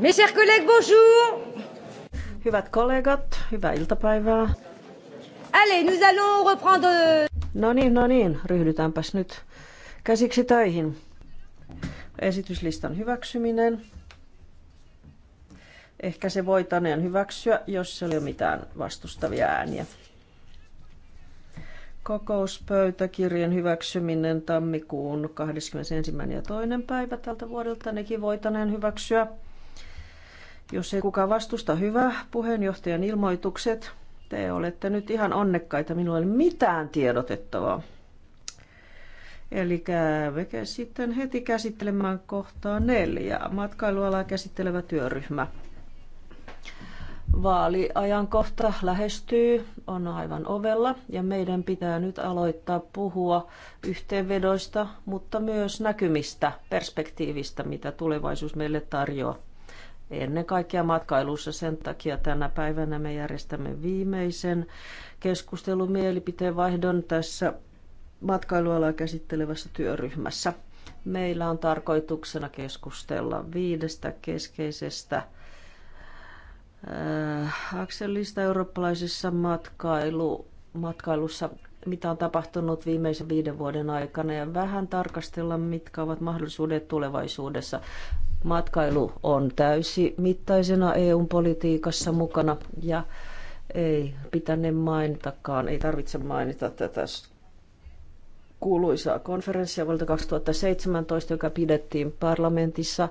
Mes chers collègues, bonjour. Hyvät kollegat, hyvää iltapäivää. Allez, nous allons reprendre... No niin, no niin, ryhdytäänpäs nyt käsiksi töihin. Esityslistan hyväksyminen. Ehkä se voitaneen hyväksyä, jos se ei ole mitään vastustavia ääniä. Kokouspöytäkirjan hyväksyminen tammikuun 21. ja 2. päivä tältä vuodelta, nekin voitaneen hyväksyä. Jos ei kukaan vastusta, hyvä. Puheenjohtajan ilmoitukset. Te olette nyt ihan onnekkaita. Minulla ei ole mitään tiedotettavaa. Eli käyvekä sitten heti käsittelemään kohtaa neljä. Matkailualaa käsittelevä työryhmä. Vaaliajankohta lähestyy, on aivan ovella ja meidän pitää nyt aloittaa puhua yhteenvedoista, mutta myös näkymistä, perspektiivistä, mitä tulevaisuus meille tarjoaa ennen kaikkea matkailussa. Sen takia tänä päivänä me järjestämme viimeisen keskustelun mielipiteen vaihdon tässä matkailualaa käsittelevässä työryhmässä. Meillä on tarkoituksena keskustella viidestä keskeisestä äh, akselista eurooppalaisessa matkailu, matkailussa, mitä on tapahtunut viimeisen viiden vuoden aikana ja vähän tarkastella, mitkä ovat mahdollisuudet tulevaisuudessa. Matkailu on täysimittaisena EU-politiikassa mukana ja ei pitäne mainitakaan, ei tarvitse mainita tätä kuuluisaa konferenssia vuodelta 2017, joka pidettiin parlamentissa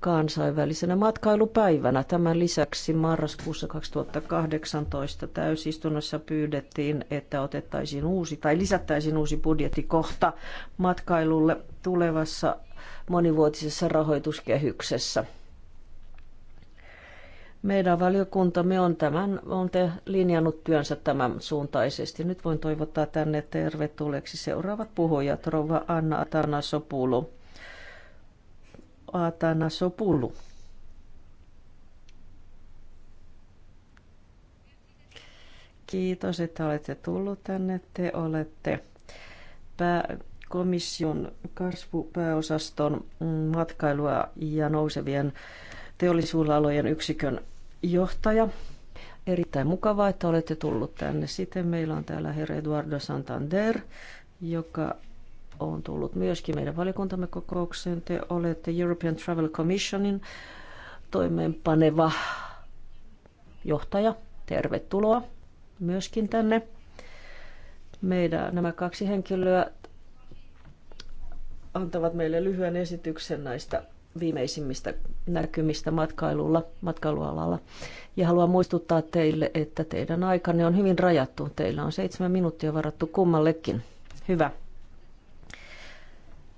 kansainvälisenä matkailupäivänä. Tämän lisäksi marraskuussa 2018 täysistunnossa pyydettiin, että otettaisiin uusi tai lisättäisiin uusi budjettikohta matkailulle tulevassa monivuotisessa rahoituskehyksessä. Meidän valiokuntamme on, tämän, on te linjannut työnsä tämän suuntaisesti. Nyt voin toivottaa tänne tervetulleeksi seuraavat puhujat, rouva Anna Atanasopulu. Atanasopulu. Kiitos, että olette tullut tänne. Te olette pää, komission kasvupääosaston mm, matkailua ja nousevien teollisuusalojen yksikön johtaja. Erittäin mukavaa, että olette tullut tänne. Sitten meillä on täällä herra Eduardo Santander, joka on tullut myöskin meidän valikuntamme kokoukseen. Te olette European Travel Commissionin toimeenpaneva johtaja. Tervetuloa myöskin tänne. Meidän nämä kaksi henkilöä antavat meille lyhyen esityksen näistä viimeisimmistä näkymistä matkailulla, matkailualalla. Ja haluan muistuttaa teille, että teidän aikanne on hyvin rajattu. Teillä on seitsemän minuuttia varattu kummallekin. Hyvä.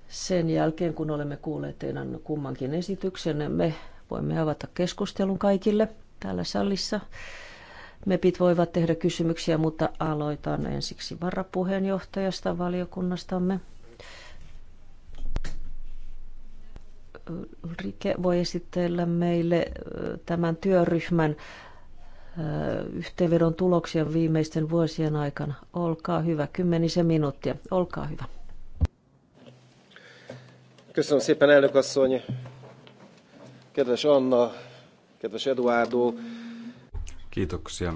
Sen jälkeen, kun olemme kuulleet teidän kummankin esityksen, me voimme avata keskustelun kaikille täällä salissa. MEPit voivat tehdä kysymyksiä, mutta aloitan ensiksi varapuheenjohtajasta valiokunnastamme. Rike voi esitellä meille tämän työryhmän yhteenvedon tuloksia viimeisten vuosien aikana. Olkaa hyvä, kymmenisen minuuttia. Olkaa hyvä. Köszönöm szépen, elnök asszony, kedves Anna, kedves Eduardo. Kiitoksia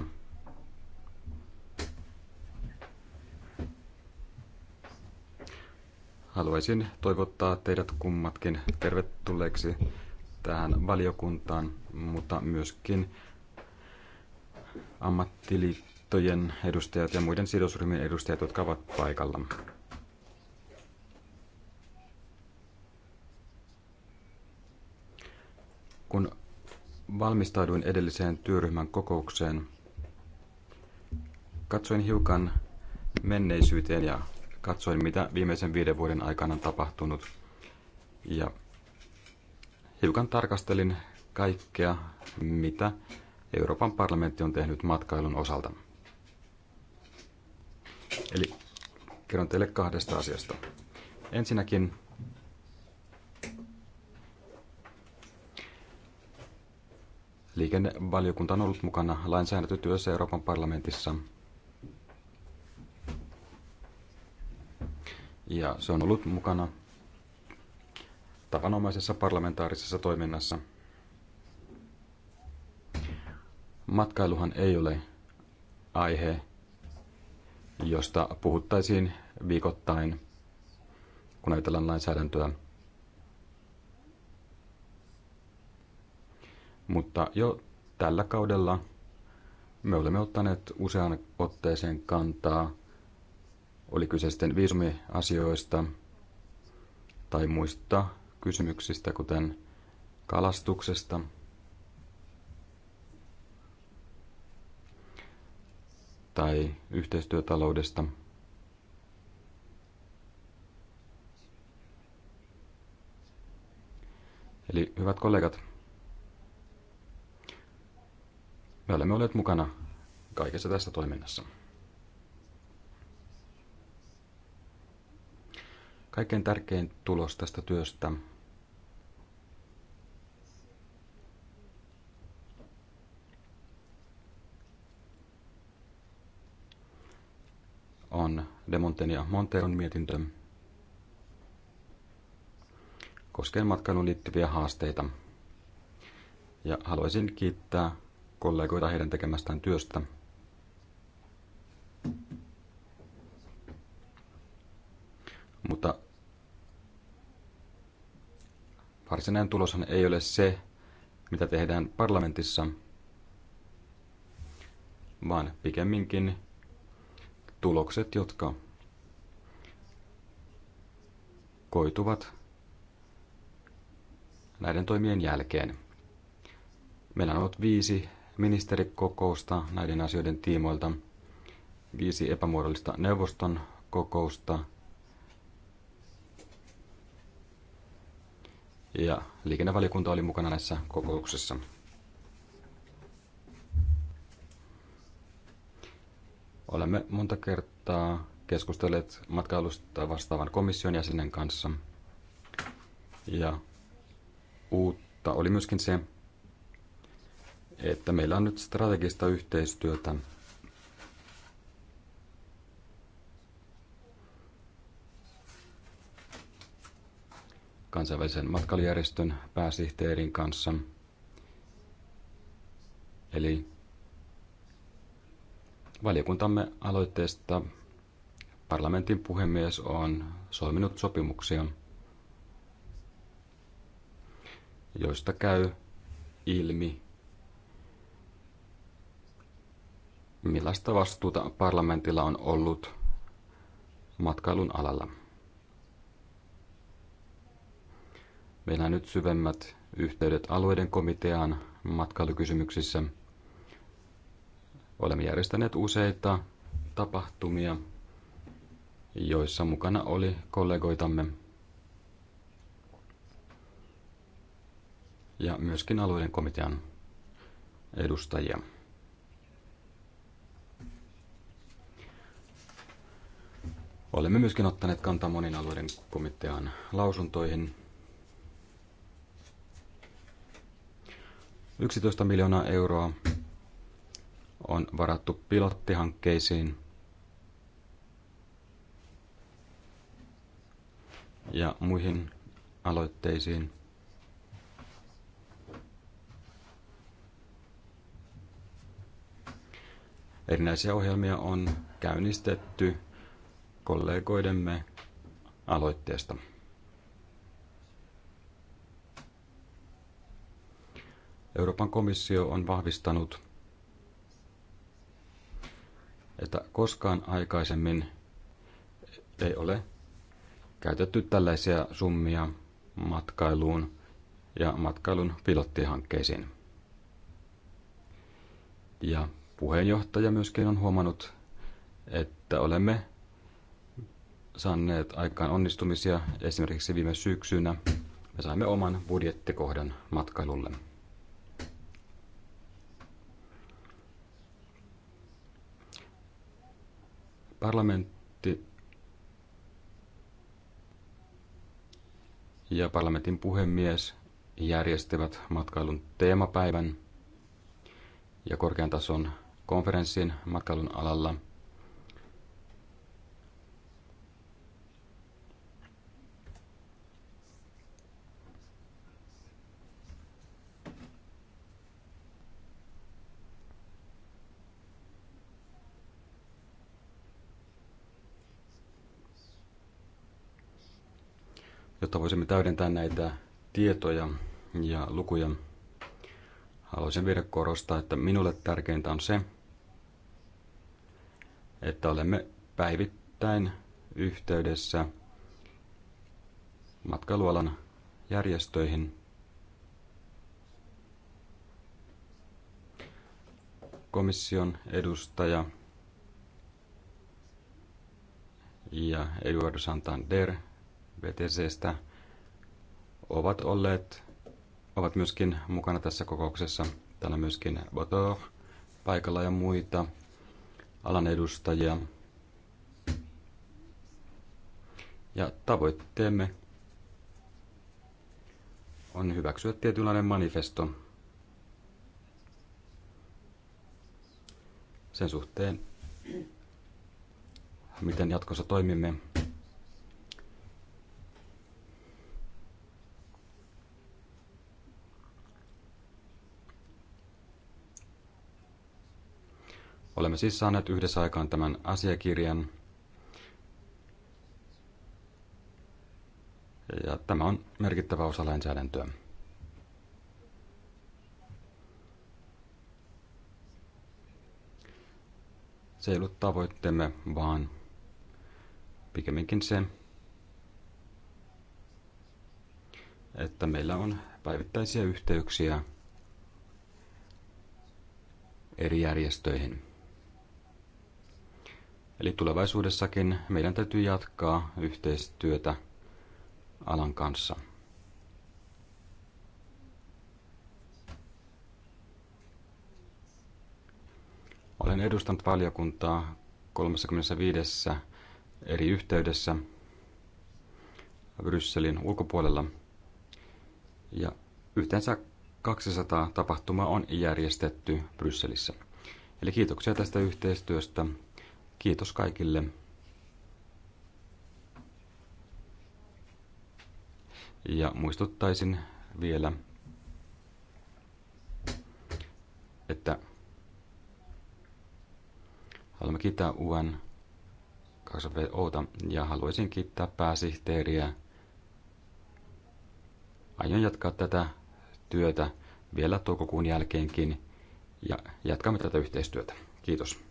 haluaisin toivottaa teidät kummatkin tervetulleeksi tähän valiokuntaan, mutta myöskin ammattiliittojen edustajat ja muiden sidosryhmien edustajat, jotka ovat paikalla. Kun valmistauduin edelliseen työryhmän kokoukseen, katsoin hiukan menneisyyteen ja katsoin, mitä viimeisen viiden vuoden aikana on tapahtunut. Ja hiukan tarkastelin kaikkea, mitä Euroopan parlamentti on tehnyt matkailun osalta. Eli kerron teille kahdesta asiasta. Ensinnäkin liikennevaliokunta on ollut mukana lainsäädäntötyössä Euroopan parlamentissa – ja se on ollut mukana tavanomaisessa parlamentaarisessa toiminnassa. Matkailuhan ei ole aihe, josta puhuttaisiin viikoittain, kun ajatellaan lainsäädäntöä. Mutta jo tällä kaudella me olemme ottaneet usean otteeseen kantaa oli kyse sitten viisumiasioista tai muista kysymyksistä, kuten kalastuksesta. tai yhteistyötaloudesta. Eli hyvät kollegat, me olemme olleet mukana kaikessa tässä toiminnassa. kaikkein tärkein tulos tästä työstä on Demonten ja Monteron mietintö koskien matkailuun liittyviä haasteita. Ja haluaisin kiittää kollegoita heidän tekemästään työstä. Mutta varsinainen tuloshan ei ole se, mitä tehdään parlamentissa, vaan pikemminkin tulokset, jotka koituvat näiden toimien jälkeen. Meillä on ollut viisi ministerikokousta näiden asioiden tiimoilta, viisi epämuodollista neuvoston kokousta – ja liikennevaliokunta oli mukana näissä kokouksissa. Olemme monta kertaa keskustelleet matkailusta vastaavan komission jäsenen kanssa. Ja uutta oli myöskin se, että meillä on nyt strategista yhteistyötä kansainvälisen matkailijärjestön pääsihteerin kanssa. Eli valiokuntamme aloitteesta parlamentin puhemies on solminut sopimuksia, joista käy ilmi, millaista vastuuta parlamentilla on ollut matkailun alalla. Meillä on nyt syvemmät yhteydet alueiden komiteaan matkailukysymyksissä. Olemme järjestäneet useita tapahtumia, joissa mukana oli kollegoitamme ja myöskin alueiden komitean edustajia. Olemme myöskin ottaneet kantaa monin alueiden komitean lausuntoihin 11 miljoonaa euroa on varattu pilottihankkeisiin. ja muihin aloitteisiin. Erinäisiä ohjelmia on käynnistetty kollegoidemme aloitteesta. Euroopan komissio on vahvistanut, että koskaan aikaisemmin ei ole käytetty tällaisia summia matkailuun ja matkailun pilottihankkeisiin. Ja puheenjohtaja myöskin on huomannut, että olemme saaneet aikaan onnistumisia esimerkiksi viime syksynä. Me saimme oman budjettikohdan matkailulle. Parlamentti ja parlamentin puhemies järjestivät matkailun teemapäivän ja korkean tason konferenssin matkailun alalla – jotta voisimme täydentää näitä tietoja ja lukuja. Haluaisin vielä korostaa, että minulle tärkeintä on se, että olemme päivittäin yhteydessä matkailualan järjestöihin. Komission edustaja ja Eduardo Santander – VTCstä ovat olleet, ovat myöskin mukana tässä kokouksessa. Täällä on myöskin Botor paikalla ja muita alan edustajia. Ja tavoitteemme on hyväksyä tietynlainen manifesto sen suhteen, miten jatkossa toimimme Olemme siis saaneet yhdessä aikaan tämän asiakirjan. Ja tämä on merkittävä osa lainsäädäntöä. Se ei ollut tavoitteemme, vaan pikemminkin se, että meillä on päivittäisiä yhteyksiä eri järjestöihin. Eli tulevaisuudessakin meidän täytyy jatkaa yhteistyötä alan kanssa. Olen edustanut valiokuntaa 35 eri yhteydessä Brysselin ulkopuolella. Ja yhteensä 200 tapahtumaa on järjestetty Brysselissä. Eli kiitoksia tästä yhteistyöstä Kiitos kaikille. Ja muistuttaisin vielä, että haluamme kiittää UN KSVOta ja haluaisin kiittää pääsihteeriä. Aion jatkaa tätä työtä vielä toukokuun jälkeenkin ja jatkamme tätä yhteistyötä. Kiitos.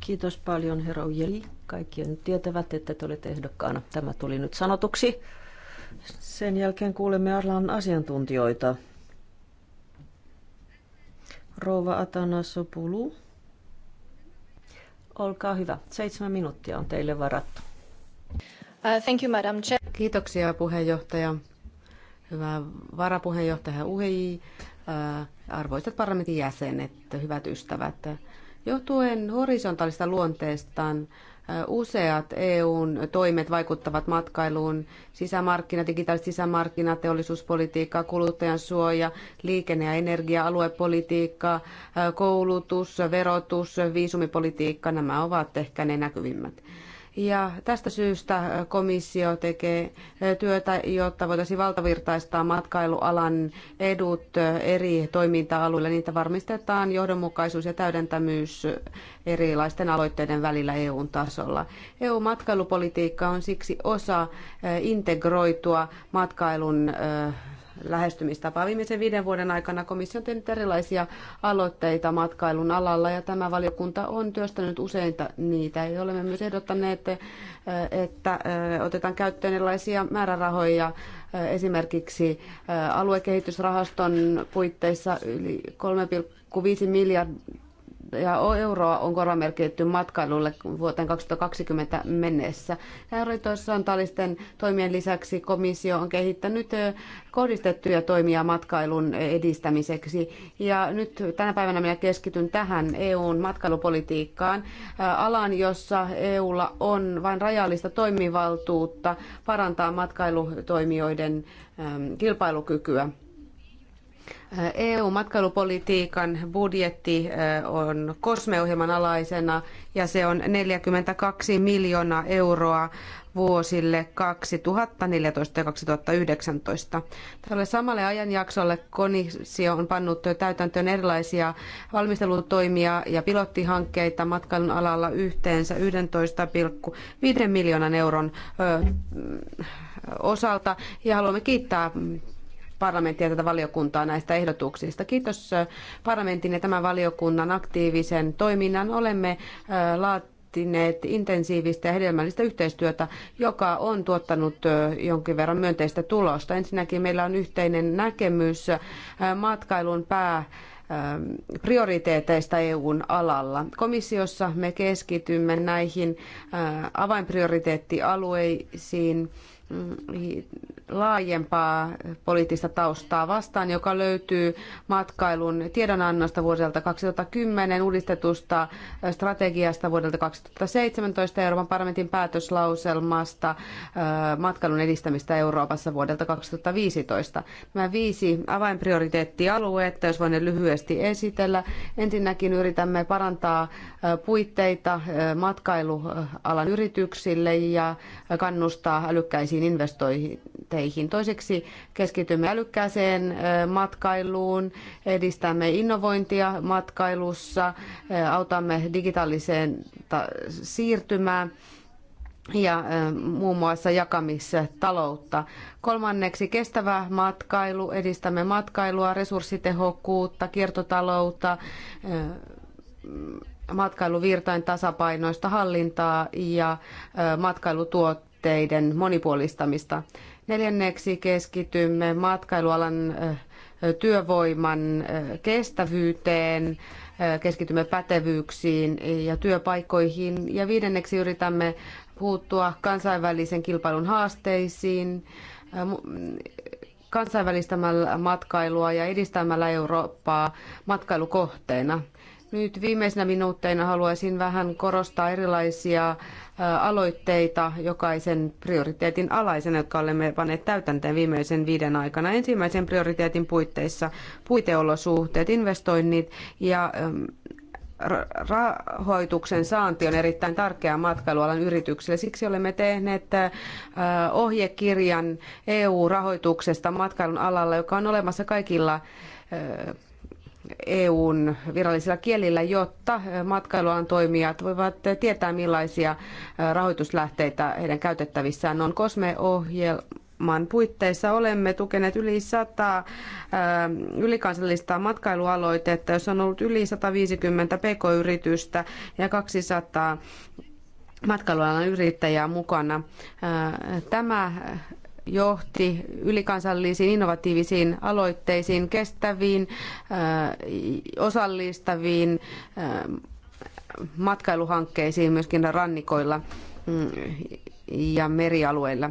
Kiitos paljon, herra Ujeli. Kaikki nyt tietävät, että te olette ehdokkaana. Tämä tuli nyt sanotuksi. Sen jälkeen kuulemme Arlan asiantuntijoita. Rouva Atanasopulu. Olkaa hyvä. Seitsemän minuuttia on teille varattu. Uh, thank you, Madam Chair. Kiitoksia puheenjohtaja. Hyvä varapuheenjohtaja Uh, arvoisat parlamentin jäsenet, hyvät ystävät. Johtuen horisontaalista luonteestaan useat EUn toimet vaikuttavat matkailuun, sisämarkkina, digitaaliset sisämarkkina, teollisuuspolitiikka, kuluttajan suoja, liikenne- ja energia, aluepolitiikka, koulutus, verotus, viisumipolitiikka, nämä ovat ehkä ne näkyvimmät. Ja tästä syystä komissio tekee työtä, jotta voitaisiin valtavirtaistaa matkailualan edut eri toiminta-alueilla. Niitä varmistetaan johdonmukaisuus ja täydentämyys erilaisten aloitteiden välillä EUn tasolla. EU-matkailupolitiikka on siksi osa integroitua matkailun lähestymistapaa. Viimeisen viiden vuoden aikana komissio on tehnyt erilaisia aloitteita matkailun alalla ja tämä valiokunta on työstänyt useinta niitä. Ja olemme myös ehdottaneet, eh, että eh, otetaan käyttöön erilaisia määrärahoja eh, esimerkiksi aluekehitysrahaston puitteissa yli 3,5 miljardia ja euroa on korvamerkitty matkailulle vuoteen 2020 mennessä. talisten toimien lisäksi komissio on kehittänyt kohdistettuja toimia matkailun edistämiseksi. Ja nyt tänä päivänä minä keskityn tähän EUn matkailupolitiikkaan, alan, jossa EUlla on vain rajallista toimivaltuutta parantaa matkailutoimijoiden kilpailukykyä. EU-matkailupolitiikan budjetti on kosmeohjelman alaisena ja se on 42 miljoonaa euroa vuosille 2014 ja 2019. Tälle samalle ajanjaksolle komissio on pannut täytäntöön erilaisia valmistelutoimia ja pilottihankkeita matkailun alalla yhteensä 11,5 miljoonan euron osalta ja haluamme kiittää parlamenttia ja tätä valiokuntaa näistä ehdotuksista. Kiitos parlamentin ja tämän valiokunnan aktiivisen toiminnan. Olemme laatineet intensiivistä ja hedelmällistä yhteistyötä, joka on tuottanut jonkin verran myönteistä tulosta. Ensinnäkin meillä on yhteinen näkemys matkailun pää prioriteeteista EUn alalla. Komissiossa me keskitymme näihin avainprioriteettialueisiin Mm, laajempaa poliittista taustaa vastaan, joka löytyy matkailun tiedonannosta vuodelta 2010, uudistetusta strategiasta vuodelta 2017 Euroopan parlamentin päätöslauselmasta matkailun edistämistä Euroopassa vuodelta 2015. Nämä viisi avainprioriteettialuetta, jos voin ne lyhyesti esitellä. Ensinnäkin yritämme parantaa puitteita matkailualan yrityksille ja kannustaa älykkäisiin julkisiin investointeihin. Toiseksi keskitymme älykkääseen matkailuun, edistämme innovointia matkailussa, autamme digitaaliseen siirtymään ja muun muassa taloutta Kolmanneksi kestävä matkailu, edistämme matkailua, resurssitehokkuutta, kiertotaloutta, matkailuvirtojen tasapainoista hallintaa ja matkailutuotteita tuotteiden monipuolistamista. Neljänneksi keskitymme matkailualan työvoiman kestävyyteen, keskitymme pätevyyksiin ja työpaikkoihin ja viidenneksi yritämme puuttua kansainvälisen kilpailun haasteisiin kansainvälistämällä matkailua ja edistämällä Eurooppaa matkailukohteena. Nyt viimeisenä minuutteina haluaisin vähän korostaa erilaisia aloitteita jokaisen prioriteetin alaisena, jotka olemme panneet täytäntöön viimeisen viiden aikana. Ensimmäisen prioriteetin puitteissa puiteolosuhteet, investoinnit ja rahoituksen saanti on erittäin tärkeää matkailualan yrityksille. Siksi olemme tehneet ohjekirjan EU-rahoituksesta matkailun alalla, joka on olemassa kaikilla EUn virallisilla kielillä, jotta matkailualan toimijat voivat tietää, millaisia rahoituslähteitä heidän käytettävissään on. Kosme-ohjelman puitteissa olemme tukeneet yli 100 ylikansallista matkailualoitetta, jossa on ollut yli 150 pk-yritystä ja 200 matkailualan yrittäjää mukana. Tämä johti ylikansallisiin innovatiivisiin aloitteisiin, kestäviin, äh, osallistaviin äh, matkailuhankkeisiin myöskin rannikoilla mm, ja merialueilla.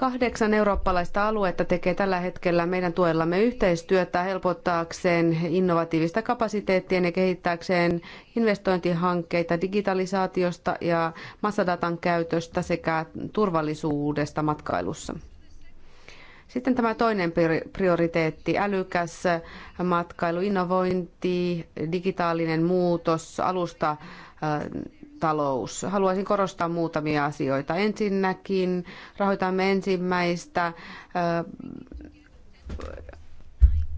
Kahdeksan eurooppalaista aluetta tekee tällä hetkellä meidän tuellamme yhteistyötä helpottaakseen innovatiivista kapasiteettia ja kehittääkseen investointihankkeita digitalisaatiosta ja massadatan käytöstä sekä turvallisuudesta matkailussa. Sitten tämä toinen prioriteetti, älykäs matkailu, innovointi, digitaalinen muutos, alusta äh, talous. Haluaisin korostaa muutamia asioita. Ensinnäkin rahoitamme ensimmäistä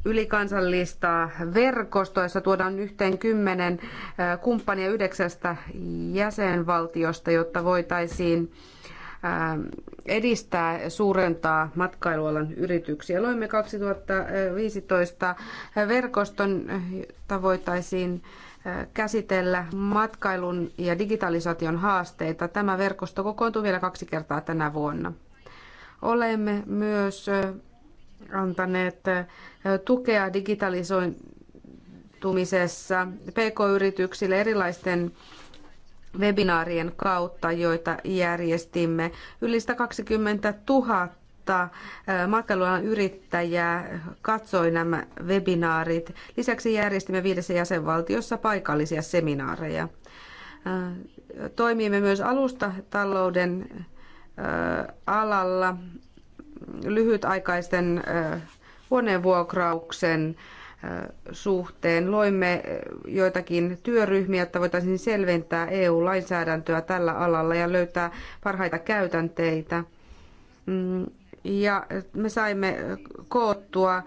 ylikansallista verkostoa, jossa tuodaan yhteen kymmenen kumppania yhdeksästä jäsenvaltiosta, jotta voitaisiin edistää ja suurentaa matkailualan yrityksiä. Loimme 2015 verkoston, jota voitaisiin käsitellä matkailun ja digitalisaation haasteita. Tämä verkosto kokoontuu vielä kaksi kertaa tänä vuonna. Olemme myös antaneet tukea digitalisoitumisessa pk-yrityksille erilaisten webinaarien kautta, joita järjestimme. Yli 120 000 000 matkailualan yrittäjää katsoi nämä webinaarit. Lisäksi järjestimme viidessä jäsenvaltiossa paikallisia seminaareja. Toimimme myös alustatalouden alalla lyhytaikaisten huoneenvuokrauksen suhteen. Loimme joitakin työryhmiä, että voitaisiin selventää EU-lainsäädäntöä tällä alalla ja löytää parhaita käytänteitä. Mm, ja me saimme koottua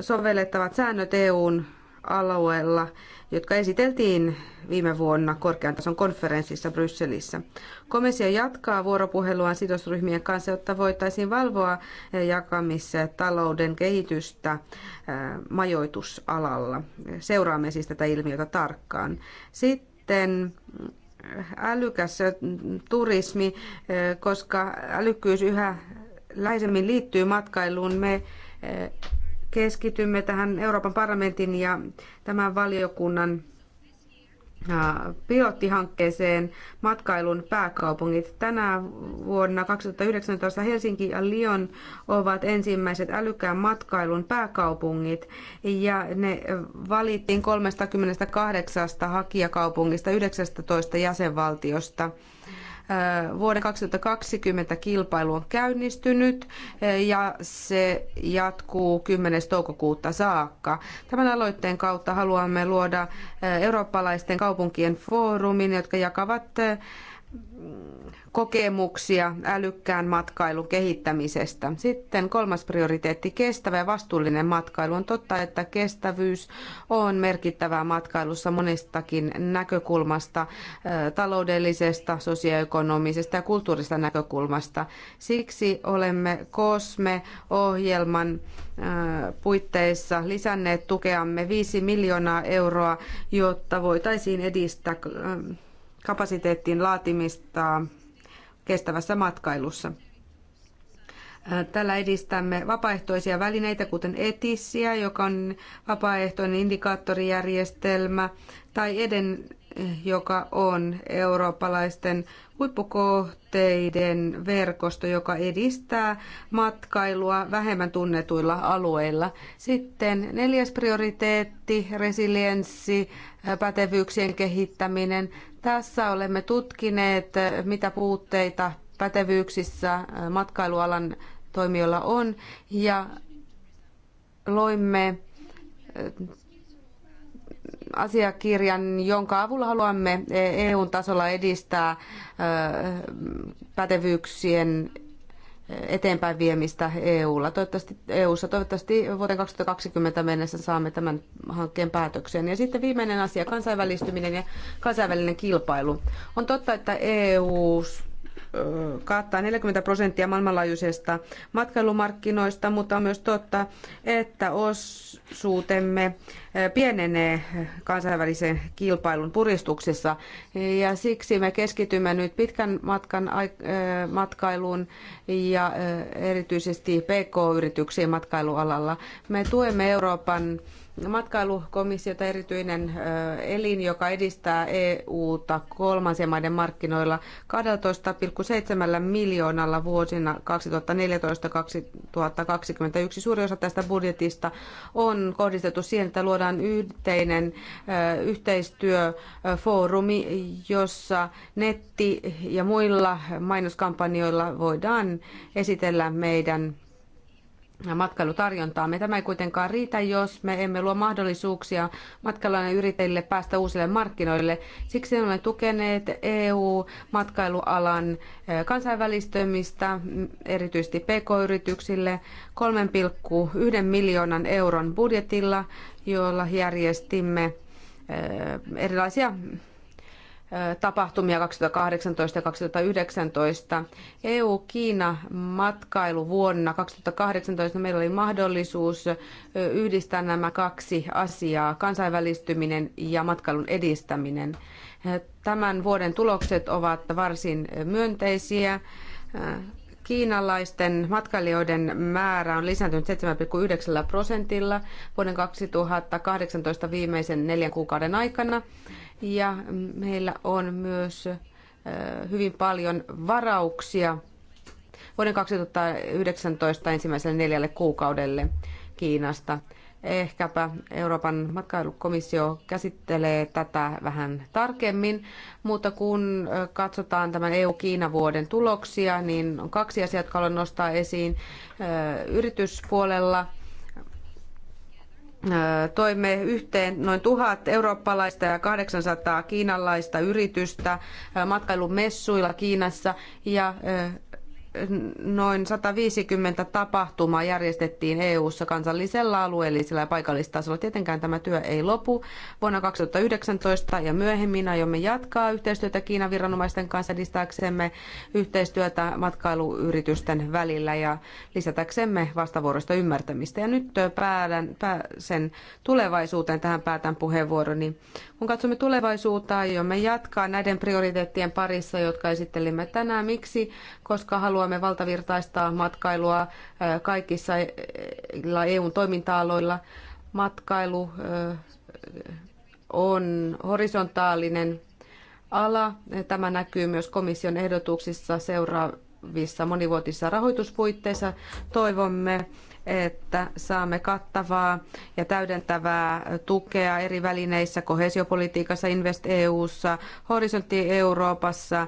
sovellettavat säännöt EUn alueella, jotka esiteltiin viime vuonna korkean tason konferenssissa Brysselissä. Komissio jatkaa vuoropuhelua sidosryhmien kanssa, jotta voitaisiin valvoa jakamissa talouden kehitystä majoitusalalla. Seuraamme siis tätä ilmiötä tarkkaan. Sitten älykäs turismi, koska älykkyys yhä läheisemmin liittyy matkailuun. Me eh, keskitymme tähän Euroopan parlamentin ja tämän valiokunnan ah, pilottihankkeeseen matkailun pääkaupungit. Tänä vuonna 2019 Helsinki ja Lyon ovat ensimmäiset älykkään matkailun pääkaupungit ja ne valittiin 38 hakijakaupungista 19 jäsenvaltiosta. Vuoden 2020 kilpailu on käynnistynyt ja se jatkuu 10. toukokuuta saakka. Tämän aloitteen kautta haluamme luoda eurooppalaisten kaupunkien foorumin, jotka jakavat kokemuksia älykkään matkailun kehittämisestä. Sitten kolmas prioriteetti, kestävä ja vastuullinen matkailu. On totta, että kestävyys on merkittävää matkailussa monestakin näkökulmasta, taloudellisesta, sosioekonomisesta ja kulttuurista näkökulmasta. Siksi olemme COSME-ohjelman puitteissa lisänneet tukeamme 5 miljoonaa euroa, jotta voitaisiin edistää kapasiteettiin laatimista kestävässä matkailussa. Tällä edistämme vapaaehtoisia välineitä, kuten Etissiä, joka on vapaaehtoinen indikaattorijärjestelmä, tai eden, joka on eurooppalaisten huippukohteiden verkosto, joka edistää matkailua vähemmän tunnetuilla alueilla. Sitten neljäs prioriteetti, resilienssi, pätevyyksien kehittäminen. Tässä olemme tutkineet, mitä puutteita pätevyyksissä matkailualan toimijoilla on ja loimme asiakirjan, jonka avulla haluamme EU-tasolla edistää pätevyyksien eteenpäin viemistä EUlla. Toivottavasti EUssa, toivottavasti vuoteen 2020 mennessä saamme tämän hankkeen päätökseen. Ja sitten viimeinen asia, kansainvälistyminen ja kansainvälinen kilpailu. On totta, että EU kattaa 40 prosenttia maailmanlaajuisesta matkailumarkkinoista, mutta on myös totta, että osuutemme pienenee kansainvälisen kilpailun puristuksessa. Ja siksi me keskitymme nyt pitkän matkan matkailuun ja erityisesti PK-yrityksiin matkailualalla. Me tuemme Euroopan matkailukomissiota erityinen elin, joka edistää EU-ta kolmansien maiden markkinoilla 12,7 miljoonalla vuosina 2014-2021. Suuri osa tästä budjetista on kohdistettu siihen, että luodaan yhteinen yhteistyöfoorumi, jossa netti- ja muilla mainoskampanjoilla voidaan esitellä meidän matkailutarjontaamme. Tämä ei kuitenkaan riitä, jos me emme luo mahdollisuuksia matkailualan yrittäjille päästä uusille markkinoille. Siksi olemme tukeneet EU-matkailualan e, kansainvälistymistä erityisesti PK-yrityksille, 3,1 miljoonan euron budjetilla, jolla järjestimme e, erilaisia tapahtumia 2018 ja 2019. EU-Kiina-matkailu vuonna 2018 meillä oli mahdollisuus yhdistää nämä kaksi asiaa, kansainvälistyminen ja matkailun edistäminen. Tämän vuoden tulokset ovat varsin myönteisiä. Kiinalaisten matkailijoiden määrä on lisääntynyt 7,9 prosentilla vuoden 2018 viimeisen neljän kuukauden aikana ja meillä on myös hyvin paljon varauksia vuoden 2019 ensimmäiselle neljälle kuukaudelle Kiinasta. Ehkäpä Euroopan matkailukomissio käsittelee tätä vähän tarkemmin, mutta kun katsotaan tämän EU-Kiina-vuoden tuloksia, niin on kaksi asiaa, jotka haluan nostaa esiin yrityspuolella – Toimme yhteen noin tuhat eurooppalaista ja 800 kiinalaista yritystä matkailumessuilla Kiinassa ja noin 150 tapahtumaa järjestettiin EU-ssa kansallisella, alueellisella ja paikallistasolla. Tietenkään tämä työ ei lopu. Vuonna 2019 ja myöhemmin aiomme jatkaa yhteistyötä Kiinan viranomaisten kanssa edistääksemme yhteistyötä matkailuyritysten välillä ja lisätäksemme vastavuoroista ymmärtämistä. Ja nyt päädän, pääsen tulevaisuuteen. Tähän päätän puheenvuoroni. Niin kun katsomme tulevaisuutta, aiomme jatkaa näiden prioriteettien parissa, jotka esittelimme tänään. Miksi? Koska haluamme valtavirtaistaa matkailua kaikissa EUn toiminta-aloilla. Matkailu on horisontaalinen ala. Tämä näkyy myös komission ehdotuksissa seuraavissa monivuotisissa rahoituspuitteissa. Toivomme että saamme kattavaa ja täydentävää tukea eri välineissä, kohesiopolitiikassa, Invest EUssa, Horisontti Euroopassa,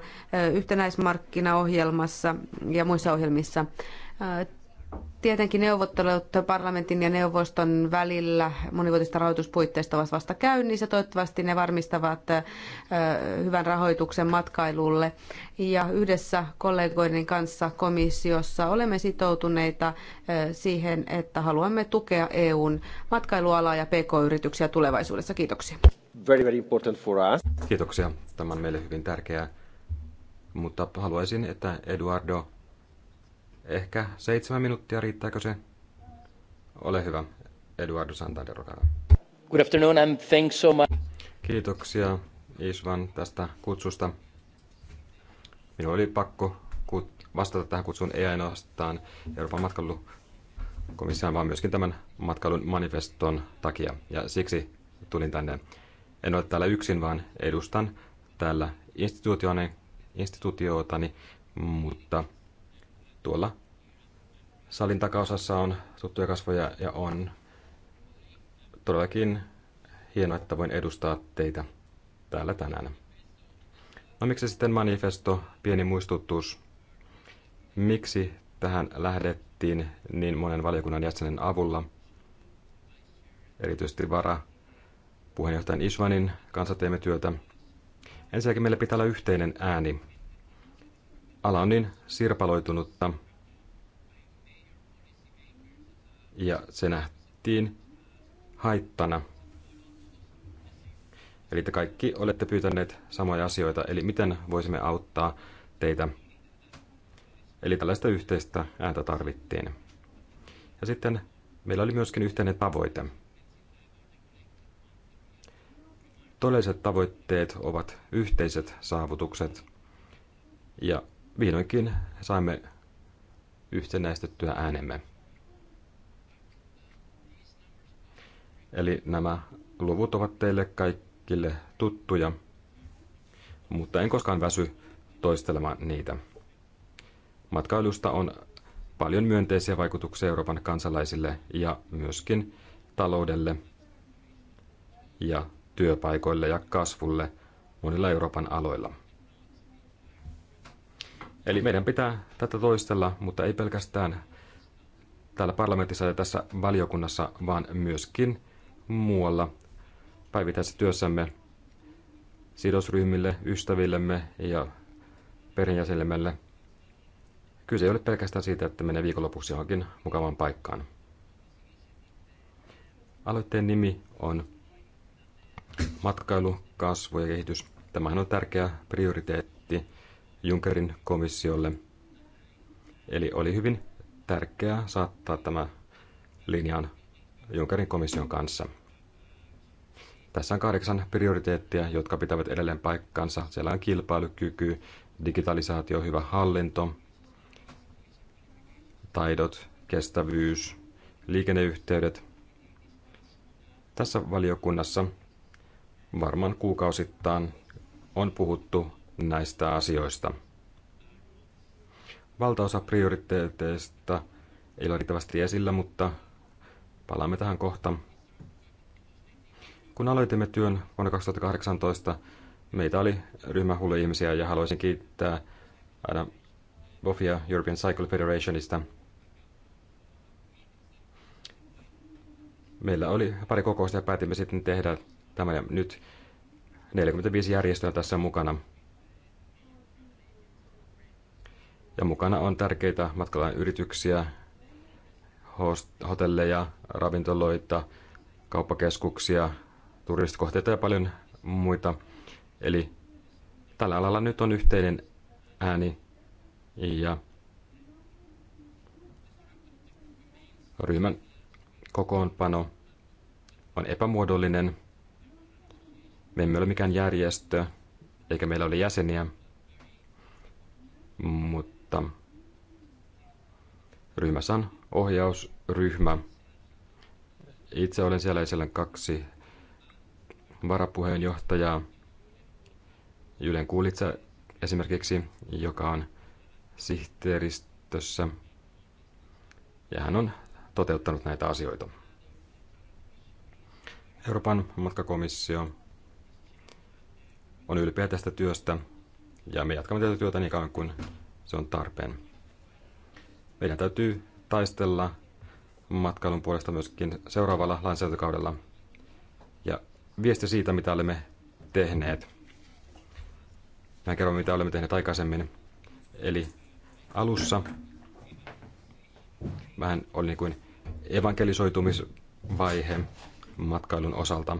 yhtenäismarkkinaohjelmassa ja muissa ohjelmissa. Tietenkin neuvottelut parlamentin ja neuvoston välillä monivuotista rahoituspuitteista ovat vasta käynnissä. Toivottavasti ne varmistavat hyvän rahoituksen matkailulle. Ja yhdessä kollegoiden kanssa komissiossa olemme sitoutuneita siihen, että haluamme tukea EUn matkailualaa ja pk-yrityksiä tulevaisuudessa. Kiitoksia. Very, very important for us. Kiitoksia. Tämä on meille hyvin tärkeää. Mutta haluaisin, että Eduardo Ehkä seitsemän minuuttia, riittääkö se? Ole hyvä, Eduardo Santander, Good afternoon and thanks so much. Kiitoksia Isvan tästä kutsusta. Minulla oli pakko vastata tähän kutsuun ei ainoastaan Euroopan matkailukomission, vaan myöskin tämän matkailun manifeston takia. Ja siksi tulin tänne. En ole täällä yksin, vaan edustan täällä instituutiotani, instituutiotani mutta tuolla salin takaosassa on tuttuja kasvoja ja on todellakin hienoa, että voin edustaa teitä täällä tänään. No miksi sitten manifesto, pieni muistutus, miksi tähän lähdettiin niin monen valiokunnan jäsenen avulla, erityisesti vara puheenjohtajan Isvanin kanssa teemme työtä. Ensinnäkin meillä pitää olla yhteinen ääni ala on niin sirpaloitunutta ja se nähtiin haittana. Eli te kaikki olette pyytäneet samoja asioita, eli miten voisimme auttaa teitä. Eli tällaista yhteistä ääntä tarvittiin. Ja sitten meillä oli myöskin yhteinen tavoite. Todelliset tavoitteet ovat yhteiset saavutukset, ja vihdoinkin saimme yhtenäistettyä äänemme. Eli nämä luvut ovat teille kaikille tuttuja, mutta en koskaan väsy toistelemaan niitä. Matkailusta on paljon myönteisiä vaikutuksia Euroopan kansalaisille ja myöskin taloudelle ja työpaikoille ja kasvulle monilla Euroopan aloilla. Eli meidän pitää tätä toistella, mutta ei pelkästään täällä parlamentissa ja tässä valiokunnassa, vaan myöskin muualla päivittäisessä työssämme sidosryhmille, ystävillemme ja perheenjäsenillemme. Kyse ei ole pelkästään siitä, että menee viikonlopuksi johonkin mukavaan paikkaan. Aloitteen nimi on Matkailu, kasvu ja kehitys. Tämähän on tärkeä prioriteetti Junckerin komissiolle. Eli oli hyvin tärkeää saattaa tämä linjaan Junckerin komission kanssa. Tässä on kahdeksan prioriteettia, jotka pitävät edelleen paikkansa. Siellä on kilpailukyky, digitalisaatio, hyvä hallinto, taidot, kestävyys, liikenneyhteydet. Tässä valiokunnassa varmaan kuukausittain on puhuttu näistä asioista. Valtaosa prioriteeteista ei ole riittävästi esillä, mutta palaamme tähän kohta. Kun aloitimme työn vuonna 2018, meitä oli ryhmä ihmisiä ja haluaisin kiittää aina Bofia European Cycle Federationista. Meillä oli pari kokousta ja päätimme sitten tehdä tämä ja nyt 45 järjestöä tässä mukana. Ja mukana on tärkeitä matkalain yrityksiä, hotelleja, ravintoloita, kauppakeskuksia, turistikohteita ja paljon muita. Eli tällä alalla nyt on yhteinen ääni ja ryhmän kokoonpano on epämuodollinen. Me emme ole mikään järjestö, eikä meillä ole jäseniä, mutta mutta ryhmässä on ohjausryhmä. Itse olen siellä siellä kaksi varapuheenjohtajaa. Ylen Kuulitsa esimerkiksi, joka on sihteeristössä. Ja hän on toteuttanut näitä asioita. Euroopan matkakomissio on ylpeä tästä työstä ja me jatkamme tätä työtä niin kauan kuin se on tarpeen. Meidän täytyy taistella matkailun puolesta myöskin seuraavalla lainsäädäntökaudella. Ja viesti siitä, mitä olemme tehneet. Mä kerron, mitä olemme tehneet aikaisemmin. Eli alussa vähän oli niin kuin evankelisoitumisvaihe matkailun osalta.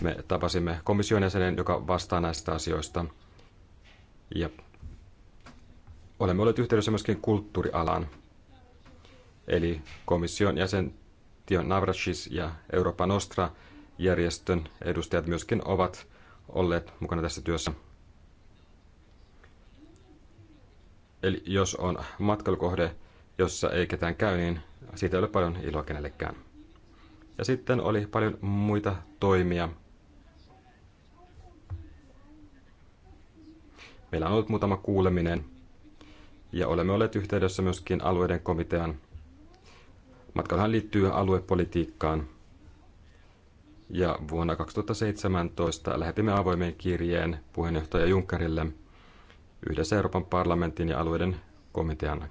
Me tapasimme komission jäsenen, joka vastaa näistä asioista. Ja olemme olleet yhteydessä myöskin kulttuurialaan. Eli komission jäsen Tion Navrachis ja Europa Nostra järjestön edustajat myöskin ovat olleet mukana tässä työssä. Eli jos on matkailukohde, jossa ei ketään käy, niin siitä ei ole paljon iloa kenellekään. Ja sitten oli paljon muita toimia. Meillä on ollut muutama kuuleminen – ja olemme olleet yhteydessä myöskin alueiden komitean. Matkallahan liittyy aluepolitiikkaan. Ja vuonna 2017 lähetimme avoimen kirjeen puheenjohtaja Junckerille yhdessä Euroopan parlamentin ja alueiden komitean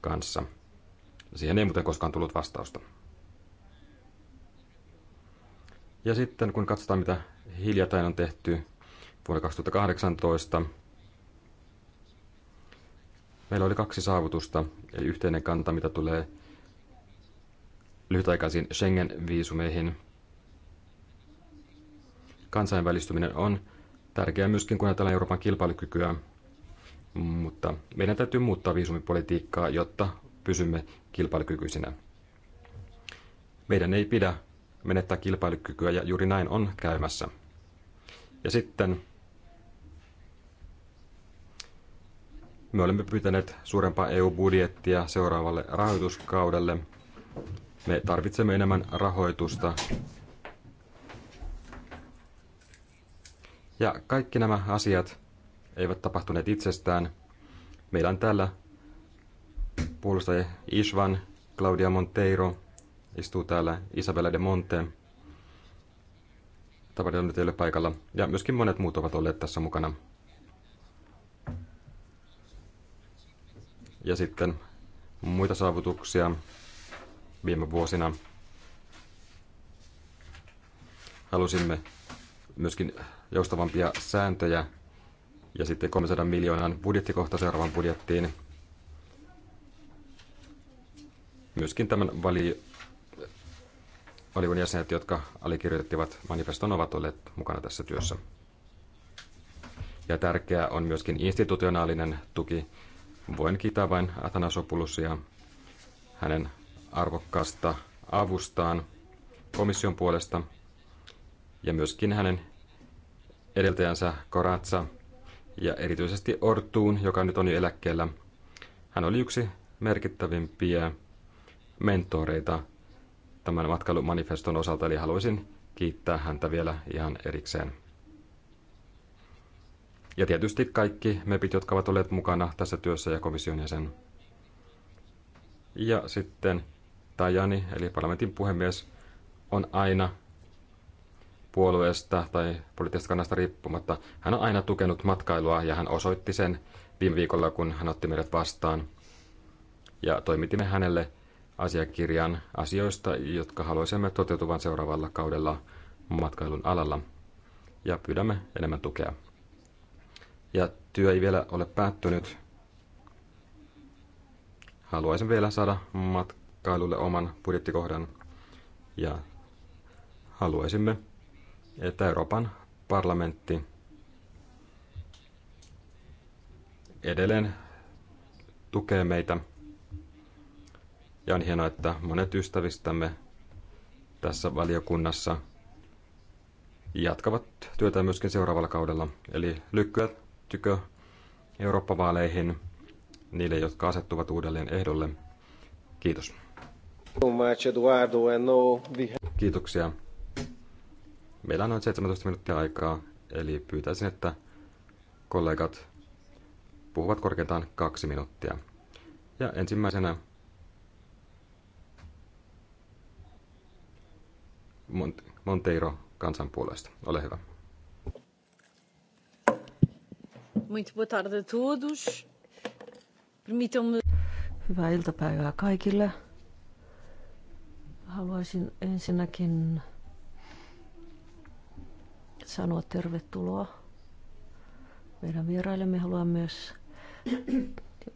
kanssa. Siihen ei muuten koskaan tullut vastausta. Ja sitten kun katsotaan, mitä hiljattain on tehty vuonna 2018, Meillä oli kaksi saavutusta, eli yhteinen kanta, mitä tulee lyhytaikaisiin Schengen-viisumeihin. Kansainvälistyminen on tärkeää myöskin, kun ajatellaan Euroopan kilpailukykyä, mutta meidän täytyy muuttaa viisumipolitiikkaa, jotta pysymme kilpailukykyisinä. Meidän ei pidä menettää kilpailukykyä ja juuri näin on käymässä. Ja sitten Me olemme pyytäneet suurempaa EU-budjettia seuraavalle rahoituskaudelle. Me tarvitsemme enemmän rahoitusta. Ja kaikki nämä asiat eivät tapahtuneet itsestään. Meillä on täällä puolustaja Isvan, Claudia Monteiro, istuu täällä Isabella de Monte. Tavallinen on nyt paikalla. Ja myöskin monet muut ovat olleet tässä mukana. Ja sitten muita saavutuksia viime vuosina. Halusimme myöskin joustavampia sääntöjä ja sitten 300 miljoonan budjettikohta seuraavan budjettiin. Myöskin tämän vali valiokunnan jäsenet, jotka alikirjoittivat manifeston, ovat olleet mukana tässä työssä. Ja tärkeää on myöskin institutionaalinen tuki, Voin kiittää vain Athanasopulusia hänen arvokkaasta avustaan komission puolesta ja myöskin hänen edeltäjänsä Koratsa ja erityisesti Ortuun, joka nyt on jo eläkkeellä. Hän oli yksi merkittävimpiä mentoreita tämän matkailumanifeston osalta, eli haluaisin kiittää häntä vielä ihan erikseen. Ja tietysti kaikki MEPit, jotka ovat olleet mukana tässä työssä ja komission jäsen. Ja sitten Tajani, eli parlamentin puhemies, on aina puolueesta tai poliittisesta kannasta riippumatta. Hän on aina tukenut matkailua ja hän osoitti sen viime viikolla, kun hän otti meidät vastaan. Ja toimitimme hänelle asiakirjan asioista, jotka haluaisimme toteutuvan seuraavalla kaudella matkailun alalla. Ja pyydämme enemmän tukea ja työ ei vielä ole päättynyt. Haluaisin vielä saada matkailulle oman budjettikohdan ja haluaisimme, että Euroopan parlamentti edelleen tukee meitä. Ja on hienoa, että monet ystävistämme tässä valiokunnassa jatkavat työtä myöskin seuraavalla kaudella. Eli lykkyä liittykö Eurooppa-vaaleihin niille, jotka asettuvat uudelleen ehdolle. Kiitos. Kiitoksia. Meillä on noin 17 minuuttia aikaa, eli pyytäisin, että kollegat puhuvat korkeintaan kaksi minuuttia. Ja ensimmäisenä Monteiro kansanpuolesta. Ole hyvä. Muito boa tarde a todos. Permitam-me... Hyvää iltapäivää kaikille. Haluaisin ensinnäkin sanoa tervetuloa meidän Me haluamme myös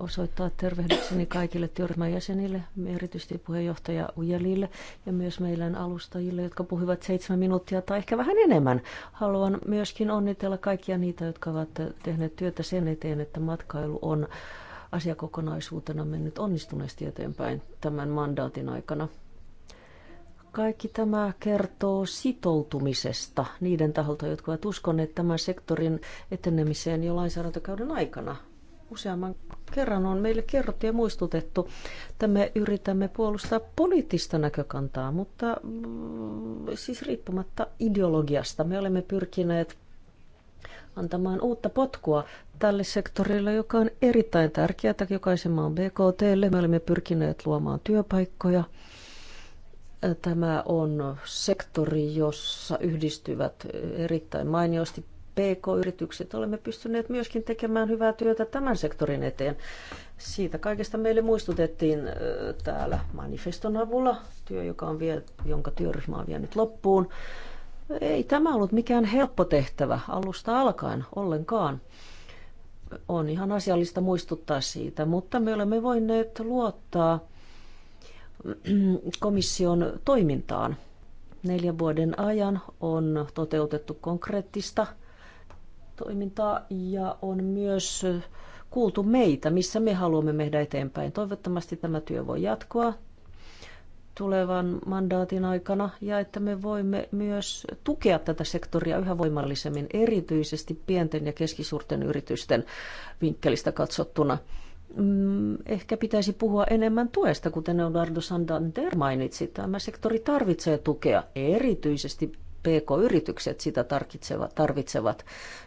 osoittaa tervehdykseni kaikille työryhmän jäsenille, erityisesti puheenjohtaja Ujelille ja myös meidän alustajille, jotka puhuivat seitsemän minuuttia tai ehkä vähän enemmän. Haluan myöskin onnitella kaikkia niitä, jotka ovat tehneet työtä sen eteen, että matkailu on asiakokonaisuutena mennyt onnistuneesti eteenpäin tämän mandaatin aikana. Kaikki tämä kertoo sitoutumisesta niiden taholta, jotka ovat uskoneet tämän sektorin etenemiseen jo lainsäädäntökauden aikana useamman kerran on meille kerrottu ja muistutettu, että me yritämme puolustaa poliittista näkökantaa, mutta mm, siis riippumatta ideologiasta me olemme pyrkineet antamaan uutta potkua tälle sektorille, joka on erittäin tärkeää jokaisen maan BKTlle. Me olemme pyrkineet luomaan työpaikkoja. Tämä on sektori, jossa yhdistyvät erittäin mainiosti PK-yritykset. Olemme pystyneet myöskin tekemään hyvää työtä tämän sektorin eteen. Siitä kaikesta meille muistutettiin täällä manifeston avulla, työ, joka on vie, jonka työryhmä on vienyt loppuun. Ei tämä ollut mikään helppo tehtävä alusta alkaen ollenkaan. On ihan asiallista muistuttaa siitä, mutta me olemme voineet luottaa komission toimintaan neljän vuoden ajan on toteutettu konkreettista toimintaa ja on myös kuultu meitä, missä me haluamme mehdä eteenpäin. Toivottavasti tämä työ voi jatkua tulevan mandaatin aikana ja että me voimme myös tukea tätä sektoria yhä voimallisemmin, erityisesti pienten ja keskisuurten yritysten vinkkelistä katsottuna. Mm, ehkä pitäisi puhua enemmän tuesta, kuten Eduardo Santander mainitsi. Tämä sektori tarvitsee tukea, erityisesti PK-yritykset sitä tarvitsevat,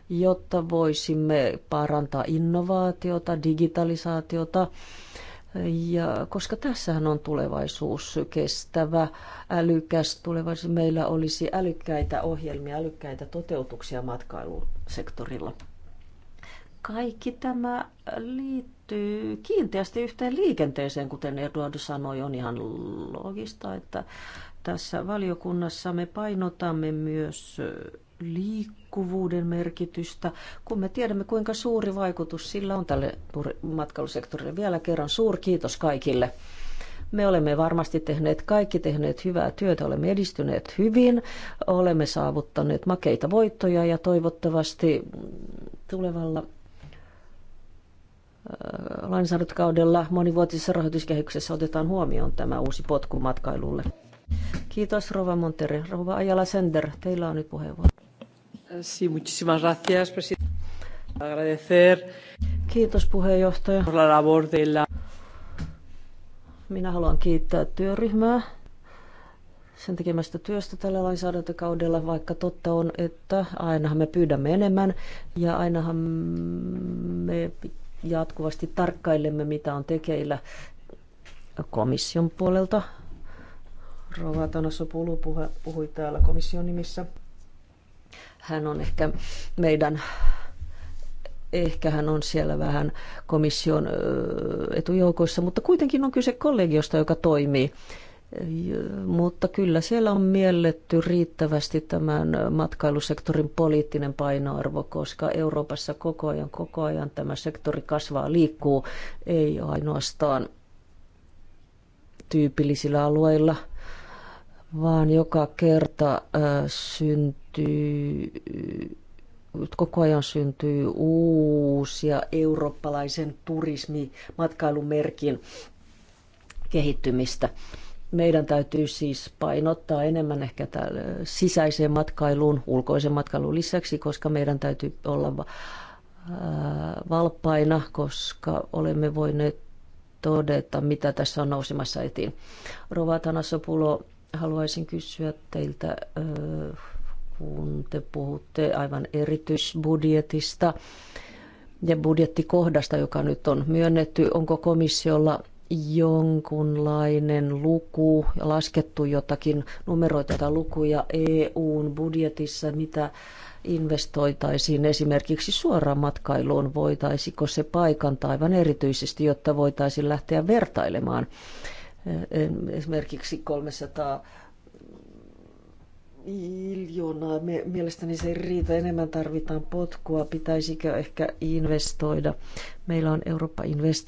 jotta voisimme parantaa innovaatiota, digitalisaatiota, ja koska tässähän on tulevaisuus kestävä, älykäs tulevaisuus, meillä olisi älykkäitä ohjelmia, älykkäitä toteutuksia matkailusektorilla. Kaikki tämä liittyy kiinteästi yhteen liikenteeseen, kuten Eduardo sanoi, on ihan logista, että tässä valiokunnassa me painotamme myös liikkuvuuden merkitystä, kun me tiedämme kuinka suuri vaikutus sillä on tälle matkailusektorille. Vielä kerran suurkiitos kaikille. Me olemme varmasti tehneet kaikki tehneet hyvää työtä, olemme edistyneet hyvin, olemme saavuttaneet makeita voittoja ja toivottavasti tulevalla lainsäädäntökaudella monivuotisessa rahoituskehyksessä otetaan huomioon tämä uusi potku matkailulle. Kiitos Rova Montere. Rova Ajala Sender, teillä on nyt puheenvuoro. Sí, muchísimas gracias, presidente. Agradecer. Kiitos puheenjohtaja. Por la labor de la... Minä haluan kiittää työryhmää sen tekemästä työstä tällä lainsäädäntökaudella, vaikka totta on, että ainahan me pyydämme enemmän ja ainahan me jatkuvasti tarkkailemme, mitä on tekeillä komission puolelta, Rova Tanasopulu puhui täällä komission nimissä. Hän on ehkä meidän ehkä hän on siellä vähän komission etujoukoissa, mutta kuitenkin on kyse kollegiosta, joka toimii. Mutta kyllä siellä on mielletty riittävästi tämän matkailusektorin poliittinen painoarvo, koska Euroopassa koko ajan, koko ajan tämä sektori kasvaa, liikkuu, ei ainoastaan tyypillisillä alueilla – vaan joka kerta äh, syntyy koko ajan syntyy uusia eurooppalaisen turismi kehittymistä. Meidän täytyy siis painottaa enemmän ehkä sisäiseen matkailuun, ulkoisen matkailun lisäksi, koska meidän täytyy olla äh, valppaina, koska olemme voineet todeta, mitä tässä on nousemassa etiin. Rova Tanassopulo Haluaisin kysyä teiltä, kun te puhutte aivan erityisbudjetista ja budjettikohdasta, joka nyt on myönnetty, onko komissiolla jonkunlainen luku, ja laskettu jotakin numeroita tai lukuja EUn budjetissa, mitä investoitaisiin esimerkiksi suoraan matkailuun, voitaisiko se paikantaa aivan erityisesti, jotta voitaisiin lähteä vertailemaan esimerkiksi 300 miljoonaa. Mielestäni se ei riitä, enemmän tarvitaan potkua, pitäisikö ehkä investoida. Meillä on Eurooppa Invest,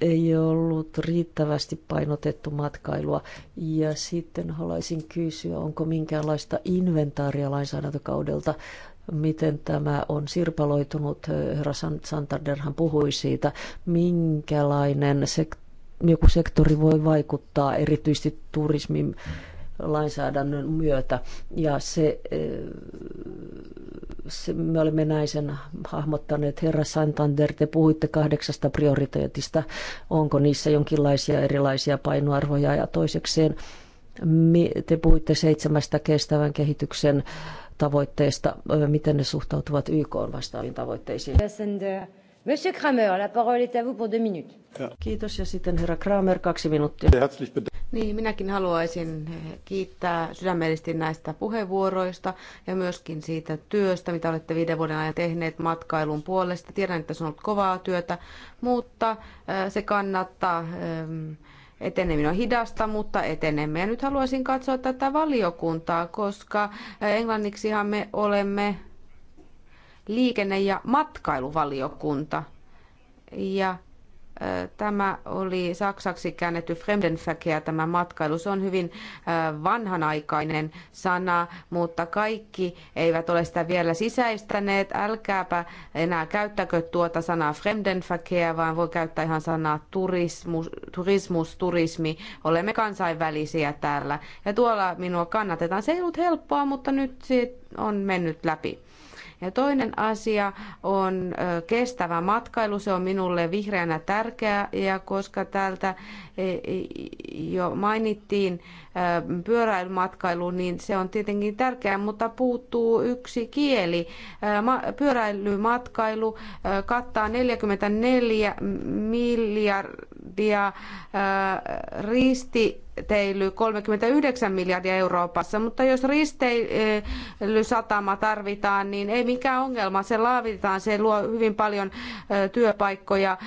ei ollut riittävästi painotettu matkailua. Ja sitten haluaisin kysyä, onko minkäänlaista inventaaria lainsäädäntökaudelta, miten tämä on sirpaloitunut. Herra Santanderhan puhui siitä, minkälainen sektori joku sektori voi vaikuttaa erityisesti turismin lainsäädännön myötä. Ja se, eh, se me olemme näin sen hahmottaneet. Herra Santander, te puhuitte kahdeksasta prioriteetista. Onko niissä jonkinlaisia erilaisia painoarvoja? Ja toisekseen, te puhuitte seitsemästä kestävän kehityksen tavoitteesta. Miten ne suhtautuvat YK vastaaviin tavoitteisiin? Yes, and, uh... Monsieur Kramer, la parole est à vous pour deux minutes. Kiitos ja sitten herra Kramer, kaksi minuuttia. Niin, minäkin haluaisin eh, kiittää sydämellisesti näistä puheenvuoroista ja myöskin siitä työstä, mitä olette viiden vuoden ajan tehneet matkailun puolesta. Tiedän, että se on ollut kovaa työtä, mutta eh, se kannattaa ehm, eteneminen on hidasta, mutta etenemme. Ja nyt haluaisin katsoa tätä valiokuntaa, koska eh, englanniksihan me olemme liikenne- ja matkailuvaliokunta. Ja Tämä oli saksaksi käännetty Fremdenverkehr, tämä matkailu. Se on hyvin vanhanaikainen sana, mutta kaikki eivät ole sitä vielä sisäistäneet. Älkääpä enää käyttäkö tuota sanaa Fremdenverkehr, vaan voi käyttää ihan sanaa turismus, turismus turismi. Olemme kansainvälisiä täällä. Ja tuolla minua kannatetaan. Se ei ollut helppoa, mutta nyt se on mennyt läpi. Ja toinen asia on kestävä matkailu. Se on minulle vihreänä tärkeä, ja koska täältä e, e, jo mainittiin pyöräilymatkailu, niin se on tietenkin tärkeää, mutta puuttuu yksi kieli. Pyöräilymatkailu kattaa 44 miljardia risti risteily 39 miljardia Euroopassa, mutta jos risteilysatama tarvitaan, niin ei mikään ongelma, se laavitetaan, se luo hyvin paljon työpaikkoja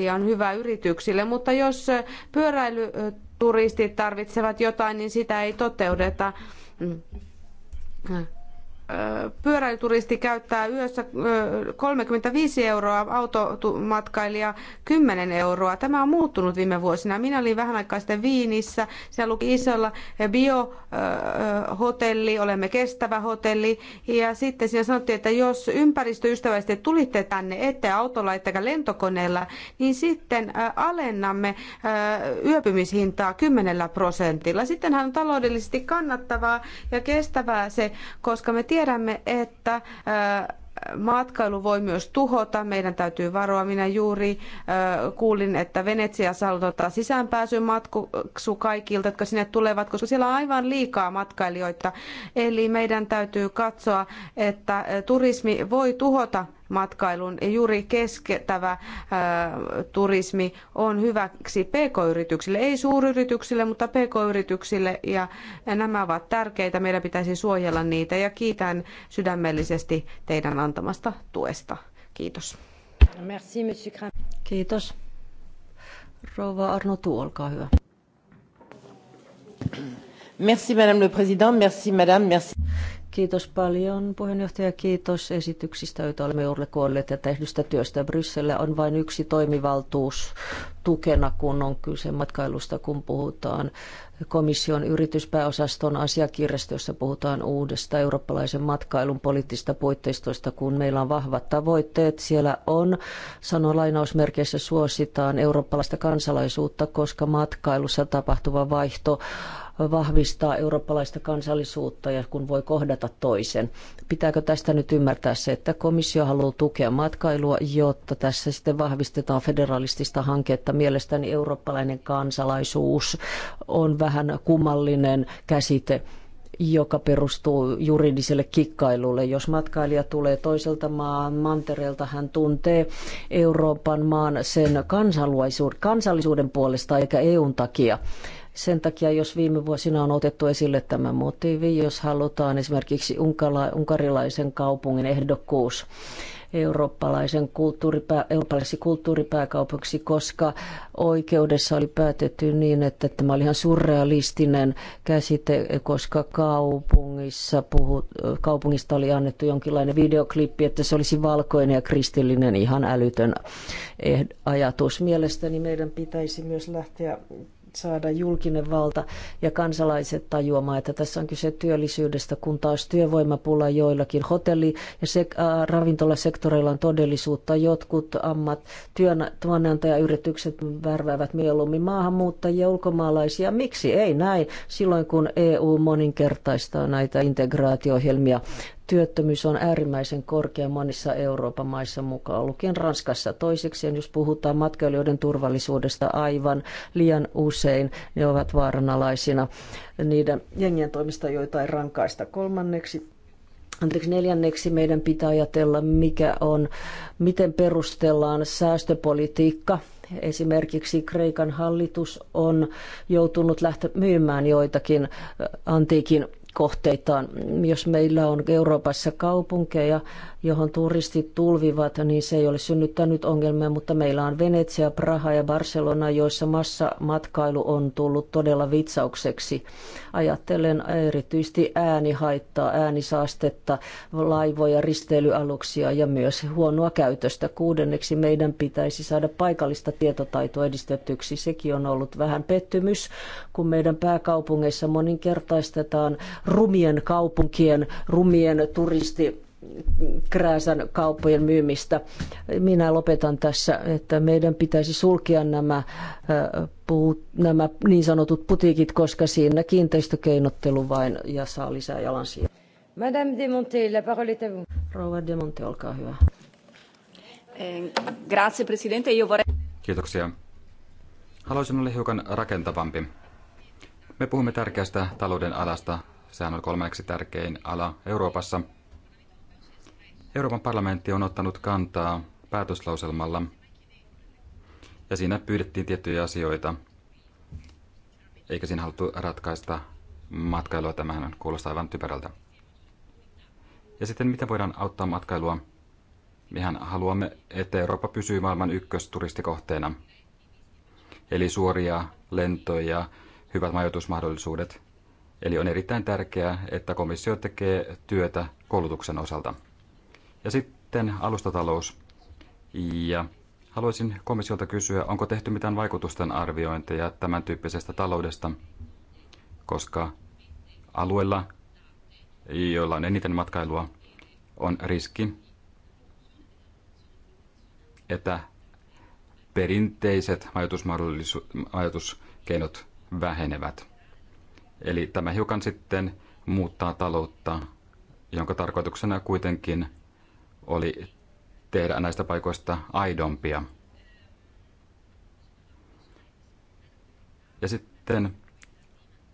ja on hyvä yrityksille, mutta jos pyöräilyturistit tarvitsevat jotain, niin sitä ei toteudeta. Mm pyöräilyturisti käyttää yössä 35 euroa, automatkailija 10 euroa. Tämä on muuttunut viime vuosina. Minä olin vähän aikaa sitten Viinissä. Siellä luki isolla biohotelli, olemme kestävä hotelli. Ja sitten siinä sanottiin, että jos ympäristöystävällisesti tulitte tänne, ette autolla ettekä lentokoneella, niin sitten alennamme yöpymishintaa 10 prosentilla. Sittenhän on taloudellisesti kannattavaa ja kestävää se, koska me tiedämme, Tiedämme, että äh, matkailu voi myös tuhota. Meidän täytyy varoa. Minä juuri äh, kuulin, että Venetsia saldotaan sisäänpääsyn matkuksi kaikilta, jotka sinne tulevat, koska siellä on aivan liikaa matkailijoita. Eli meidän täytyy katsoa, että äh, turismi voi tuhota matkailun juuri keskettävä turismi on hyväksi pk-yrityksille, ei suuryrityksille, mutta pk-yrityksille ja nämä ovat tärkeitä. Meidän pitäisi suojella niitä ja kiitän sydämellisesti teidän antamasta tuesta. Kiitos. Merci, Kiitos. Rouva Arno Tuu, olkaa hyvä. Merci, Madame le Président. Merci, Madame. Merci. Kiitos paljon puheenjohtaja, kiitos esityksistä, joita olemme juuri kuolleet ja tehdystä työstä. Bryssellä on vain yksi toimivaltuus tukena, kun on kyse matkailusta, kun puhutaan komission yrityspääosaston asiakirjasta, jossa puhutaan uudesta eurooppalaisen matkailun poliittista puitteistoista, kun meillä on vahvat tavoitteet. Siellä on, sanoo lainausmerkeissä, suositaan eurooppalaista kansalaisuutta, koska matkailussa tapahtuva vaihto vahvistaa eurooppalaista kansallisuutta ja kun voi kohdata toisen. Pitääkö tästä nyt ymmärtää se, että komissio haluaa tukea matkailua, jotta tässä sitten vahvistetaan federalistista hanketta? Mielestäni eurooppalainen kansalaisuus on vähän kummallinen käsite joka perustuu juridiselle kikkailulle. Jos matkailija tulee toiselta maan mantereelta, hän tuntee Euroopan maan sen kansallisuuden puolesta eikä EUn takia. Sen takia, jos viime vuosina on otettu esille tämä motiivi, jos halutaan esimerkiksi unkala, unkarilaisen kaupungin ehdokkuus eurooppalaisen kulttuuripää, eurooppalaisen kulttuuripääkaupunksi, koska oikeudessa oli päätetty niin, että tämä oli ihan surrealistinen käsite, koska kaupungissa puhu, kaupungista oli annettu jonkinlainen videoklippi, että se olisi valkoinen ja kristillinen ihan älytön ajatus. Mielestäni meidän pitäisi myös lähteä saada julkinen valta ja kansalaiset tajuamaan, että tässä on kyse työllisyydestä, kun taas työvoimapula joillakin hotelli- ja sek- äh, ravintolasektoreilla on todellisuutta. Jotkut ammat, työn, työnantajayritykset värväävät mieluummin maahanmuuttajia ulkomaalaisia. Miksi ei näin? Silloin kun EU moninkertaistaa näitä integraatio-ohjelmia, työttömyys on äärimmäisen korkea monissa Euroopan maissa mukaan lukien Ranskassa. Toiseksi, jos puhutaan matkailijoiden turvallisuudesta aivan liian usein, ne ovat vaaranalaisina niiden jengien toimista, joita ei rankaista. Kolmanneksi, Anteeksi, neljänneksi meidän pitää ajatella, mikä on, miten perustellaan säästöpolitiikka. Esimerkiksi Kreikan hallitus on joutunut lähtemään myymään joitakin äh, antiikin kohteitaan. Jos meillä on Euroopassa kaupunkeja, johon turistit tulvivat, niin se ei ole synnyttänyt ongelmia, mutta meillä on Venetsia, Praha ja Barcelona, joissa massamatkailu on tullut todella vitsaukseksi. Ajattelen erityisesti äänihaittaa, äänisaastetta, laivoja, risteilyaluksia ja myös huonoa käytöstä. Kuudenneksi meidän pitäisi saada paikallista tietotaitoa edistettyksi. Sekin on ollut vähän pettymys, kun meidän pääkaupungeissa moninkertaistetaan rumien kaupunkien, rumien turisti krääsän kauppojen myymistä. Minä lopetan tässä, että meidän pitäisi sulkea nämä, nämä niin sanotut putiikit, koska siinä kiinteistökeinottelu vain ja saa lisää jalansia. Madame Monte, la parole est à vous. Rouva Monte, olkaa hyvä. Eh, grazie, presidente. Io vorrei... Kiitoksia. Haluaisin olla hiukan rakentavampi. Me puhumme tärkeästä talouden alasta. Sehän on kolmeksi tärkein ala Euroopassa – Euroopan parlamentti on ottanut kantaa päätöslauselmalla ja siinä pyydettiin tiettyjä asioita, eikä siinä haluttu ratkaista matkailua. Tämähän kuulostaa aivan typerältä. Ja sitten miten voidaan auttaa matkailua? Mehän haluamme, että Eurooppa pysyy maailman ykkösturistikohteena. Eli suoria lentoja, hyvät majoitusmahdollisuudet. Eli on erittäin tärkeää, että komissio tekee työtä koulutuksen osalta. Ja sitten alustatalous. Ja haluaisin komissiolta kysyä, onko tehty mitään vaikutusten arviointeja tämän tyyppisestä taloudesta, koska alueella joilla on eniten matkailua, on riski, että perinteiset majoituskeinot vähenevät. Eli tämä hiukan sitten muuttaa taloutta, jonka tarkoituksena kuitenkin oli tehdä näistä paikoista aidompia. Ja sitten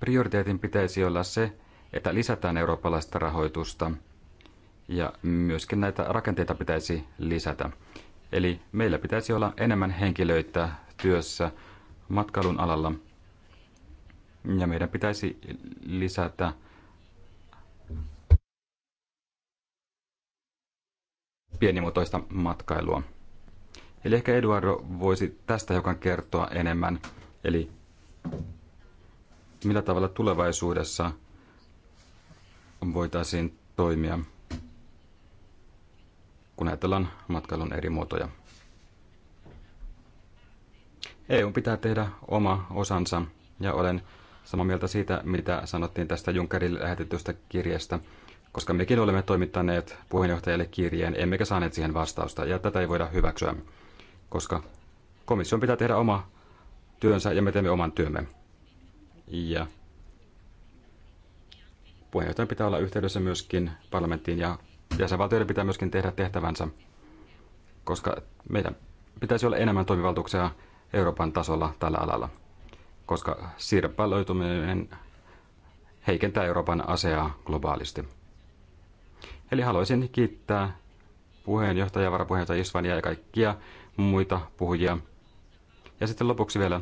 prioriteetin pitäisi olla se, että lisätään eurooppalaista rahoitusta ja myöskin näitä rakenteita pitäisi lisätä. Eli meillä pitäisi olla enemmän henkilöitä työssä matkailun alalla ja meidän pitäisi lisätä pienimuotoista matkailua. Eli ehkä Eduardo voisi tästä hiukan kertoa enemmän, eli millä tavalla tulevaisuudessa voitaisiin toimia, kun ajatellaan matkailun eri muotoja. EU pitää tehdä oma osansa ja olen samaa mieltä siitä, mitä sanottiin tästä Junckerille lähetetystä kirjasta – koska mekin olemme toimittaneet puheenjohtajalle kirjeen, emmekä saaneet siihen vastausta, ja tätä ei voida hyväksyä, koska komission pitää tehdä oma työnsä ja me teemme oman työmme. Ja puheenjohtajan pitää olla yhteydessä myöskin parlamenttiin ja jäsenvaltioiden pitää myöskin tehdä tehtävänsä, koska meidän pitäisi olla enemmän toimivaltuuksia Euroopan tasolla tällä alalla, koska sirpaloituminen heikentää Euroopan aseaa globaalisti. Eli haluaisin kiittää puheenjohtaja, varapuheenjohtaja Isvania ja kaikkia muita puhujia. Ja sitten lopuksi vielä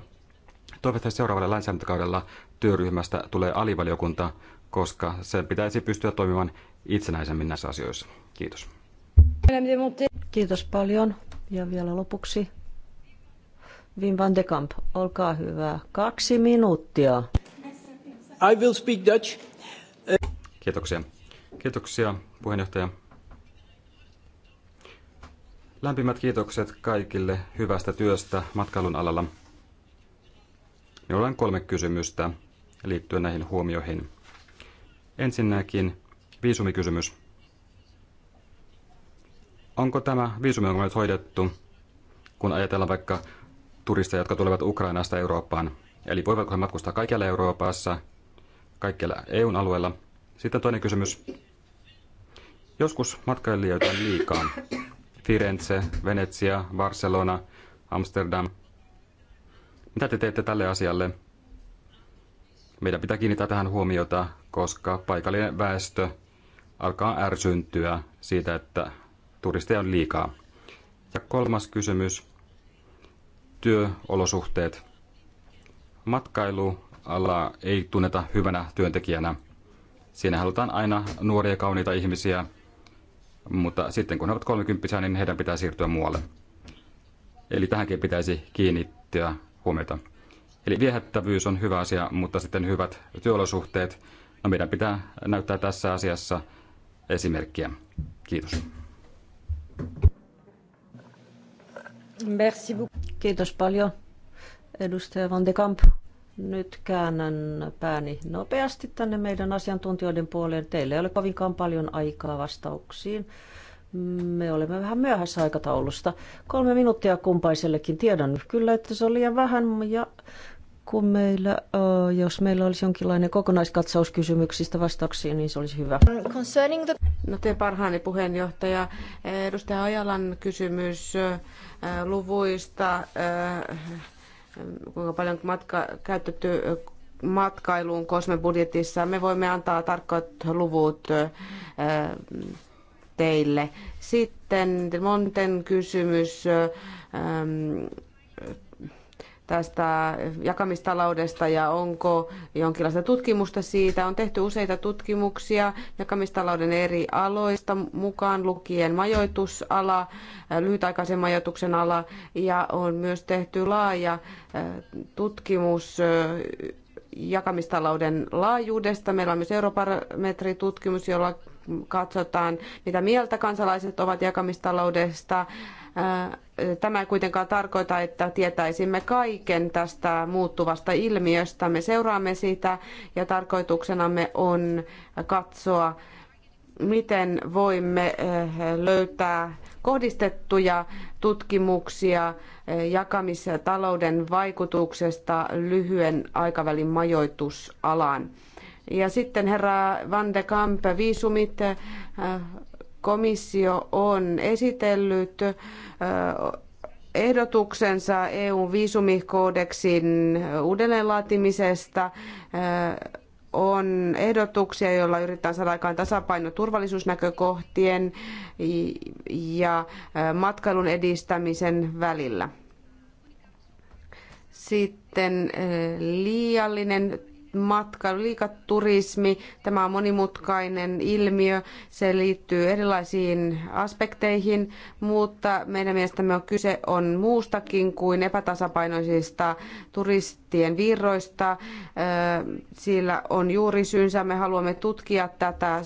toivottavasti seuraavalla lainsäädäntökaudella työryhmästä tulee alivaliokunta, koska sen pitäisi pystyä toimimaan itsenäisemmin näissä asioissa. Kiitos. Kiitos paljon. Ja vielä lopuksi Wim van de Kamp, olkaa hyvä. Kaksi minuuttia. I will speak Dutch. Kiitoksia. Kiitoksia, puheenjohtaja. Lämpimät kiitokset kaikille hyvästä työstä matkailun alalla. Minulla on kolme kysymystä liittyen näihin huomioihin. Ensinnäkin viisumikysymys. Onko tämä on nyt hoidettu, kun ajatellaan vaikka turisteja, jotka tulevat Ukrainasta Eurooppaan? Eli voivatko he matkustaa kaikkialla Euroopassa, kaikkialla EUn alueella? Sitten toinen kysymys. Joskus matkailijoita on liikaa. Firenze, Venetsia, Barcelona, Amsterdam. Mitä te teette tälle asialle? Meidän pitää kiinnittää tähän huomiota, koska paikallinen väestö alkaa ärsyntyä siitä, että turisteja on liikaa. Ja kolmas kysymys, työolosuhteet. Matkailualla ei tunneta hyvänä työntekijänä. Siinä halutaan aina nuoria kauniita ihmisiä, mutta sitten kun he ovat 30 niin heidän pitää siirtyä muualle. Eli tähänkin pitäisi kiinnittää huomiota. Eli viehättävyys on hyvä asia, mutta sitten hyvät työolosuhteet. No meidän pitää näyttää tässä asiassa esimerkkiä. Kiitos. Merci Kiitos paljon, edustaja Van de Kamp. Nyt käännän pääni nopeasti tänne meidän asiantuntijoiden puoleen. Teillä ei ole kovinkaan paljon aikaa vastauksiin. Me olemme vähän myöhässä aikataulusta. Kolme minuuttia kumpaisellekin. Tiedän kyllä, että se on liian vähän. Ja kun meillä, jos meillä olisi jonkinlainen kokonaiskatsaus kysymyksistä vastauksiin, niin se olisi hyvä. No teen parhaani puheenjohtaja. Edustaja Ojalan kysymys luvuista kuinka paljon matka, käytetty matkailuun Kosmen budjetissa. Me voimme antaa tarkat luvut teille. Sitten Monten kysymys tästä jakamistaloudesta ja onko jonkinlaista tutkimusta siitä. On tehty useita tutkimuksia jakamistalouden eri aloista, mukaan lukien majoitusala, lyhytaikaisen majoituksen ala ja on myös tehty laaja tutkimus jakamistalouden laajuudesta. Meillä on myös Eurobarometri-tutkimus, jolla katsotaan, mitä mieltä kansalaiset ovat jakamistaloudesta Tämä ei kuitenkaan tarkoita, että tietäisimme kaiken tästä muuttuvasta ilmiöstä. Me seuraamme sitä ja tarkoituksenamme on katsoa, miten voimme löytää kohdistettuja tutkimuksia jakamis- ja talouden vaikutuksesta lyhyen aikavälin majoitusalaan. Ja sitten herra Van de Kamp, viisumit komissio on esitellyt ehdotuksensa EUn viisumikoodeksin uudelleenlaatimisesta on ehdotuksia, joilla yritetään saada aikaan tasapaino turvallisuusnäkökohtien ja matkailun edistämisen välillä. Sitten liiallinen matkailu, liikaturismi, tämä on monimutkainen ilmiö, se liittyy erilaisiin aspekteihin, mutta meidän mielestämme on kyse on muustakin kuin epätasapainoisista turistien virroista. Sillä on juuri syynsä, me haluamme tutkia tätä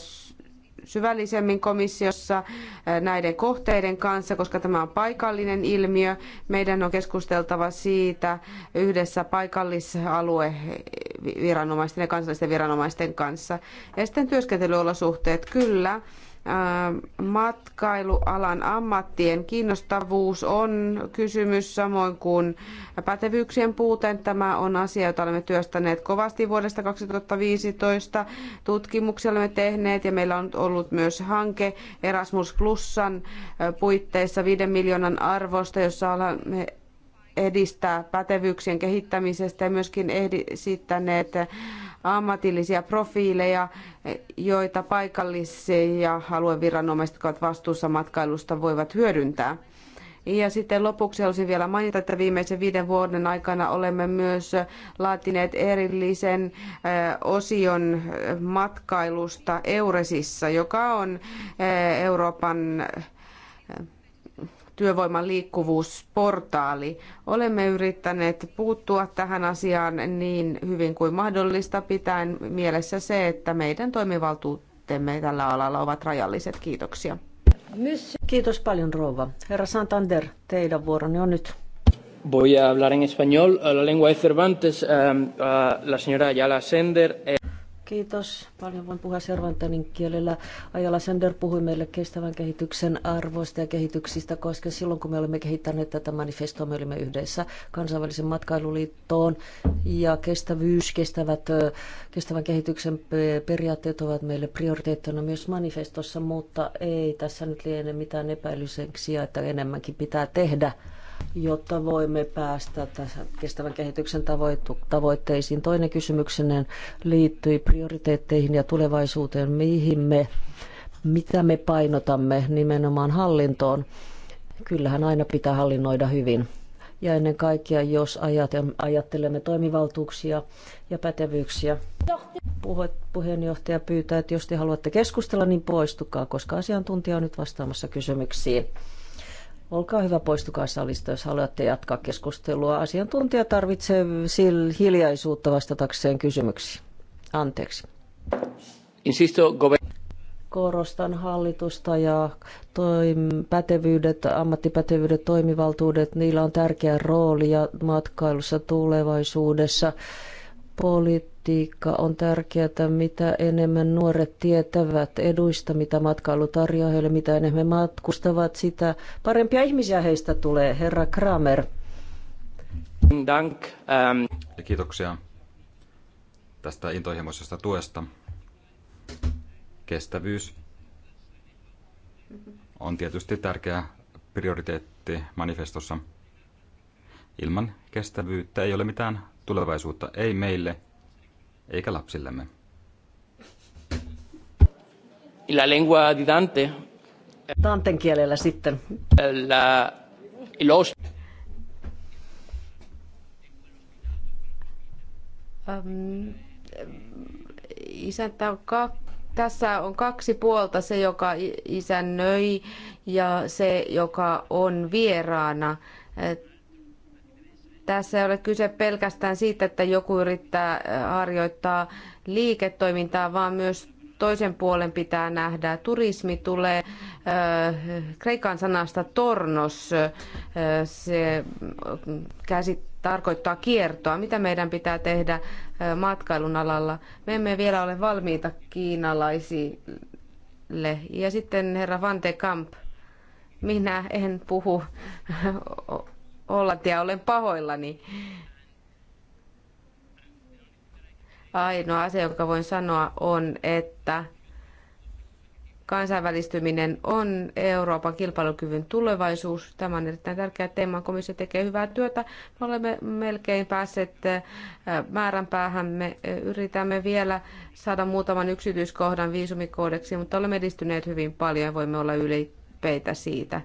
syvällisemmin komissiossa eh, näiden kohteiden kanssa, koska tämä on paikallinen ilmiö. Meidän on keskusteltava siitä yhdessä paikallisalueviranomaisten ja kansallisten viranomaisten kanssa. Ja sitten työskentelyolosuhteet, kyllä Ähm, matkailualan ammattien kiinnostavuus on kysymys, samoin kuin pätevyyksien puute. Tämä on asia, jota olemme työstäneet kovasti vuodesta 2015. Tutkimuksia olemme tehneet ja meillä on ollut myös hanke Erasmus Plusan äh, puitteissa 5 miljoonan arvosta, jossa olemme edistää pätevyyksien kehittämisestä ja myöskin esittäneet ammatillisia profiileja, joita paikallisia alueviranomaiset, jotka ovat vastuussa matkailusta, voivat hyödyntää. Ja sitten lopuksi haluaisin vielä mainita, että viimeisen viiden vuoden aikana olemme myös laatineet erillisen osion matkailusta Euresissa, joka on Euroopan työvoiman liikkuvuusportaali. Olemme yrittäneet puuttua tähän asiaan niin hyvin kuin mahdollista, pitäen mielessä se, että meidän toimivaltuutemme tällä alalla ovat rajalliset. Kiitoksia. Kiitos paljon rouva. Herra Santander, teidän vuoronne on nyt. Voy a hablar en español, la lengua de Cervantes, uh, la señora Ayala Sender. Eh... Kiitos. Paljon voin puhua Servantanin kielellä. Ajala Sender puhui meille kestävän kehityksen arvoista ja kehityksistä, koska silloin kun me olemme kehittäneet tätä manifestoa, me olimme yhdessä kansainvälisen matkailuliittoon ja kestävyys, kestävät, kestävän kehityksen periaatteet ovat meille prioriteettina myös manifestossa, mutta ei tässä nyt liene mitään epäilyseksiä, että enemmänkin pitää tehdä jotta voimme päästä tässä kestävän kehityksen tavoitteisiin. Toinen kysymyksenne liittyi prioriteetteihin ja tulevaisuuteen, mihin me, mitä me painotamme nimenomaan hallintoon. Kyllähän aina pitää hallinnoida hyvin. Ja ennen kaikkea, jos ajattelemme toimivaltuuksia ja pätevyyksiä. Puheenjohtaja pyytää, että jos te haluatte keskustella, niin poistukaa, koska asiantuntija on nyt vastaamassa kysymyksiin. Olkaa hyvä, poistukaa salista, jos haluatte jatkaa keskustelua. Asiantuntija tarvitsee hiljaisuutta vastatakseen kysymyksiin. Anteeksi. Insisto, Korostan hallitusta ja toim- pätevyydet, ammattipätevyydet, toimivaltuudet, niillä on tärkeä rooli ja matkailussa tulevaisuudessa Politiikka on tärkeää, mitä enemmän nuoret tietävät eduista, mitä matkailu tarjoaa heille, mitä enemmän matkustavat, sitä parempia ihmisiä heistä tulee. Herra Kramer. Dank. Ähm. Kiitoksia tästä intohimoisesta tuesta. Kestävyys on tietysti tärkeä prioriteetti manifestossa. Ilman kestävyyttä ei ole mitään tulevaisuutta ei meille eikä lapsillemme. La lengua di Dante. Danten kielellä sitten. La, los. isäntä on kaksi tässä on kaksi puolta, se joka isännöi ja se joka on vieraana. Tässä ei ole kyse pelkästään siitä, että joku yrittää harjoittaa liiketoimintaa, vaan myös toisen puolen pitää nähdä. Turismi tulee äh, kreikan sanasta tornos. Äh, se käsi tarkoittaa kiertoa. Mitä meidän pitää tehdä äh, matkailun alalla? Me emme vielä ole valmiita kiinalaisille. Ja sitten herra Van de Kamp. Minä en puhu ja olen pahoillani. Ainoa asia, jonka voin sanoa, on, että kansainvälistyminen on Euroopan kilpailukyvyn tulevaisuus. Tämä on erittäin tärkeä teema. Komissio tekee hyvää työtä. Me olemme melkein päässeet äh, määränpäähän. Me yritämme vielä saada muutaman yksityiskohdan viisumikoodeksi, mutta olemme edistyneet hyvin paljon ja voimme olla ylipeitä siitä.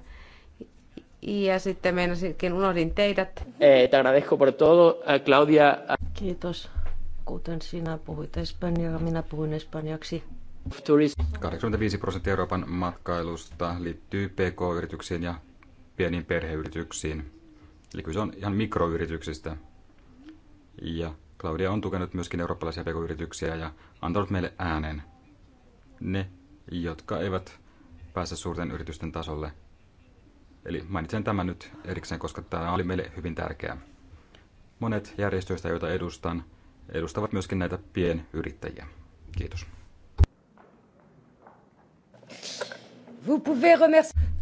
Y así Ja que meinasitkin unohdin teidät. Eh, te agradezco por todo, a Claudia. A... Kiitos. Kuten sinä puhuit espanjaa, minä puhuin espanjaksi. 85 prosenttia Euroopan matkailusta liittyy PK-yrityksiin ja pieniin perheyrityksiin. Eli kyse on ihan mikroyrityksistä. Ja Claudia on tukenut myöskin eurooppalaisia pk-yrityksiä ja antanut meille äänen. Ne, jotka eivät pääse suurten yritysten tasolle – Eli mainitsen tämän nyt erikseen, koska tämä oli meille hyvin tärkeää. Monet järjestöistä, joita edustan, edustavat myöskin näitä pienyrittäjiä. Kiitos.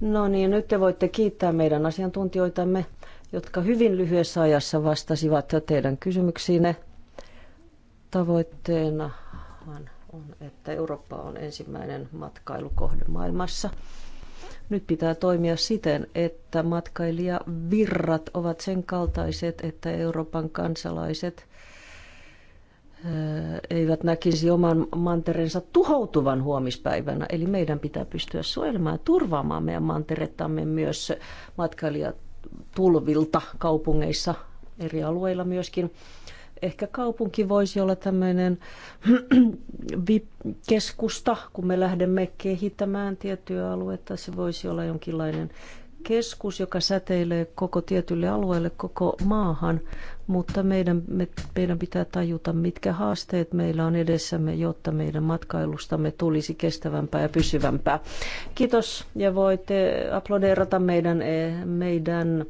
No niin, nyt te voitte kiittää meidän asiantuntijoitamme, jotka hyvin lyhyessä ajassa vastasivat teidän kysymyksiinne. Tavoitteena on, että Eurooppa on ensimmäinen matkailukohde maailmassa. Nyt pitää toimia siten, että matkailijavirrat ovat sen kaltaiset, että Euroopan kansalaiset eh, eivät näkisi oman manterensa tuhoutuvan huomispäivänä. Eli meidän pitää pystyä suojelemaan ja turvaamaan meidän manterettamme myös matkailijatulvilta kaupungeissa, eri alueilla myöskin. Ehkä kaupunki voisi olla tämmöinen keskusta, kun me lähdemme kehittämään tiettyä aluetta. Se voisi olla jonkinlainen keskus, joka säteilee koko tietylle alueelle, koko maahan, mutta meidän, me, meidän pitää tajuta, mitkä haasteet meillä on edessämme, jotta meidän matkailustamme tulisi kestävämpää ja pysyvämpää. Kiitos ja voitte aplodeerata meidän, eh, meidän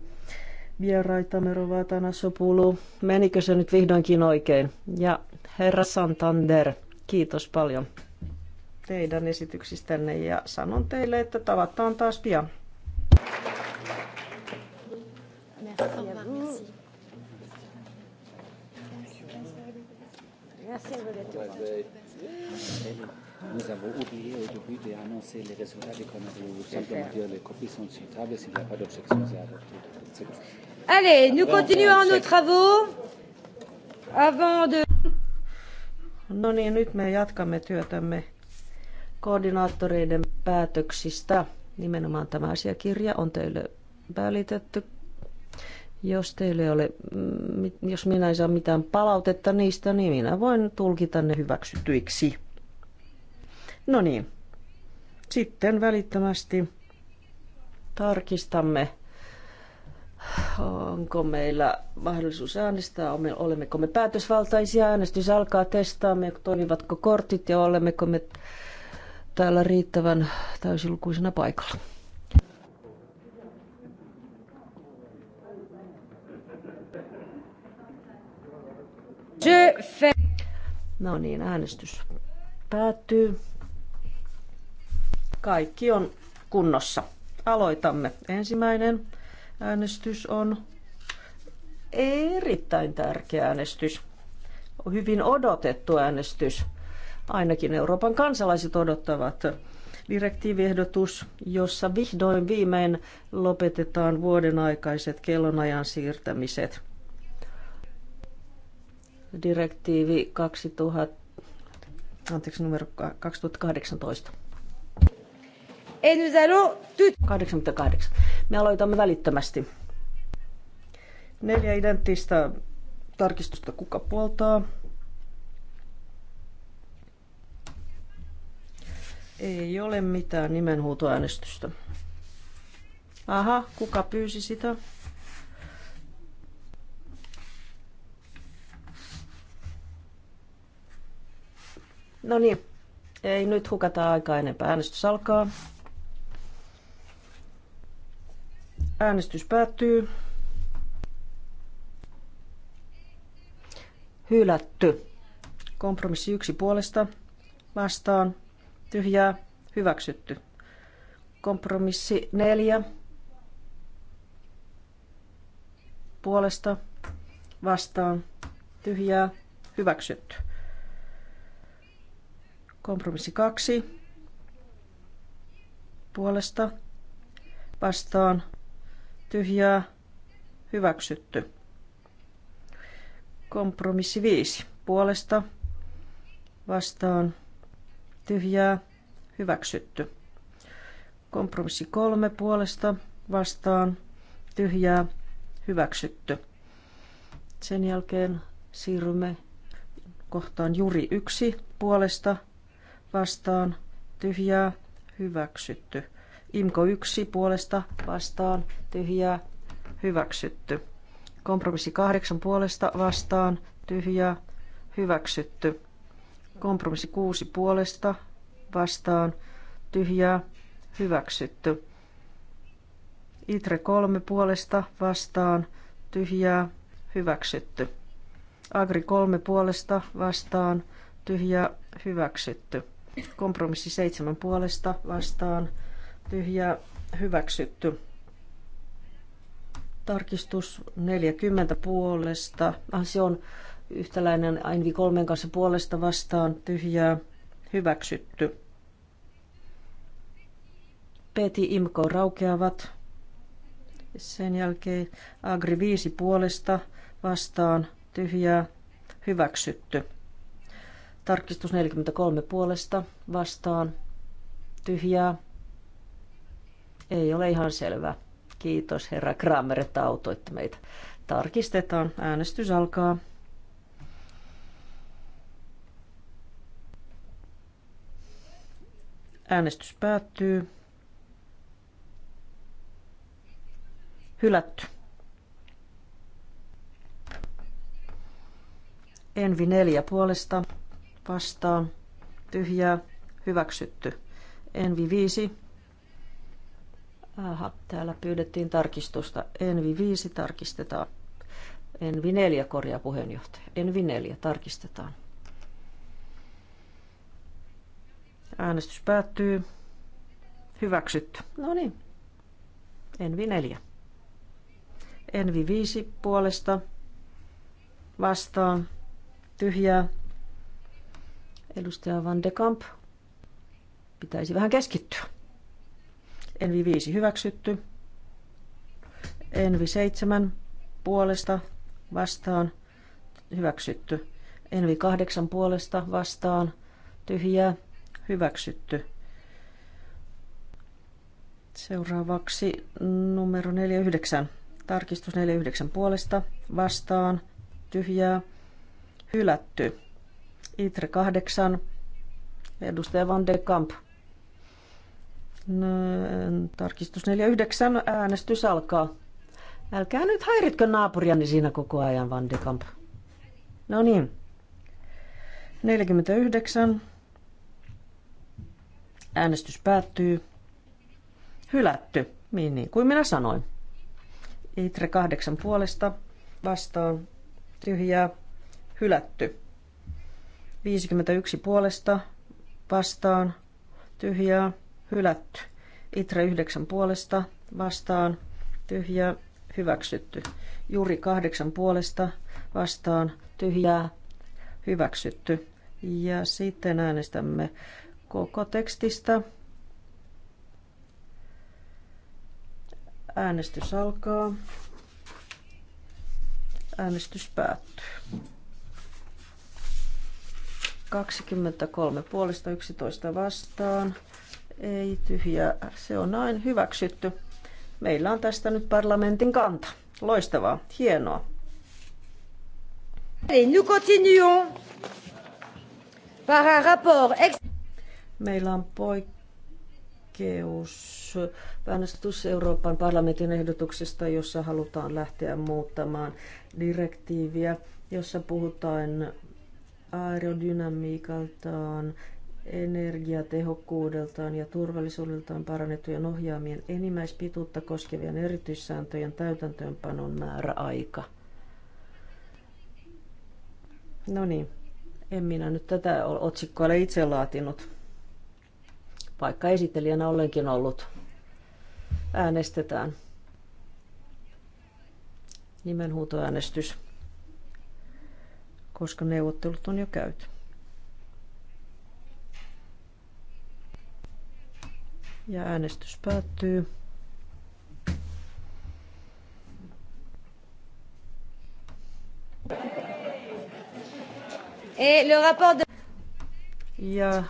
me ruvetaan Sopulu. Menikö se nyt vihdoinkin oikein? Ja herra Santander, kiitos paljon teidän esityksistänne ja sanon teille, että tavataan taas pian. Nous avons oublié au début d'annoncer les résultats des Nous sommes demandés, les copies sont sur table. S'il n'y a pas d'objection, c'est adopté. Allez, nous continuons nos travaux avant de... No niin, nyt me jatkamme työtämme koordinaattoreiden päätöksistä. Nimenomaan tämä asiakirja on teille välitetty. Jos teille ole, mm, jos minä en saa mitään palautetta niistä, niin minä voin tulkita ne hyväksytyiksi. No niin, sitten välittömästi tarkistamme Onko meillä mahdollisuus äänestää? Olemmeko me päätösvaltaisia? Äänestys alkaa testaamme, toimivatko kortit ja olemmeko me täällä riittävän täysilukuisena paikalla. No niin, äänestys päättyy. Kaikki on kunnossa. Aloitamme. Ensimmäinen äänestys on erittäin tärkeä äänestys. On hyvin odotettu äänestys. Ainakin Euroopan kansalaiset odottavat direktiiviehdotus, jossa vihdoin viimein lopetetaan vuoden aikaiset kellonajan siirtämiset. Direktiivi 2000, anteeksi, numero 2018. Et nous allons tout... 88. Me aloitamme välittömästi. Neljä identtistä tarkistusta kuka puoltaa. Ei ole mitään nimenhuutoäänestystä. Aha, kuka pyysi sitä? No niin, ei nyt hukata aikaa enempää. Äänestys alkaa. Äänestys päättyy. Hylätty. Kompromissi yksi puolesta. Vastaan. Tyhjää. Hyväksytty. Kompromissi neljä. Puolesta. Vastaan. Tyhjää. Hyväksytty. Kompromissi kaksi. Puolesta. Vastaan tyhjää hyväksytty. Kompromissi 5 puolesta vastaan tyhjää hyväksytty. Kompromissi 3 puolesta vastaan tyhjää hyväksytty. Sen jälkeen siirrymme kohtaan juuri 1 puolesta vastaan tyhjää hyväksytty. Imko 1 puolesta vastaan tyhjää hyväksytty. Kompromissi 8 puolesta vastaan tyhjää hyväksytty. Kompromissi 6 puolesta vastaan tyhjää hyväksytty. Itre 3 puolesta vastaan tyhjää hyväksytty. Agri 3 puolesta vastaan tyhjää hyväksytty. Kompromissi 7 puolesta vastaan tyhjää hyväksytty. Tarkistus 40 puolesta. Ah, se on yhtäläinen Ainvi kolmen kanssa puolesta vastaan tyhjää hyväksytty. Peti Imko raukeavat. Sen jälkeen Agri 5 puolesta vastaan tyhjää hyväksytty. Tarkistus 43 puolesta vastaan tyhjää ei ole ihan selvä. Kiitos herra Kramer, että autoitte meitä. Tarkistetaan. Äänestys alkaa. Äänestys päättyy. Hylätty. Envi neljä puolesta vastaan. Tyhjää. Hyväksytty. Envi viisi Aha, täällä pyydettiin tarkistusta. Envi 5 tarkistetaan. Envi 4 korjaa puheenjohtaja. Envi 4 tarkistetaan. Äänestys päättyy. Hyväksytty. No niin. Envi 4. Envi 5 puolesta. Vastaan. Tyhjää. Edustaja Van de Kamp. Pitäisi vähän keskittyä. Envi 5 hyväksytty. Envi 7 puolesta vastaan hyväksytty. Envi 8 puolesta vastaan tyhjää hyväksytty. Seuraavaksi numero 49. Tarkistus 49 puolesta vastaan tyhjää hylätty. Itre 8 edustaja Van de Kamp Tarkistus 49. Äänestys alkaa. Älkää nyt häiritkö naapuriani siinä koko ajan, Van de Kamp. No niin. 49. Äänestys päättyy. Hylätty, niin, niin kuin minä sanoin. Itre kahdeksan puolesta vastaan. Tyhjää. Hylätty. 51 puolesta vastaan. Tyhjää hylätty. Itra 9 puolesta vastaan tyhjää hyväksytty. Juri 8 puolesta vastaan tyhjää hyväksytty. Ja sitten äänestämme koko tekstistä. Äänestys alkaa. Äänestys päättyy. 23 puolesta 11 vastaan. Ei tyhjää. Se on näin hyväksytty. Meillä on tästä nyt parlamentin kanta. Loistavaa. Hienoa. Meillä on poikkeus äänestys Euroopan parlamentin ehdotuksesta, jossa halutaan lähteä muuttamaan direktiiviä, jossa puhutaan aerodynamiikaltaan energiatehokkuudeltaan ja turvallisuudeltaan parannettujen ohjaamien enimmäispituutta koskevien erityissääntöjen täytäntöönpanon määräaika. No niin, en minä nyt tätä otsikkoa ole itse laatinut, vaikka esittelijänä olenkin ollut. Äänestetään. Nimenhuutoäänestys, koska neuvottelut on jo käyty. Ja äänestys päättyy. E ja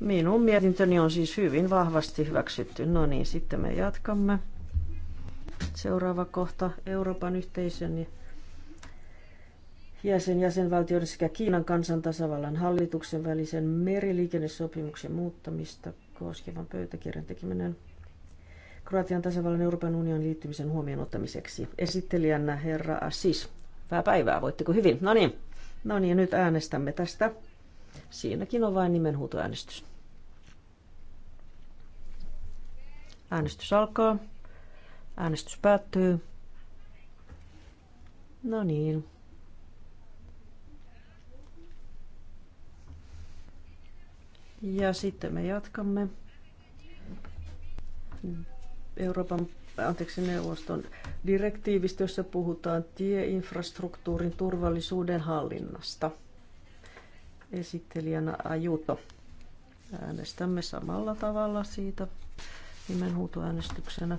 minun mietintöni on siis hyvin vahvasti hyväksytty. No niin, sitten me jatkamme. Seuraava kohta Euroopan yhteisön jäsen jäsenvaltioiden sekä Kiinan kansantasavallan hallituksen välisen meriliikennesopimuksen muuttamista – koskevan pöytäkirjan tekeminen Kroatian tasavallan Euroopan unionin liittymisen huomioon ottamiseksi. Esittelijänä herra Assis. Hyvää päivää, voitteko hyvin? No niin, no niin, nyt äänestämme tästä. Siinäkin on vain nimenhuutoäänestys. Äänestys alkaa. Äänestys päättyy. No niin, Ja sitten me jatkamme Euroopan anteeksi, neuvoston direktiivistä, jossa puhutaan tieinfrastruktuurin turvallisuuden hallinnasta. Esittelijänä Ajuto. Äänestämme samalla tavalla siitä nimenhuutoäänestyksenä.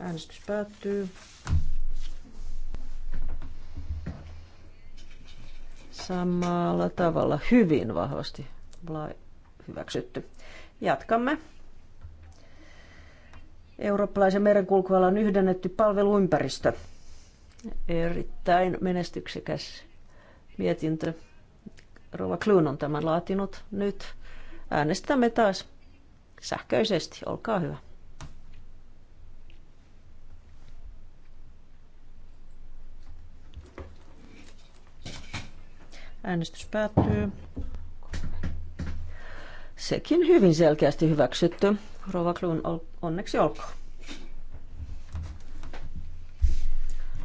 Äänestys päättyy. samalla tavalla hyvin vahvasti hyväksytty. Jatkamme. Eurooppalaisen merenkulkualan yhdennetty palveluympäristö. Erittäin menestyksekäs mietintö. Rova Kluun on tämän laatinut. Nyt äänestämme taas sähköisesti. Olkaa hyvä. Äänestys päättyy. Sekin hyvin selkeästi hyväksytty. Rova Kluun, onneksi olkoon.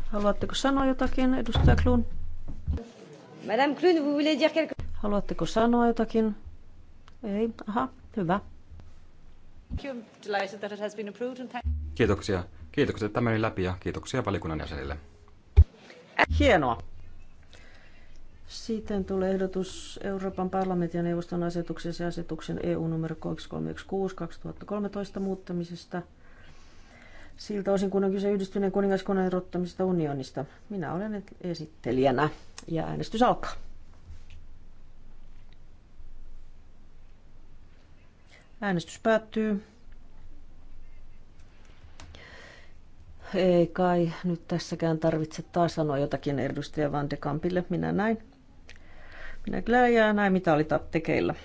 Haluatteko sanoa jotakin, edustaja Kluun? Madame Kluun, vous voulez dire quelque... Haluatteko sanoa jotakin? Ei, aha, hyvä. Kiitoksia. Kiitoksia, että tämä meni läpi ja kiitoksia valikunnan jäsenille. Hienoa. Sitten tulee ehdotus Euroopan parlamentin ja neuvoston asetuksessa ja asetuksen EU numero 2316-2013 muuttamisesta siltä osin, kun on kyse yhdistyneen kuningaskunnan erottamisesta unionista. Minä olen esittelijänä ja äänestys alkaa. Äänestys päättyy. Ei kai nyt tässäkään tarvitse taas sanoa jotakin edustaja Van de Kampille. Minä näin. Näklää ja näin mitä oli tekeillä.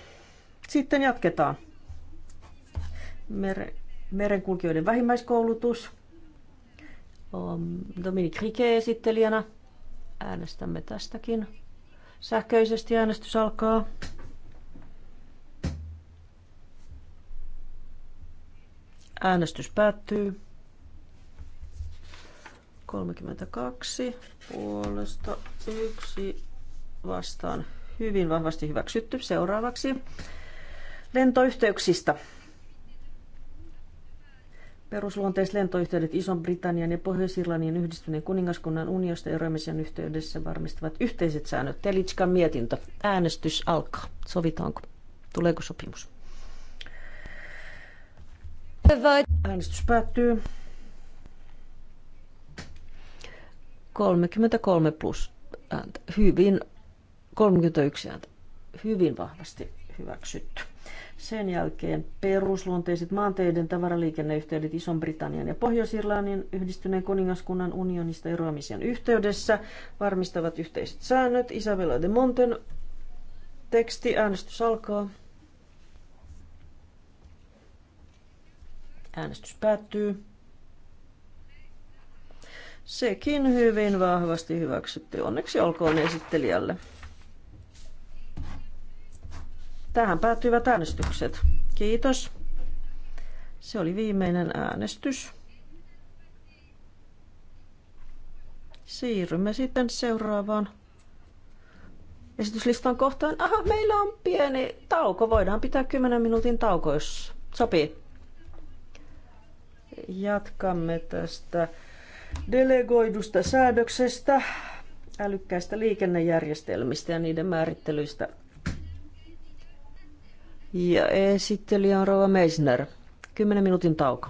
Sitten jatketaan. Mere, merenkulkijoiden vähimmäiskoulutus. Dominique Rike esittelijänä. Äänestämme tästäkin. Sähköisesti äänestys alkaa. Äänestys päättyy. 32 puolesta yksi vastaan hyvin vahvasti hyväksytty. Seuraavaksi lentoyhteyksistä. Perusluonteiset lentoyhteydet Ison-Britannian ja Pohjois-Irlannin yhdistyneen kuningaskunnan unionista eroamisen yhteydessä varmistavat yhteiset säännöt. Telitskan mietintö. Äänestys alkaa. Sovitaanko? Tuleeko sopimus? Äänestys päättyy. 33 plus ääntä. Hyvin 31 ääntä. Hyvin vahvasti hyväksytty. Sen jälkeen perusluonteiset maanteiden tavaraliikenneyhteydet Ison-Britannian ja Pohjois-Irlannin yhdistyneen kuningaskunnan unionista eroamisen yhteydessä varmistavat yhteiset säännöt. Isabella de Monten teksti, äänestys alkaa. Äänestys päättyy. Sekin hyvin vahvasti hyväksytty. Onneksi olkoon esittelijälle. Tähän päättyivät äänestykset. Kiitos. Se oli viimeinen äänestys. Siirrymme sitten seuraavaan esityslistan kohtaan. Aha, meillä on pieni tauko. Voidaan pitää 10 minuutin tauko, jos sopii. Jatkamme tästä delegoidusta säädöksestä, älykkäistä liikennejärjestelmistä ja niiden määrittelyistä. Ja esittelijä on Rova Meisner. Kymmenen minuutin tauko.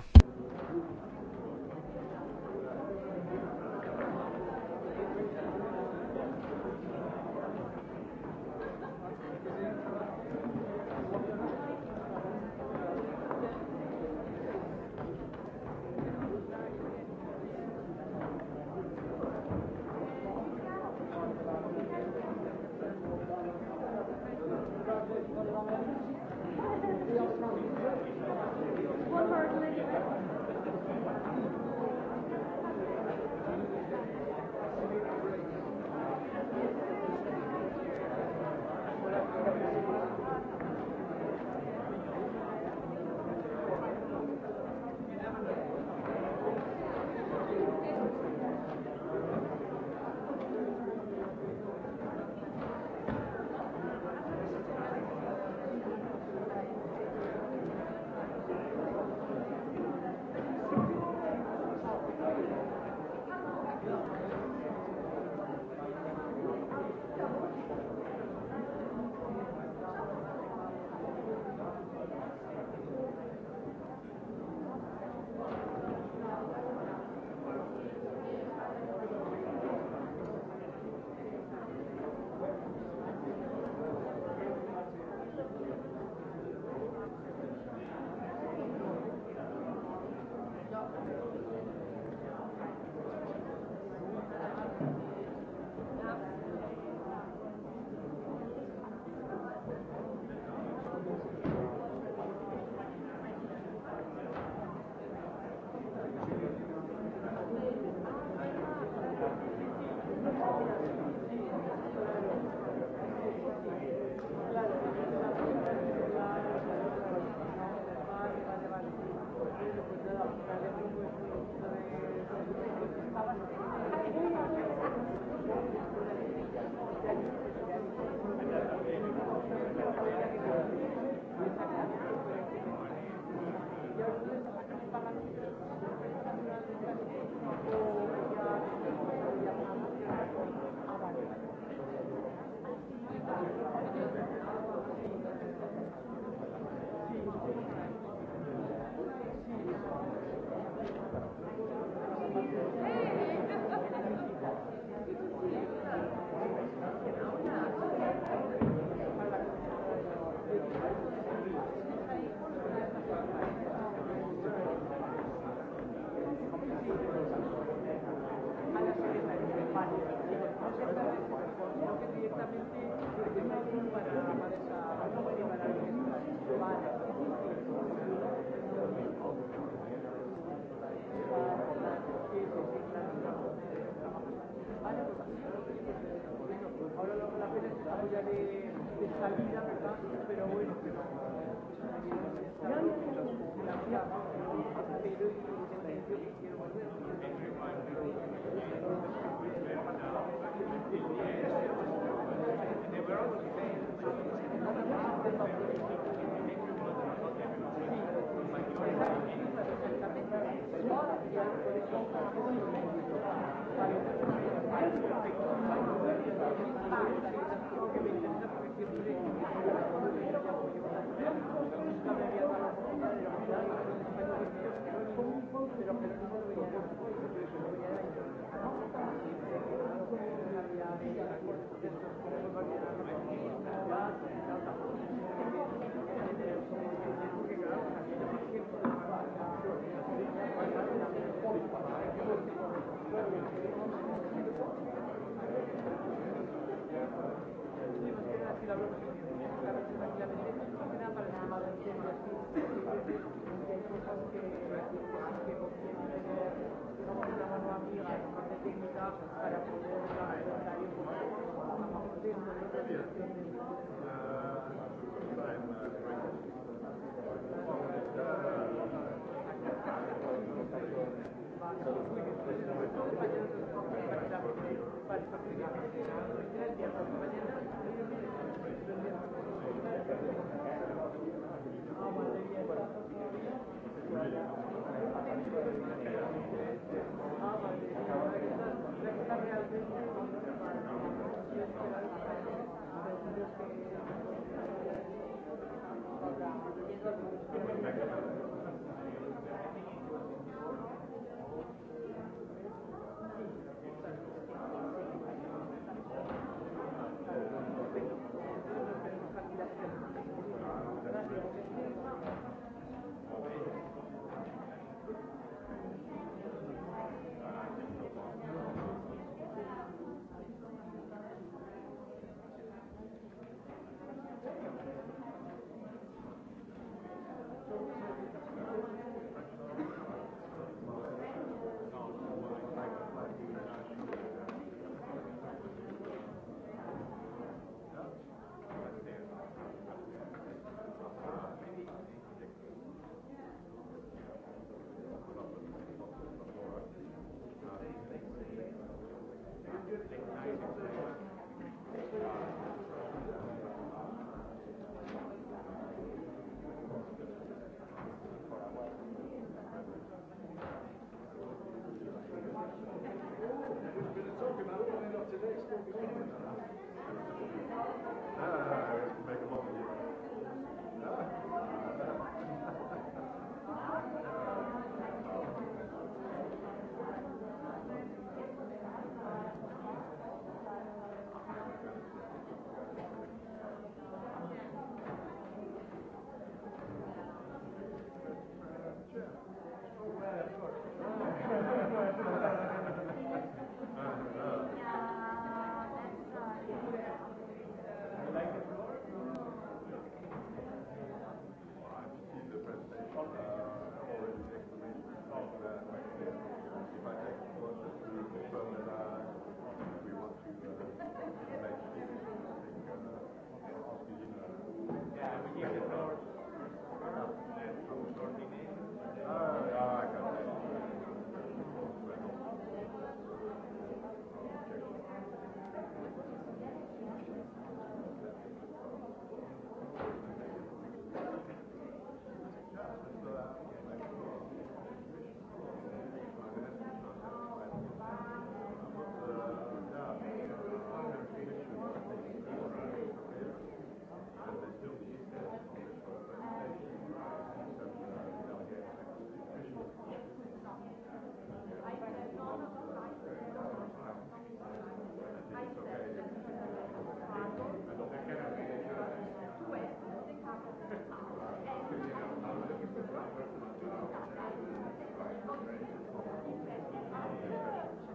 Thank you.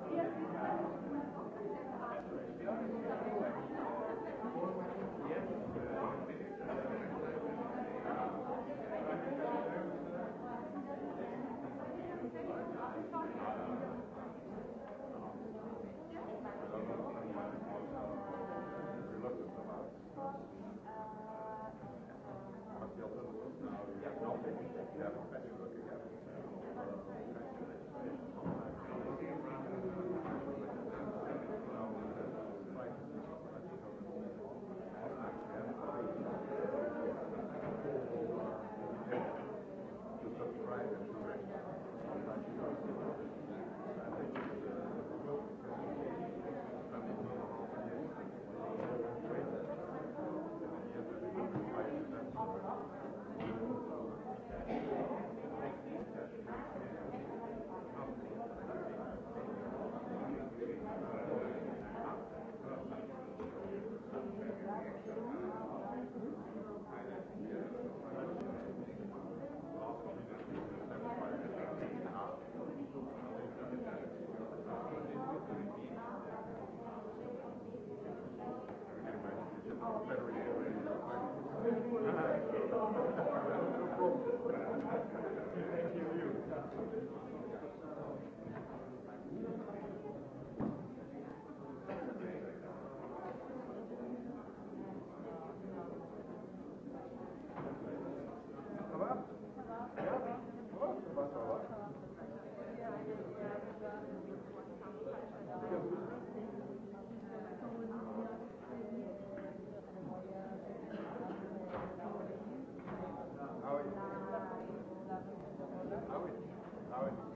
Amen.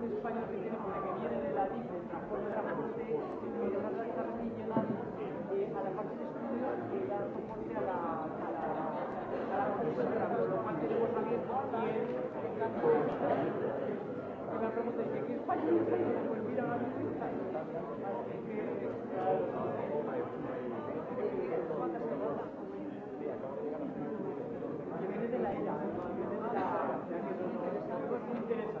de España que tenemos, la que viene de la DIF, del transporte de la parte internacional de carros millonarios, eh, a la parte de estudios que da soporte a la, a la, a la profesora, con lo cual tenemos abierto aquí el una pregunta es que España no está yendo a volver a la revista. Así que... Que viene de la ELA, viene de la... que nos interesa.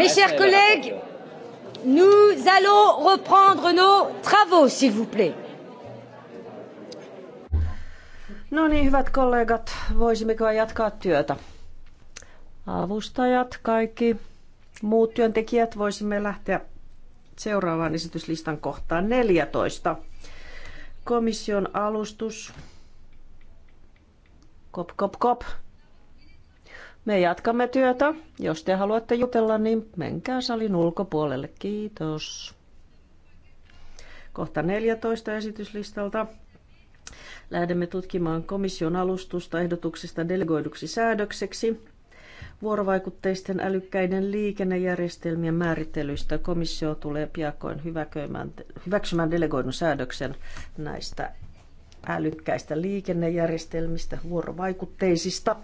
Mes chers collègues, nous allons reprendre nos travaux, s'il vous plaît. No niin, hyvät kollegat, voisimmeko jatkaa työtä? Avustajat, kaikki muut työntekijät, voisimme lähteä seuraavaan esityslistan kohtaan 14. Komission alustus. Kop, kop, kop. Me jatkamme työtä. Jos te haluatte jutella, niin menkää salin ulkopuolelle. Kiitos. Kohta 14 esityslistalta. Lähdemme tutkimaan komission alustusta ehdotuksesta delegoiduksi säädökseksi vuorovaikutteisten älykkäiden liikennejärjestelmien määrittelyistä. Komissio tulee piakoin hyväksymään delegoidun säädöksen näistä älykkäistä liikennejärjestelmistä, vuorovaikutteisista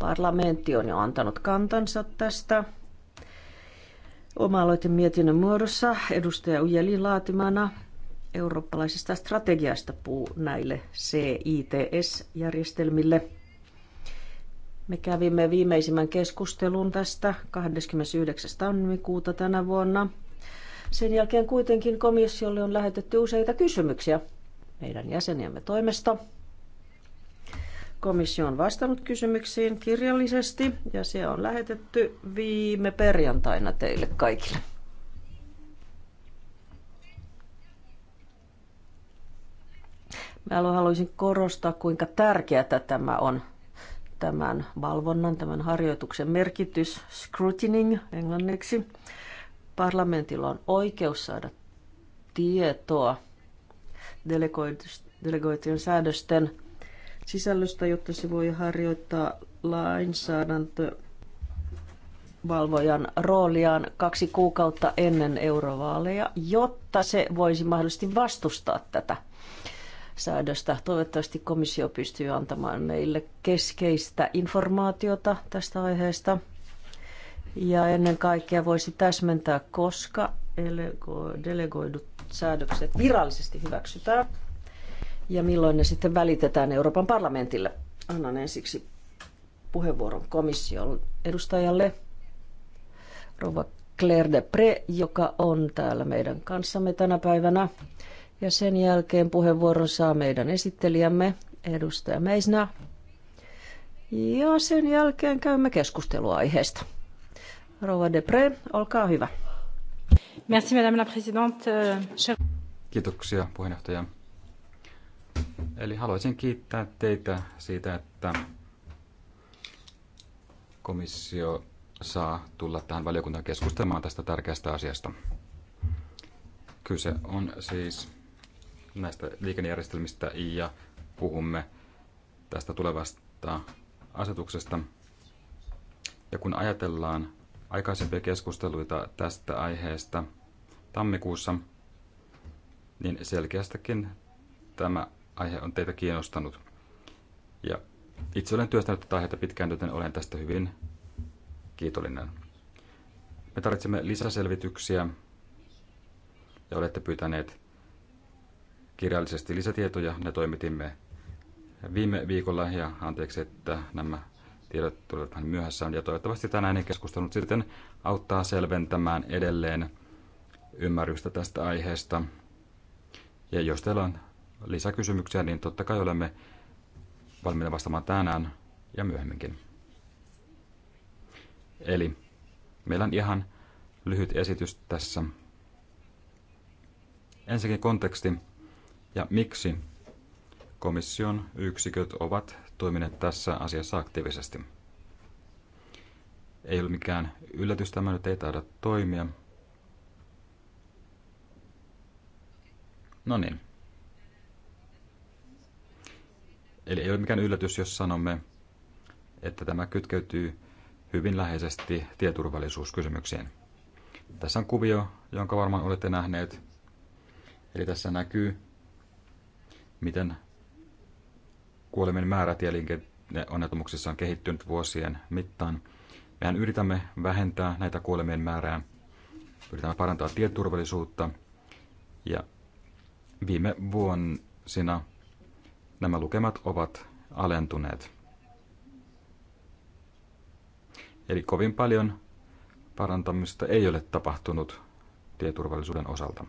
Parlamentti on jo antanut kantansa tästä oma-aloiten mietinnön muodossa edustaja Ujelin laatimana eurooppalaisesta strategiasta puu näille CITS-järjestelmille. Me kävimme viimeisimmän keskustelun tästä 29. tammikuuta tänä vuonna. Sen jälkeen kuitenkin komissiolle on lähetetty useita kysymyksiä meidän jäseniämme toimesta – Komissio on vastannut kysymyksiin kirjallisesti ja se on lähetetty viime perjantaina teille kaikille. Mä haluaisin korostaa, kuinka tärkeää tämä on, tämän valvonnan, tämän harjoituksen merkitys, scrutining englanniksi. Parlamentilla on oikeus saada tietoa delegoitujen säädösten sisällöstä, jotta se voi harjoittaa lainsäädäntö valvojan rooliaan kaksi kuukautta ennen eurovaaleja, jotta se voisi mahdollisesti vastustaa tätä säädöstä. Toivottavasti komissio pystyy antamaan meille keskeistä informaatiota tästä aiheesta. Ja ennen kaikkea voisi täsmentää, koska delegoidut säädökset virallisesti hyväksytään ja milloin ne sitten välitetään Euroopan parlamentille. Annan ensiksi puheenvuoron komission edustajalle, rouva Claire de Pre, joka on täällä meidän kanssamme tänä päivänä. Ja sen jälkeen puheenvuoron saa meidän esittelijämme, edustaja Meisna. Ja sen jälkeen käymme keskustelua aiheesta. Rouva de Pre, olkaa hyvä. Merci, madame la présidente. Euh, Kiitoksia, puheenjohtaja. Eli haluaisin kiittää teitä siitä, että komissio saa tulla tähän valiokuntaan keskustelemaan tästä tärkeästä asiasta. Kyse on siis näistä liikennejärjestelmistä ja puhumme tästä tulevasta asetuksesta. Ja kun ajatellaan aikaisempia keskusteluita tästä aiheesta tammikuussa, niin selkeästikin tämä aihe on teitä kiinnostanut. Ja itse olen työstänyt tätä aiheita pitkään, joten olen tästä hyvin kiitollinen. Me tarvitsemme lisäselvityksiä ja olette pyytäneet kirjallisesti lisätietoja. Ne toimitimme viime viikolla ja anteeksi, että nämä tiedot tulevat vähän myöhässä. Ja toivottavasti ne keskustelut sitten auttaa selventämään edelleen ymmärrystä tästä aiheesta. Ja jos teillä on lisäkysymyksiä, niin totta kai olemme valmiita vastaamaan tänään ja myöhemminkin. Eli meillä on ihan lyhyt esitys tässä. Ensinnäkin konteksti ja miksi komission yksiköt ovat toimineet tässä asiassa aktiivisesti. Ei ole mikään yllätys, tämä nyt ei taida toimia. No niin. Eli ei ole mikään yllätys, jos sanomme, että tämä kytkeytyy hyvin läheisesti tieturvallisuuskysymykseen. Tässä on kuvio, jonka varmaan olette nähneet. Eli tässä näkyy, miten kuolemien määrä onnettomuuksissa on kehittynyt vuosien mittaan. Mehän yritämme vähentää näitä kuolemien määrää, yritämme parantaa tieturvallisuutta ja viime vuosina nämä lukemat ovat alentuneet. Eli kovin paljon parantamista ei ole tapahtunut tieturvallisuuden osalta.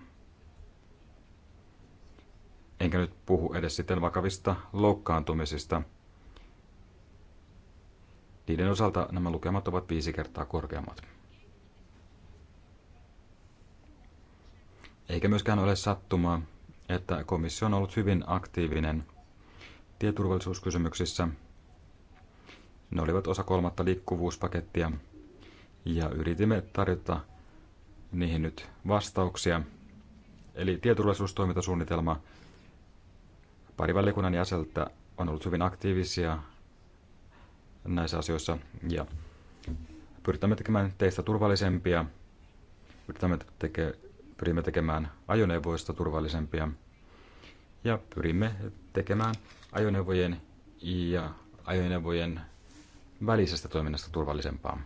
Enkä nyt puhu edes sitten vakavista loukkaantumisista. Niiden osalta nämä lukemat ovat viisi kertaa korkeammat. Eikä myöskään ole sattumaa, että komissio on ollut hyvin aktiivinen – tieturvallisuuskysymyksissä. Ne olivat osa kolmatta liikkuvuuspakettia ja yritimme tarjota niihin nyt vastauksia. Eli tieturvallisuustoimintasuunnitelma pari valiokunnan jäseltä on ollut hyvin aktiivisia näissä asioissa ja pyritämme tekemään teistä turvallisempia, pyritämme teke, pyrimme tekemään ajoneuvoista turvallisempia ja pyrimme tekemään ajoneuvojen ja ajoneuvojen välisestä toiminnasta turvallisempaa.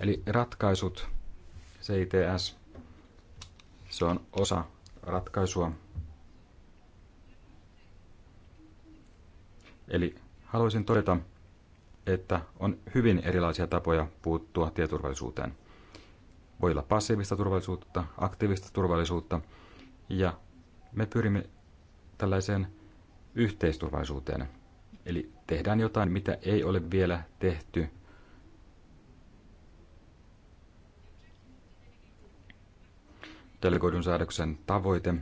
Eli ratkaisut, CITS, se on osa ratkaisua. Eli haluaisin todeta, että on hyvin erilaisia tapoja puuttua tieturvallisuuteen. Voi olla passiivista turvallisuutta, aktiivista turvallisuutta ja me pyrimme tällaiseen yhteisturvallisuuteen. Eli tehdään jotain, mitä ei ole vielä tehty. Delegoidun säädöksen tavoite.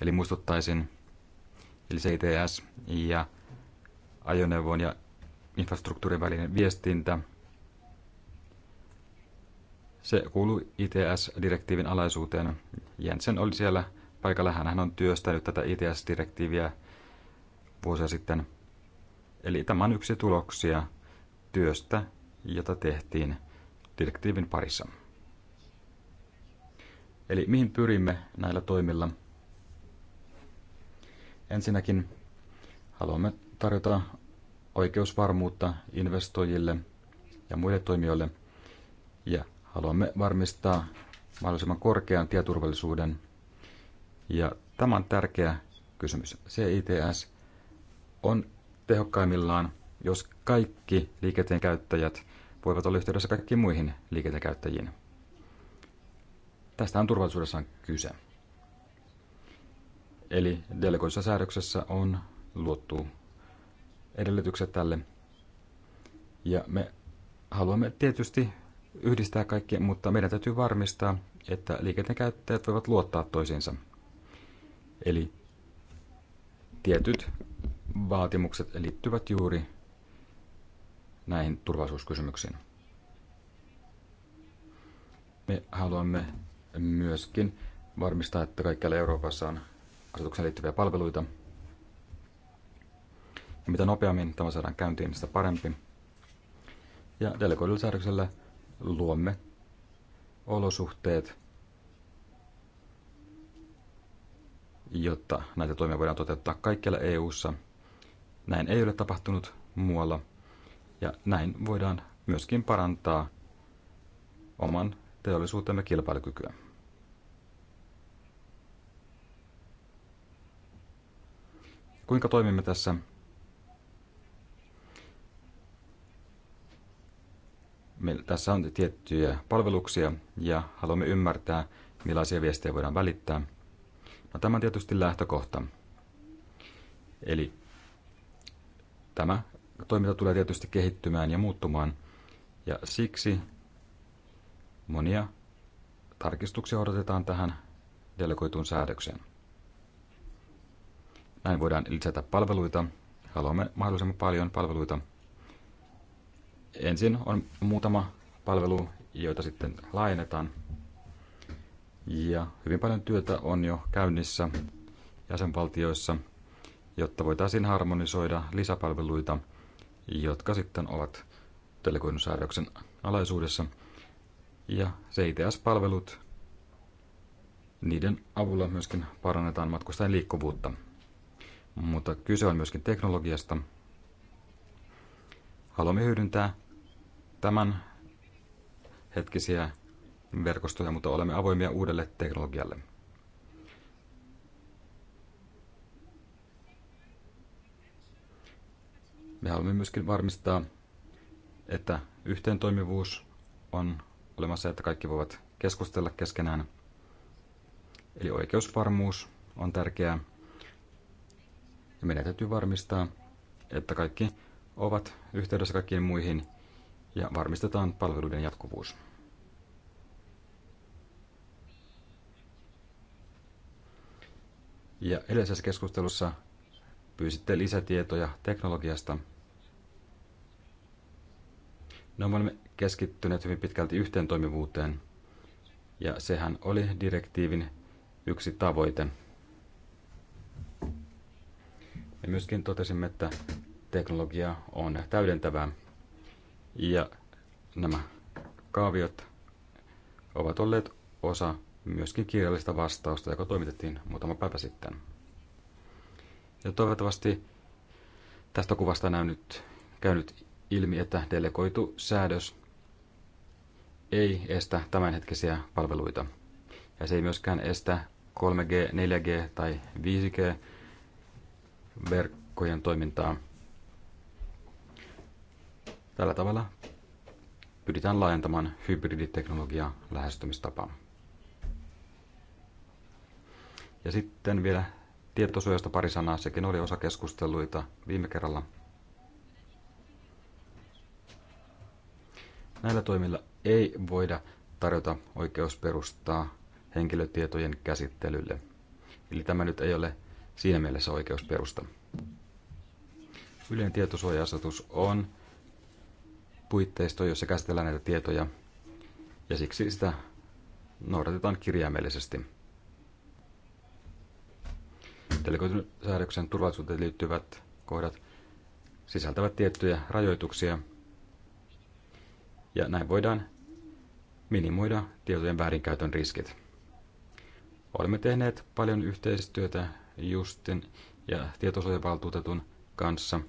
Eli muistuttaisin, eli CTS ja ajoneuvon ja infrastruktuurin välinen viestintä – se kuuluu ITS-direktiivin alaisuuteen. Jensen oli siellä paikalla. Hän on työstänyt tätä ITS-direktiiviä vuosia sitten. Eli tämä on yksi tuloksia työstä, jota tehtiin direktiivin parissa. Eli mihin pyrimme näillä toimilla? Ensinnäkin haluamme tarjota oikeusvarmuutta investoijille ja muille toimijoille ja Haluamme varmistaa mahdollisimman korkean tieturvallisuuden. Ja tämä on tärkeä kysymys. CITS on tehokkaimmillaan, jos kaikki liikenteen käyttäjät voivat olla yhteydessä kaikkiin muihin liikenteen käyttäjiin. Tästä on turvallisuudessaan kyse. Eli delegoissa säädöksessä on luotu edellytykset tälle. Ja me haluamme tietysti yhdistää kaikki, mutta meidän täytyy varmistaa, että liikenteen käyttäjät voivat luottaa toisiinsa. Eli tietyt vaatimukset liittyvät juuri näihin turvallisuuskysymyksiin. Me haluamme myöskin varmistaa, että kaikkialla Euroopassa on asetukseen liittyviä palveluita. Ja mitä nopeammin tämä saadaan käyntiin, sitä parempi. Ja delegoidulla säädöksellä – luomme olosuhteet, jotta näitä toimia voidaan toteuttaa kaikkialla EU:ssa. Näin ei ole tapahtunut muualla ja näin voidaan myöskin parantaa oman teollisuutemme kilpailukykyä. Kuinka toimimme tässä? tässä on tiettyjä palveluksia ja haluamme ymmärtää, millaisia viestejä voidaan välittää. No, tämä on tietysti lähtökohta. Eli tämä toiminta tulee tietysti kehittymään ja muuttumaan, ja siksi monia tarkistuksia odotetaan tähän delegoituun säädökseen. Näin voidaan lisätä palveluita. Haluamme mahdollisimman paljon palveluita ensin on muutama palvelu, joita sitten laajennetaan. Ja hyvin paljon työtä on jo käynnissä jäsenvaltioissa, jotta voitaisiin harmonisoida lisäpalveluita, jotka sitten ovat telekoinnusäädöksen alaisuudessa. Ja CITS-palvelut, niiden avulla myöskin parannetaan matkustajan liikkuvuutta. Mutta kyse on myöskin teknologiasta. Haluamme hyödyntää tämän hetkisiä verkostoja, mutta olemme avoimia uudelle teknologialle. Me haluamme myöskin varmistaa, että yhteentoimivuus on olemassa, että kaikki voivat keskustella keskenään. Eli oikeusvarmuus on tärkeää. Ja meidän täytyy varmistaa, että kaikki ovat yhteydessä kaikkiin muihin ja varmistetaan palveluiden jatkuvuus. Ja edellisessä keskustelussa pyysitte lisätietoja teknologiasta. No, me olemme keskittyneet hyvin pitkälti yhteen toimivuuteen, ja sehän oli direktiivin yksi tavoite. Me myöskin totesimme, että teknologia on täydentävää ja nämä kaaviot ovat olleet osa myöskin kirjallista vastausta, joka toimitettiin muutama päivä sitten. Ja toivottavasti tästä kuvasta on nyt käynyt ilmi, että delegoitu säädös ei estä tämänhetkisiä palveluita. Ja se ei myöskään estä 3G, 4G tai 5G verkkojen toimintaa. Tällä tavalla pyritään laajentamaan hybriditeknologiaa lähestymistapaa. Ja sitten vielä tietosuojasta pari sanaa, sekin oli osa keskusteluita viime kerralla. Näillä toimilla ei voida tarjota oikeusperustaa henkilötietojen käsittelylle. Eli tämä nyt ei ole siinä mielessä oikeusperusta. Yleinen tietosuoja on puitteisto, jossa käsitellään näitä tietoja, ja siksi sitä noudatetaan kirjaimellisesti. Delegoitun säädöksen turvallisuuteen liittyvät kohdat sisältävät tiettyjä rajoituksia, ja näin voidaan minimoida tietojen väärinkäytön riskit. Olemme tehneet paljon yhteistyötä Justin ja tietosuojavaltuutetun kanssa –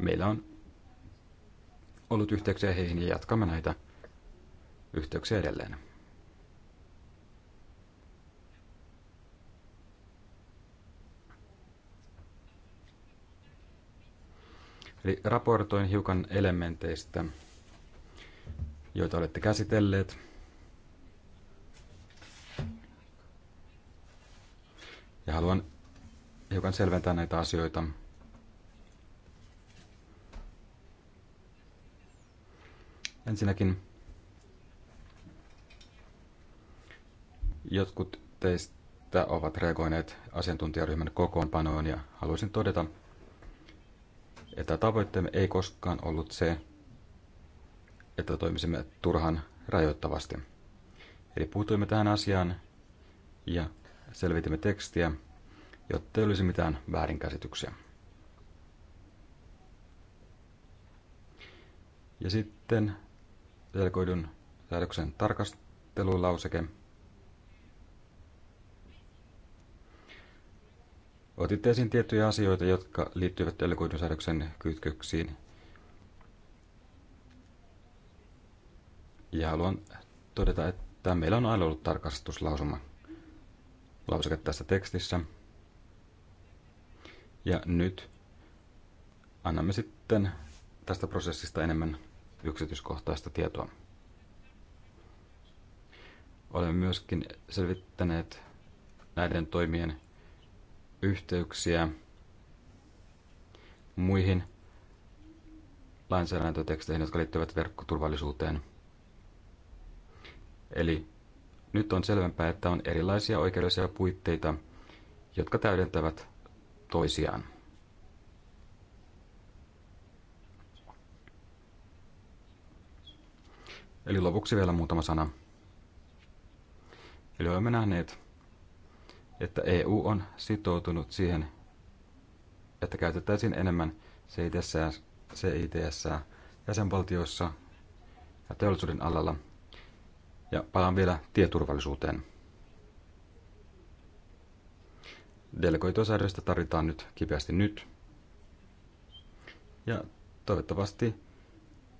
Meillä on ollut yhteyksiä heihin ja jatkamme näitä yhteyksiä edelleen. Eli raportoin hiukan elementeistä, joita olette käsitelleet. Ja haluan hiukan selventää näitä asioita. Ensinnäkin jotkut teistä ovat reagoineet asiantuntijaryhmän kokoonpanoon ja haluaisin todeta, että tavoitteemme ei koskaan ollut se, että toimisimme turhan rajoittavasti. Eli puutuimme tähän asiaan ja selvitimme tekstiä, jotta ei olisi mitään väärinkäsityksiä. Ja sitten delegoidun säädöksen tarkastelulauseke. Otitte esiin tiettyjä asioita, jotka liittyvät delegoidun säädöksen kytköksiin. Ja haluan todeta, että meillä on aina ollut tarkastuslausuma lauseke tässä tekstissä. Ja nyt annamme sitten tästä prosessista enemmän yksityiskohtaista tietoa. Olemme myöskin selvittäneet näiden toimien yhteyksiä muihin lainsäädäntöteksteihin, jotka liittyvät verkkoturvallisuuteen. Eli nyt on selvempää, että on erilaisia oikeudellisia puitteita, jotka täydentävät toisiaan. Eli lopuksi vielä muutama sana. Eli olemme nähneet, että EU on sitoutunut siihen, että käytettäisiin enemmän CITS, CITS jäsenvaltioissa ja teollisuuden alalla. Ja palaan vielä tieturvallisuuteen. Delegoituosäädöstä tarvitaan nyt kipeästi nyt. Ja toivottavasti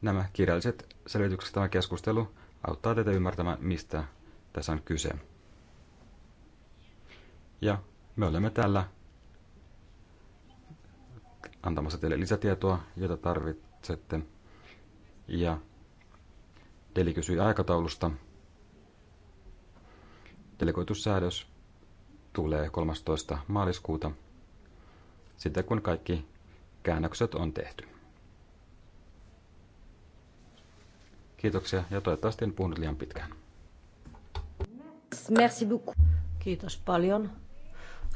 Nämä kirjalliset selvitykset tämä keskustelu auttaa teitä ymmärtämään, mistä tässä on kyse. Ja me olemme täällä antamassa teille lisätietoa, jota tarvitsette. Ja Deli kysyi aikataulusta. Delegoitussäädös tulee 13. maaliskuuta, sitten kun kaikki käännökset on tehty. Kiitoksia ja toivottavasti en puhunut liian pitkään. Merci beaucoup. Kiitos paljon,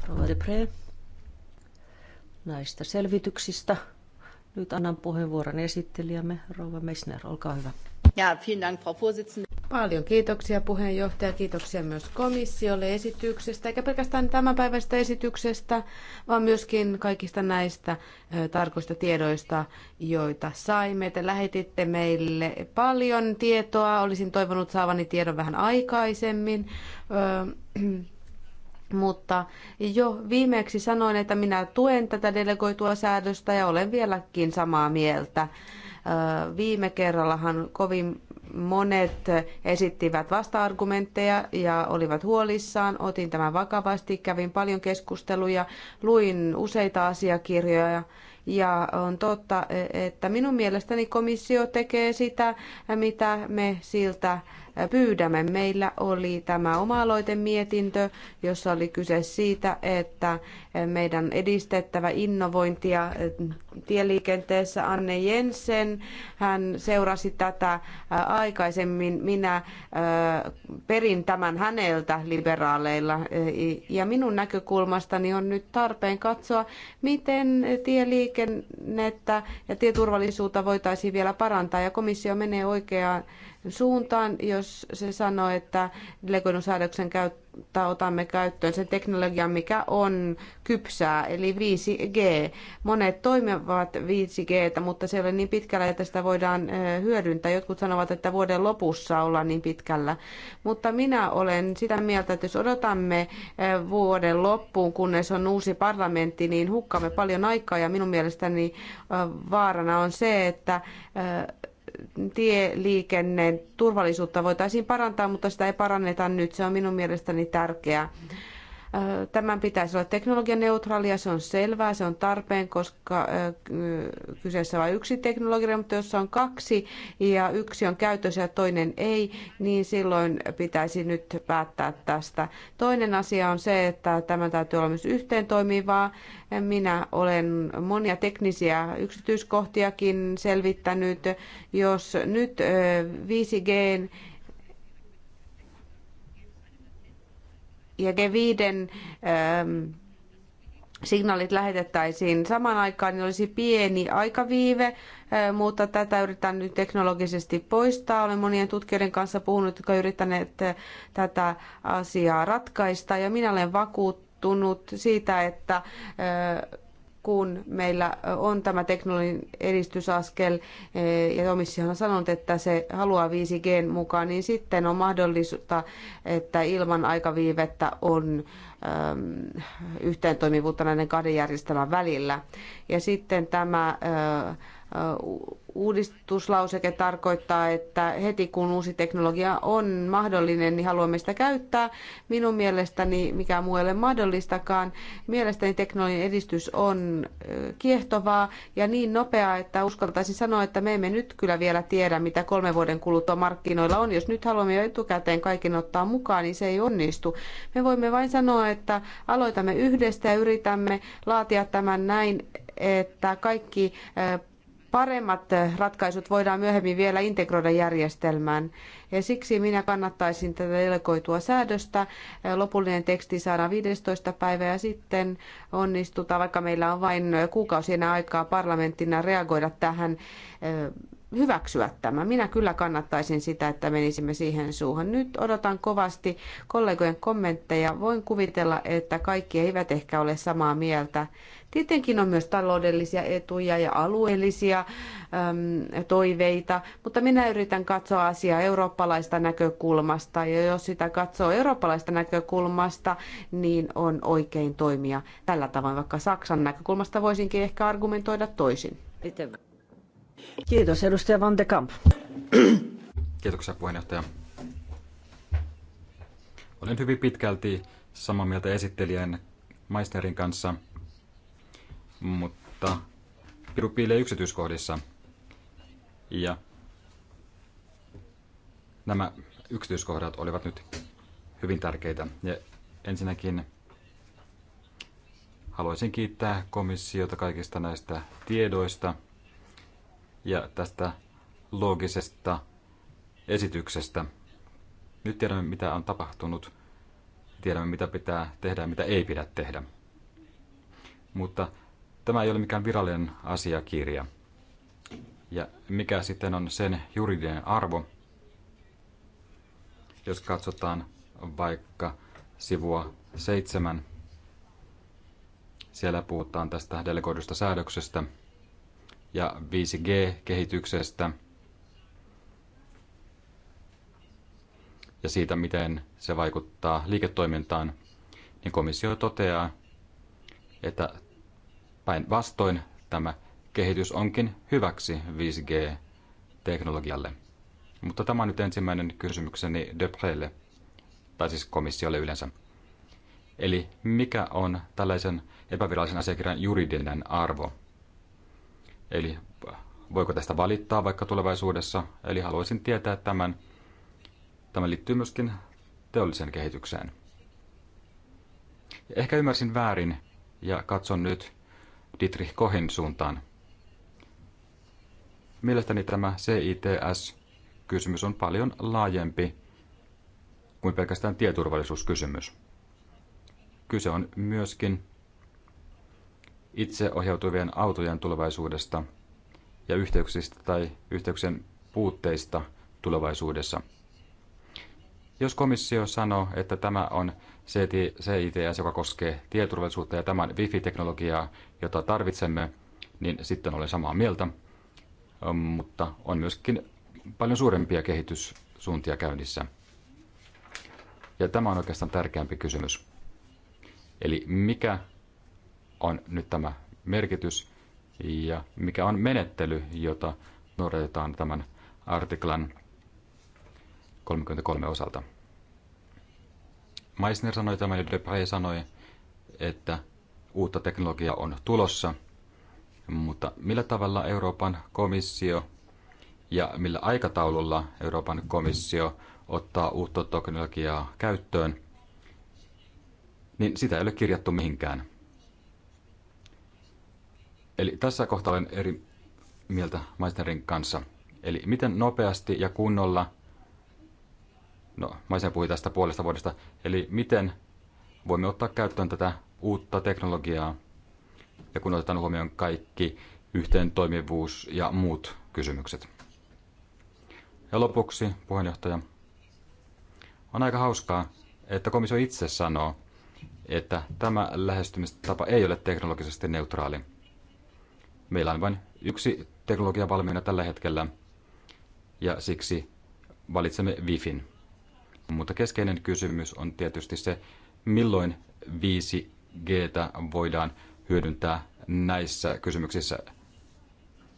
Rova Depre, näistä selvityksistä. Nyt annan puheenvuoron esittelijämme, Rova Meissner, olkaa hyvä. Ja, vielen Dank, Frau Vorsitzende. Paljon kiitoksia puheenjohtaja, kiitoksia myös komissiolle esityksestä, eikä pelkästään päivästä esityksestä, vaan myöskin kaikista näistä tarkoista tiedoista, joita saimme. Te lähetitte meille paljon tietoa, olisin toivonut saavani tiedon vähän aikaisemmin. Mutta jo viimeksi sanoin, että minä tuen tätä delegoitua säädöstä ja olen vieläkin samaa mieltä. Viime kerrallahan kovin Monet esittivät vasta-argumentteja ja olivat huolissaan. Otin tämän vakavasti, kävin paljon keskusteluja, luin useita asiakirjoja ja on totta, e, että minun mielestäni komissio tekee sitä, mitä me siltä pyydämme. Meillä oli tämä oma mietintö, jossa oli kyse siitä, että meidän edistettävä innovointia tieliikenteessä Anne Jensen. Hän seurasi tätä aikaisemmin. Minä perin tämän häneltä liberaaleilla. Ja minun näkökulmastani on nyt tarpeen katsoa, miten tieliikennettä ja tieturvallisuutta voitaisiin vielä parantaa. Ja komissio menee oikeaan suuntaan, jos se sanoo, että delegoidun säädöksen käyttää otamme käyttöön sen teknologian, mikä on kypsää, eli 5G. Monet toimivat 5G, mutta se ei ole niin pitkällä, että sitä voidaan hyödyntää. Jotkut sanovat, että vuoden lopussa ollaan niin pitkällä. Mutta minä olen sitä mieltä, että jos odotamme vuoden loppuun, kunnes on uusi parlamentti, niin hukkaamme paljon aikaa ja minun mielestäni vaarana on se, että tieliikenneen turvallisuutta voitaisiin parantaa, mutta sitä ei paranneta nyt. Se on minun mielestäni tärkeää. Tämän pitäisi olla teknologianeutraalia, se on selvää, se on tarpeen, koska kyseessä on vain yksi teknologia, mutta jos on kaksi ja yksi on käytössä ja toinen ei, niin silloin pitäisi nyt päättää tästä. Toinen asia on se, että tämä täytyy olla myös yhteen toimivaa. Minä olen monia teknisiä yksityiskohtiakin selvittänyt. Jos nyt 5G ja G5 ähm, signaalit lähetettäisiin samaan aikaan, niin olisi pieni aikaviive, äh, mutta tätä yritetään nyt teknologisesti poistaa. Olen monien tutkijoiden kanssa puhunut, jotka yrittäneet äh, tätä asiaa ratkaista, ja minä olen vakuuttunut siitä, että äh, kun meillä on tämä teknologinen edistysaskel ja komissio on sanonut, että se haluaa 5G mukaan, niin sitten on mahdollista, että ilman aikaviivettä on yhteentoimivuutta näiden kahden järjestelmän välillä. Ja sitten tämä uudistuslauseke tarkoittaa, että heti kun uusi teknologia on mahdollinen, niin haluamme sitä käyttää. Minun mielestäni, mikä muu ei ole mahdollistakaan, mielestäni teknologian edistys on kiehtovaa ja niin nopeaa, että uskaltaisin sanoa, että me emme nyt kyllä vielä tiedä, mitä kolmen vuoden kuluttua markkinoilla on. Jos nyt haluamme jo etukäteen kaiken ottaa mukaan, niin se ei onnistu. Me voimme vain sanoa, että aloitamme yhdestä ja yritämme laatia tämän näin, että kaikki paremmat ratkaisut voidaan myöhemmin vielä integroida järjestelmään. Ja siksi minä kannattaisin tätä delegoitua säädöstä. Lopullinen teksti saadaan 15. päivä ja sitten onnistutaan, vaikka meillä on vain kuukausina aikaa parlamenttina reagoida tähän hyväksyä tämä. Minä kyllä kannattaisin sitä, että menisimme siihen suuhun. Nyt odotan kovasti kollegojen kommentteja. Voin kuvitella, että kaikki eivät ehkä ole samaa mieltä Tietenkin on myös taloudellisia etuja ja alueellisia äm, toiveita, mutta minä yritän katsoa asiaa eurooppalaista näkökulmasta ja jos sitä katsoo eurooppalaista näkökulmasta, niin on oikein toimia tällä tavoin, vaikka Saksan näkökulmasta voisinkin ehkä argumentoida toisin. Kiitos, edustaja Van de Kamp. Kiitoksia puheenjohtaja. Olen hyvin pitkälti samaa mieltä esittelijän maisterin kanssa – mutta piru piilee yksityiskohdissa. Ja nämä yksityiskohdat olivat nyt hyvin tärkeitä. Ja ensinnäkin haluaisin kiittää komissiota kaikista näistä tiedoista ja tästä loogisesta esityksestä. Nyt tiedämme, mitä on tapahtunut. Tiedämme, mitä pitää tehdä ja mitä ei pidä tehdä. Mutta Tämä ei ole mikään virallinen asiakirja. Ja mikä sitten on sen juridinen arvo? Jos katsotaan vaikka sivua seitsemän, siellä puhutaan tästä delegoidusta säädöksestä ja 5G-kehityksestä ja siitä, miten se vaikuttaa liiketoimintaan, niin komissio toteaa, että Päinvastoin tämä kehitys onkin hyväksi 5G-teknologialle. Mutta tämä on nyt ensimmäinen kysymykseni Debrelle, tai siis komissiolle yleensä. Eli mikä on tällaisen epävirallisen asiakirjan juridinen arvo? Eli voiko tästä valittaa vaikka tulevaisuudessa? Eli haluaisin tietää tämän. Tämä liittyy myöskin teolliseen kehitykseen. Ehkä ymmärsin väärin ja katson nyt, Dietrich Kohin suuntaan. Mielestäni tämä CITS-kysymys on paljon laajempi kuin pelkästään tieturvallisuuskysymys. Kyse on myöskin itseohjautuvien autojen tulevaisuudesta ja yhteyksistä tai yhteyksien puutteista tulevaisuudessa. Jos komissio sanoo, että tämä on CITS, joka koskee tieturvallisuutta ja tämän wifi-teknologiaa, jota tarvitsemme, niin sitten olen samaa mieltä. Mutta on myöskin paljon suurempia kehityssuuntia käynnissä. Ja tämä on oikeastaan tärkeämpi kysymys. Eli mikä on nyt tämä merkitys ja mikä on menettely, jota noudatetaan tämän artiklan 33 osalta. Meissner sanoi tämä ja sanoi, että uutta teknologiaa on tulossa, mutta millä tavalla Euroopan komissio ja millä aikataululla Euroopan komissio ottaa uutta teknologiaa käyttöön, niin sitä ei ole kirjattu mihinkään. Eli tässä kohtaa olen eri mieltä Meissnerin kanssa. Eli miten nopeasti ja kunnolla No, sen puhuin tästä puolesta vuodesta. Eli miten voimme ottaa käyttöön tätä uutta teknologiaa, ja kun otetaan huomioon kaikki yhteen toimivuus ja muut kysymykset. Ja lopuksi, puheenjohtaja, on aika hauskaa, että komissio itse sanoo, että tämä lähestymistapa ei ole teknologisesti neutraali. Meillä on vain yksi teknologia valmiina tällä hetkellä, ja siksi valitsemme Wifin. Mutta keskeinen kysymys on tietysti se, milloin 5 g voidaan hyödyntää näissä kysymyksissä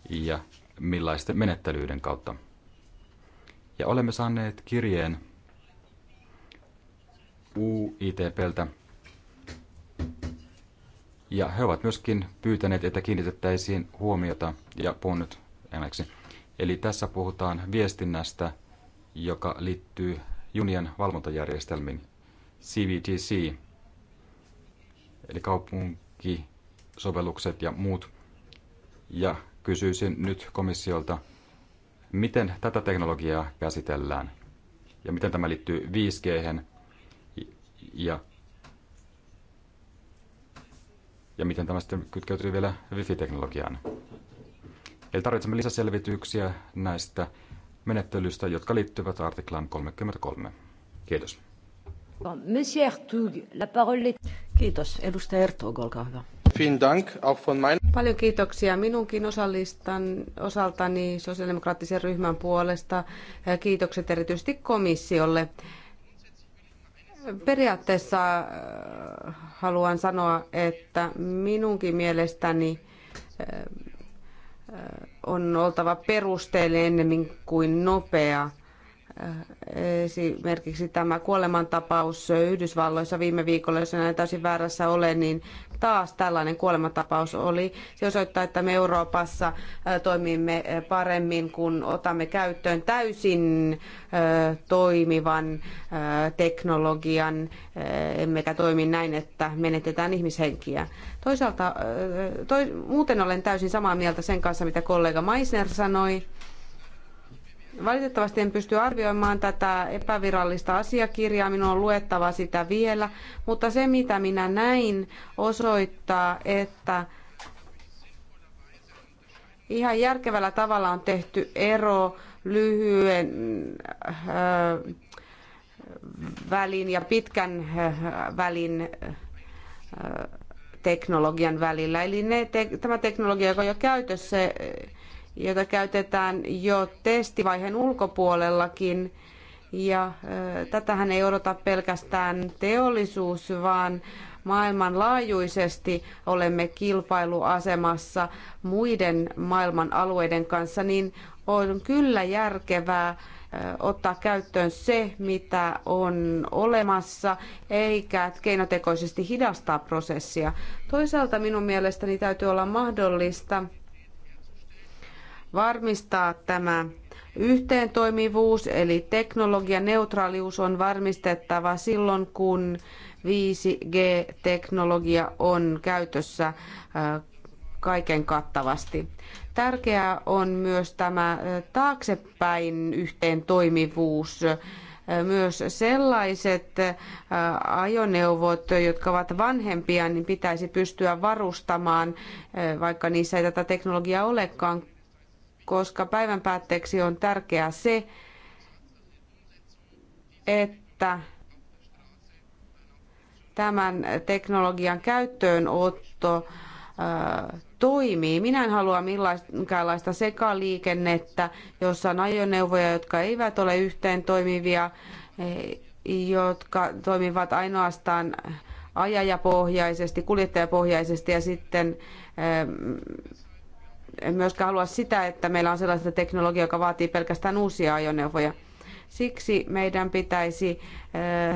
ja millaisten menettelyiden kautta. Ja olemme saaneet kirjeen UITPltä. Ja he ovat myöskin pyytäneet, että kiinnitettäisiin huomiota, ja puhun nyt Eli tässä puhutaan viestinnästä, joka liittyy junien valvontajärjestelmin, CVTC, eli kaupunkisovellukset ja muut. Ja kysyisin nyt komissiolta, miten tätä teknologiaa käsitellään ja miten tämä liittyy 5G ja, ja miten tämä sitten kytkeytyy vielä wifi-teknologiaan. Eli tarvitsemme lisäselvityksiä näistä menettelystä, jotka liittyvät artiklaan 33. Kiitos. Monsieur Ertug, la parole Kiitos. Edustaja Ertug, olkaa hyvä. Paljon kiitoksia minunkin osallistan, osaltani sosiaalidemokraattisen ryhmän puolesta. Kiitokset erityisesti komissiolle. Periaatteessa äh, haluan sanoa, että minunkin mielestäni äh, äh, on oltava perusteellinen ennemmin kuin nopea. Esimerkiksi tämä kuolemantapaus Yhdysvalloissa viime viikolla, jos en täysin väärässä ole, niin taas tällainen kuolemantapaus oli. Se osoittaa, että me Euroopassa toimimme paremmin, kun otamme käyttöön täysin toimivan teknologian, emmekä toimi näin, että menetetään ihmishenkiä. Toisaalta, toi, muuten olen täysin samaa mieltä sen kanssa, mitä kollega Meissner sanoi. Valitettavasti en pysty arvioimaan tätä epävirallista asiakirjaa, minun on luettava sitä vielä, mutta se mitä minä näin osoittaa, että ihan järkevällä tavalla on tehty ero lyhyen äh, välin ja pitkän äh, välin äh, teknologian välillä. Eli ne, te, tämä teknologia, joka on jo käytössä, jota käytetään jo testivaiheen ulkopuolellakin. Ja tätähän ei odota pelkästään teollisuus, vaan maailmanlaajuisesti olemme kilpailuasemassa muiden maailman alueiden kanssa, niin on kyllä järkevää ottaa käyttöön se, mitä on olemassa, eikä keinotekoisesti hidastaa prosessia. Toisaalta minun mielestäni täytyy olla mahdollista varmistaa tämä yhteentoimivuus, eli teknologianeutraalius on varmistettava silloin, kun 5G-teknologia on käytössä äh, kaiken kattavasti. Tärkeää on myös tämä äh, taaksepäin yhteentoimivuus äh, myös sellaiset ajoneuvot, jotka ovat vanhempia, niin pitäisi pystyä varustamaan, vaikka niissä ei tätä teknologiaa olekaan, koska päivän päätteeksi on tärkeää se, että tämän teknologian käyttöönotto toimii. Minä en halua minkäänlaista sekaliikennettä, jossa on ajoneuvoja, jotka eivät ole yhteen toimivia, e, jotka toimivat ainoastaan ajajapohjaisesti, kuljettajapohjaisesti ja sitten en myöskään halua sitä, että meillä on sellaista teknologiaa, joka vaatii pelkästään uusia ajoneuvoja. Siksi meidän pitäisi eh,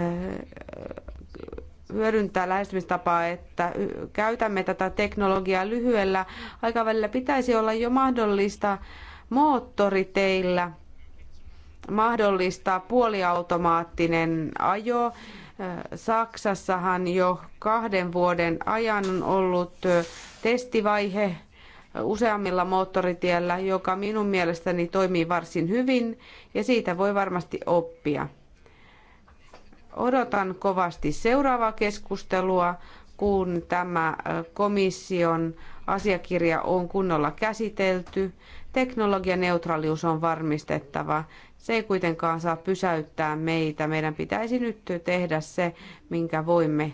hyödyntää lähestymistapaa, että käytämme tätä teknologiaa lyhyellä aikavälillä. Pitäisi olla jo mahdollista moottoriteillä mahdollistaa puoliautomaattinen ajo. Eh, Saksassahan jo kahden vuoden ajan on ollut eh, testivaihe useammilla moottoritiellä, joka minun mielestäni toimii varsin hyvin ja siitä voi varmasti oppia. Odotan kovasti seuraavaa keskustelua, kun tämä komission asiakirja on kunnolla käsitelty. Teknologianeutraalius on varmistettava. Se ei kuitenkaan saa pysäyttää meitä. Meidän pitäisi nyt tehdä se, minkä voimme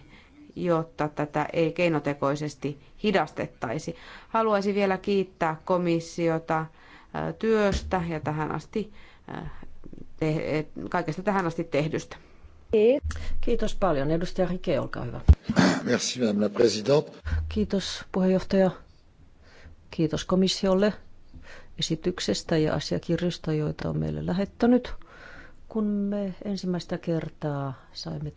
jotta tätä ei keinotekoisesti hidastettaisi. Haluaisin vielä kiittää komissiota äh, työstä ja tähän asti, äh, kaikesta tähän asti tehdystä. Kiitos paljon. Edustaja Rike, olkaa hyvä. Merci, madame la présidente. Kiitos puheenjohtaja. Kiitos komissiolle esityksestä ja asiakirjoista, joita on meille lähettänyt. Kun me ensimmäistä kertaa saimme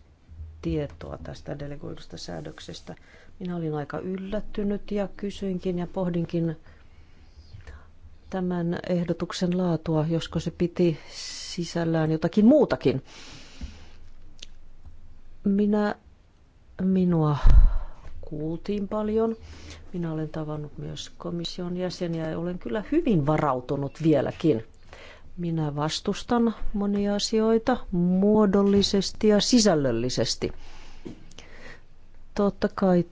tietoa tästä delegoidusta säädöksestä. Minä olin aika yllättynyt ja kysyinkin ja pohdinkin tämän ehdotuksen laatua, josko se piti sisällään jotakin muutakin. Minä, minua kuultiin paljon. Minä olen tavannut myös komission jäseniä ja olen kyllä hyvin varautunut vieläkin minä vastustan monia asioita muodollisesti ja sisällöllisesti. Totta kai,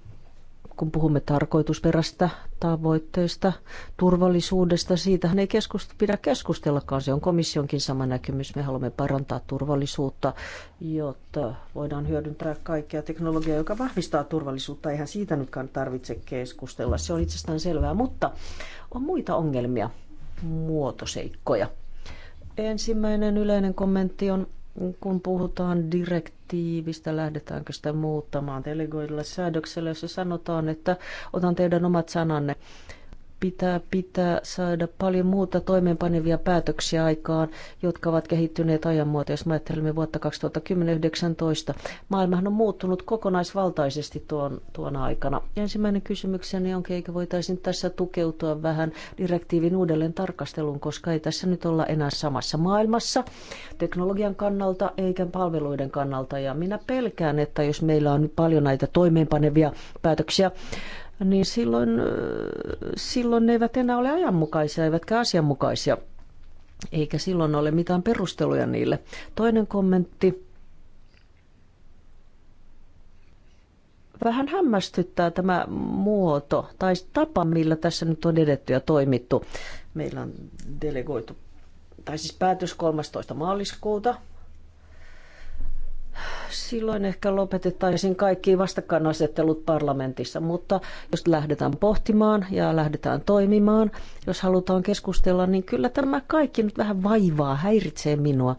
kun puhumme tarkoitusperästä, tavoitteista, turvallisuudesta, siitä ei keskust- pidä keskustellakaan. Se on komissionkin sama näkemys. Me haluamme parantaa turvallisuutta, jotta voidaan hyödyntää kaikkea teknologiaa, joka vahvistaa turvallisuutta. Eihän siitä nytkään tarvitse keskustella. Se on itsestään selvää, mutta on muita ongelmia, muotoseikkoja Ensimmäinen yleinen kommentti on, kun puhutaan direktiivistä, lähdetäänkö sitä muuttamaan delegoidulle säädökselle, jossa sanotaan, että otan teidän omat sananne pitää, pitää saada paljon muuta toimeenpanevia päätöksiä aikaan, jotka ovat kehittyneet ajan muotoon. Jos ajattelemme vuotta 2019, maailmahan on muuttunut kokonaisvaltaisesti tuon, tuona aikana. Ensimmäinen kysymykseni on, eikö voitaisiin tässä tukeutua vähän direktiivin uudelleen tarkasteluun, koska ei tässä nyt olla enää samassa maailmassa teknologian kannalta eikä palveluiden kannalta. Ja minä pelkään, että jos meillä on paljon näitä toimeenpanevia päätöksiä, niin silloin, silloin ne eivät enää ole ajanmukaisia eivätkä asianmukaisia, eikä silloin ole mitään perusteluja niille. Toinen kommentti. vähän hämmästyttää tämä muoto tai tapa, millä tässä nyt on edetty ja toimittu. Meillä on delegoitu, tai siis päätös 13. maaliskuuta silloin ehkä lopetettaisiin kaikki vastakkainasettelut parlamentissa, mutta jos lähdetään pohtimaan ja lähdetään toimimaan, jos halutaan keskustella, niin kyllä tämä kaikki nyt vähän vaivaa, häiritsee minua.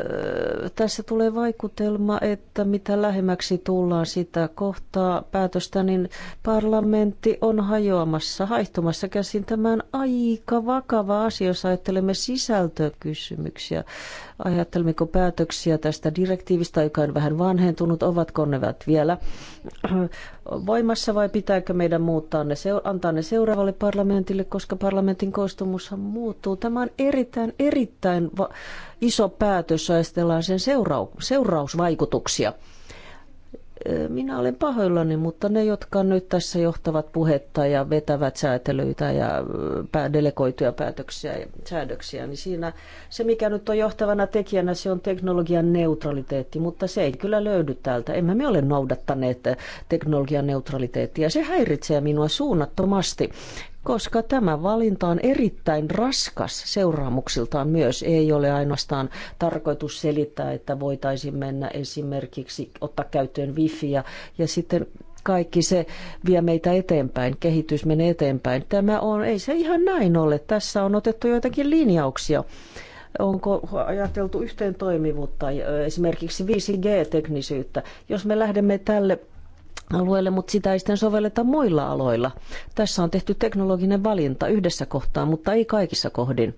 Öö, tässä tulee vaikutelma, että mitä lähemmäksi tullaan sitä kohtaa päätöstä, niin parlamentti on hajoamassa, haihtumassa käsin. tämän aika vakava asia, jos ajattelemme sisältökysymyksiä. Ajattelemmeko päätöksiä tästä direktiivistä, joka on vähän vanhentunut, ovatko ne vielä voimassa vai pitääkö meidän muuttaa ne, antaa ne seuraavalle parlamentille, koska parlamentin koostumushan muuttuu. Tämä on erittäin, erittäin iso päätös, ajatellaan sen seurausvaikutuksia. Minä olen pahoillani, mutta ne, jotka nyt tässä johtavat puhetta ja vetävät säätelyitä ja delegoituja päätöksiä ja säädöksiä, niin siinä se, mikä nyt on johtavana tekijänä, se on teknologian neutraliteetti, mutta se ei kyllä löydy täältä. Emme me ole noudattaneet teknologian neutraliteettia. Se häiritsee minua suunnattomasti, koska tämä valinta on erittäin raskas seuraamuksiltaan myös. Ei ole ainoastaan tarkoitus selittää, että voitaisiin mennä esimerkiksi ottaa käyttöön wifiä ja sitten kaikki se vie meitä eteenpäin, kehitys menee eteenpäin. Tämä on, ei se ihan näin ole. Tässä on otettu joitakin linjauksia onko ajateltu yhteen toimivuutta, esimerkiksi 5G-teknisyyttä. Jos me lähdemme tälle alueelle, mutta sitä ei sitten sovelleta muilla aloilla. Tässä on tehty teknologinen valinta yhdessä kohtaa, mutta ei kaikissa kohdin.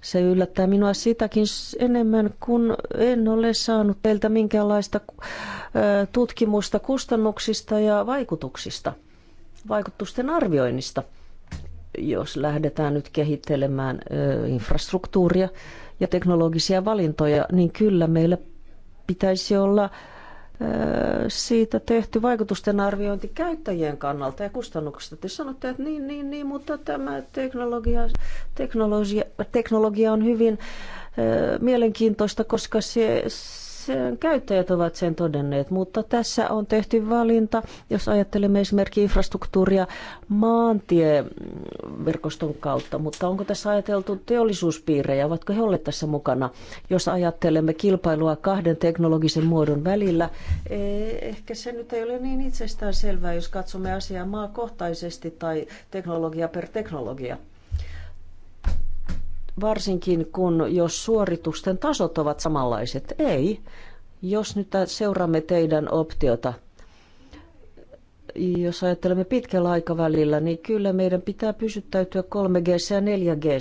Se yllättää minua sitäkin enemmän, kun en ole saanut teiltä minkäänlaista äh, tutkimusta kustannuksista ja vaikutuksista, vaikutusten arvioinnista, jos lähdetään nyt kehittelemään äh, infrastruktuuria ja teknologisia valintoja, niin kyllä meillä pitäisi olla siitä tehty vaikutusten arviointi käyttäjien kannalta ja kustannuksista. Te sanotte, että niin, niin, niin, mutta tämä teknologia, teknologia, teknologia on hyvin mielenkiintoista, koska se, käyttäjät ovat sen todenneet, mutta tässä on tehty valinta, jos ajattelemme esimerkiksi infrastruktuuria maantieverkoston kautta, mutta onko tässä ajateltu teollisuuspiirejä, ovatko he olleet tässä mukana, jos ajattelemme kilpailua kahden teknologisen muodon välillä? Eh, ehkä se nyt ei ole niin itsestään selvää, jos katsomme asiaa maakohtaisesti tai teknologia per teknologia varsinkin kun jos suoritusten tasot ovat samanlaiset. Ei, jos nyt seuraamme teidän optiota, jos ajattelemme pitkällä aikavälillä, niin kyllä meidän pitää pysyttäytyä 3G ja 4G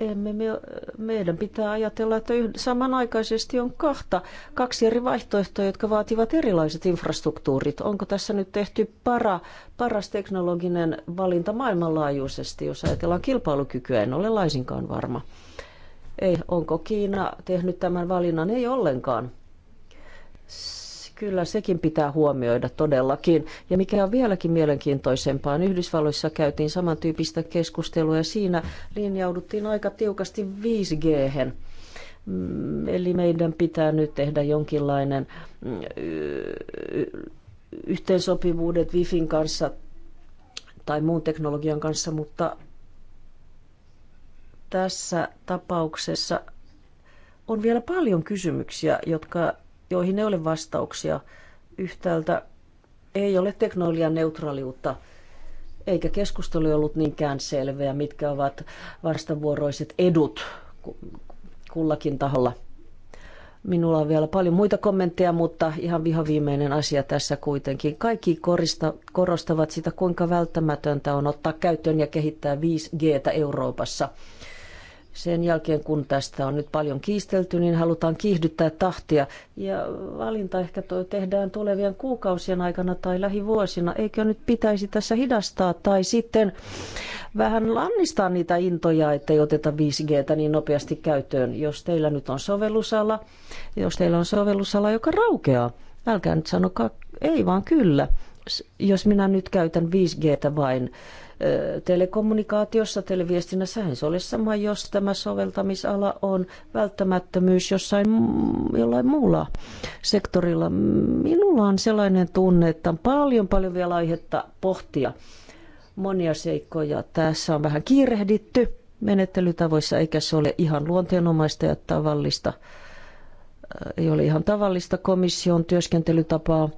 emme me, meidän pitää ajatella, että samanaikaisesti on kahta, kaksi eri vaihtoehtoa, jotka vaativat erilaiset infrastruktuurit. Onko tässä nyt tehty para, paras teknologinen valinta maailmanlaajuisesti, jos ajatellaan kilpailukykyä? En ole laisinkaan varma. Ei, onko Kiina tehnyt tämän valinnan? Ei ollenkaan Kyllä, sekin pitää huomioida todellakin. Ja mikä on vieläkin mielenkiintoisempaa, niin Yhdysvalloissa käytiin samantyyppistä keskustelua ja siinä linjauduttiin aika tiukasti 5 g mm, Eli meidän pitää nyt tehdä jonkinlainen mm, yhteensopivuudet Wifin kanssa tai muun teknologian kanssa, mutta tässä tapauksessa on vielä paljon kysymyksiä, jotka joihin ei ole vastauksia. Yhtäältä ei ole teknologian neutraaliutta, eikä keskustelu ollut niinkään selveä, mitkä ovat vastavuoroiset edut kullakin taholla. Minulla on vielä paljon muita kommentteja, mutta ihan vihoviimeinen asia tässä kuitenkin. Kaikki korista, korostavat sitä, kuinka välttämätöntä on ottaa käyttöön ja kehittää 5Gtä Euroopassa – sen jälkeen, kun tästä on nyt paljon kiistelty, niin halutaan kiihdyttää tahtia. Ja valinta ehkä toi tehdään tulevien kuukausien aikana tai lähivuosina. Eikö nyt pitäisi tässä hidastaa tai sitten vähän lannistaa niitä intoja, ettei oteta 5Gtä niin nopeasti käyttöön, jos teillä nyt on sovellusala, jos teillä on sovellusala, joka raukeaa. Älkää nyt sanokaa ei, vaan kyllä. Jos minä nyt käytän 5Gtä vain, telekommunikaatiossa, televiestinnässä, se ole sama, jos tämä soveltamisala on välttämättömyys jossain jollain muulla sektorilla. Minulla on sellainen tunne, että on paljon paljon vielä aihetta pohtia monia seikkoja. Tässä on vähän kiirehditty menettelytavoissa, eikä se ole ihan luonteenomaista ja tavallista. Ei ole ihan tavallista komission työskentelytapaa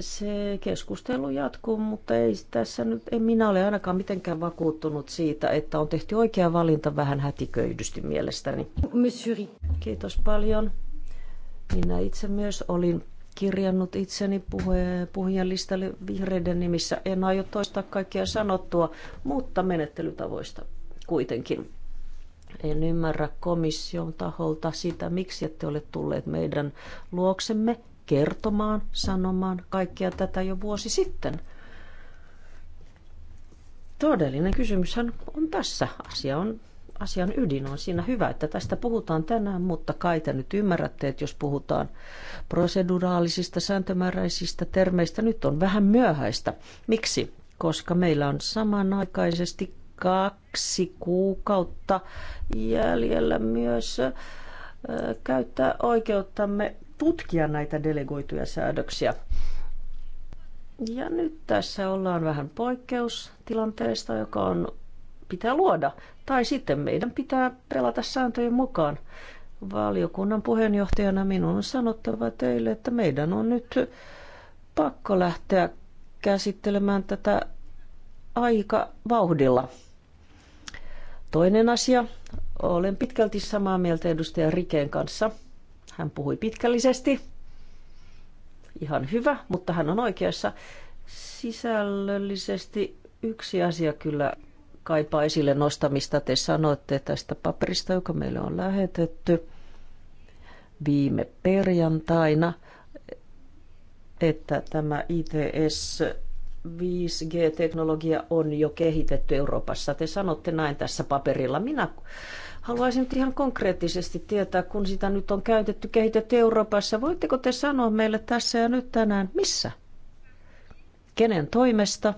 se keskustelu jatkuu, mutta ei tässä nyt, en minä ole ainakaan mitenkään vakuuttunut siitä, että on tehty oikea valinta vähän hätiköydysti mielestäni. Monsieur. Kiitos paljon. Minä itse myös olin kirjannut itseni puhujan listalle vihreiden nimissä. En aio toistaa kaikkea sanottua, mutta menettelytavoista kuitenkin. En ymmärrä komission taholta sitä, miksi ette ole tulleet meidän luoksemme kertomaan, sanomaan kaikkea tätä jo vuosi sitten. Todellinen kysymyshän on tässä. Asia on, asian ydin on siinä hyvä, että tästä puhutaan tänään, mutta kai te nyt ymmärrätte, että jos puhutaan proseduraalisista, sääntömääräisistä termeistä, nyt on vähän myöhäistä. Miksi? Koska meillä on samanaikaisesti kaksi kuukautta jäljellä myös käyttää oikeuttamme tutkia näitä delegoituja säädöksiä. Ja nyt tässä ollaan vähän poikkeustilanteesta, joka on, pitää luoda. Tai sitten meidän pitää pelata sääntöjen mukaan. Valiokunnan puheenjohtajana minun on sanottava teille, että meidän on nyt pakko lähteä käsittelemään tätä aika vauhdilla. Toinen asia, olen pitkälti samaa mieltä edustaja rikeen kanssa – hän puhui pitkällisesti. Ihan hyvä, mutta hän on oikeassa. Sisällöllisesti yksi asia kyllä kaipaa esille nostamista. Te sanoitte tästä paperista, joka meille on lähetetty viime perjantaina, että tämä ITS 5G-teknologia on jo kehitetty Euroopassa. Te sanotte näin tässä paperilla. Minä Haluaisin nyt ihan konkreettisesti tietää, kun sitä nyt on käytetty, kehitetty Euroopassa. Voitteko te sanoa meille tässä ja nyt tänään, missä? Kenen toimesta?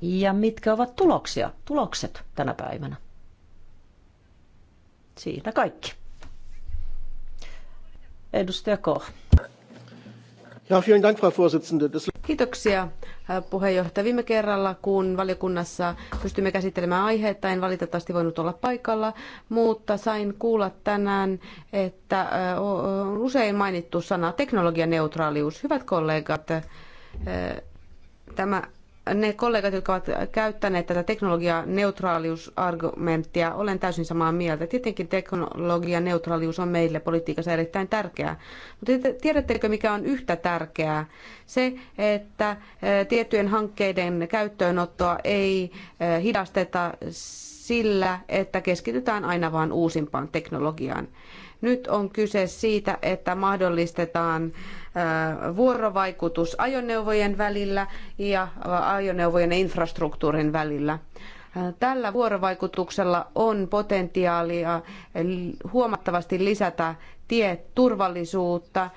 Ja mitkä ovat tuloksia, tulokset tänä päivänä? Siinä kaikki. Edustaja Koh. Ja, vielen Dank, Frau Vorsitzende. Das Kiitoksia puheenjohtaja. Viime kerralla, kun valiokunnassa pystymme käsittelemään aihetta, en valitettavasti voinut olla paikalla, mutta sain kuulla tänään, että usein mainittu sana teknologianeutraalius. Hyvät kollegat, tämä ne kollegat, jotka ovat käyttäneet tätä teknologianeutraaliusargumenttia, olen täysin samaa mieltä. Tietenkin teknologianeutraalius neutraalius on meille politiikassa erittäin tärkeää. Mutta tiedättekö, mikä on yhtä tärkeää? Se, että eh, tiettyjen hankkeiden käyttöönottoa ei eh, hidasteta sillä, että keskitytään aina vain uusimpaan teknologiaan. Nyt on kyse siitä, että mahdollistetaan vuorovaikutus ajoneuvojen välillä ja ajoneuvojen infrastruktuurin välillä. Tällä vuorovaikutuksella on potentiaalia huomattavasti lisätä tieturvallisuutta,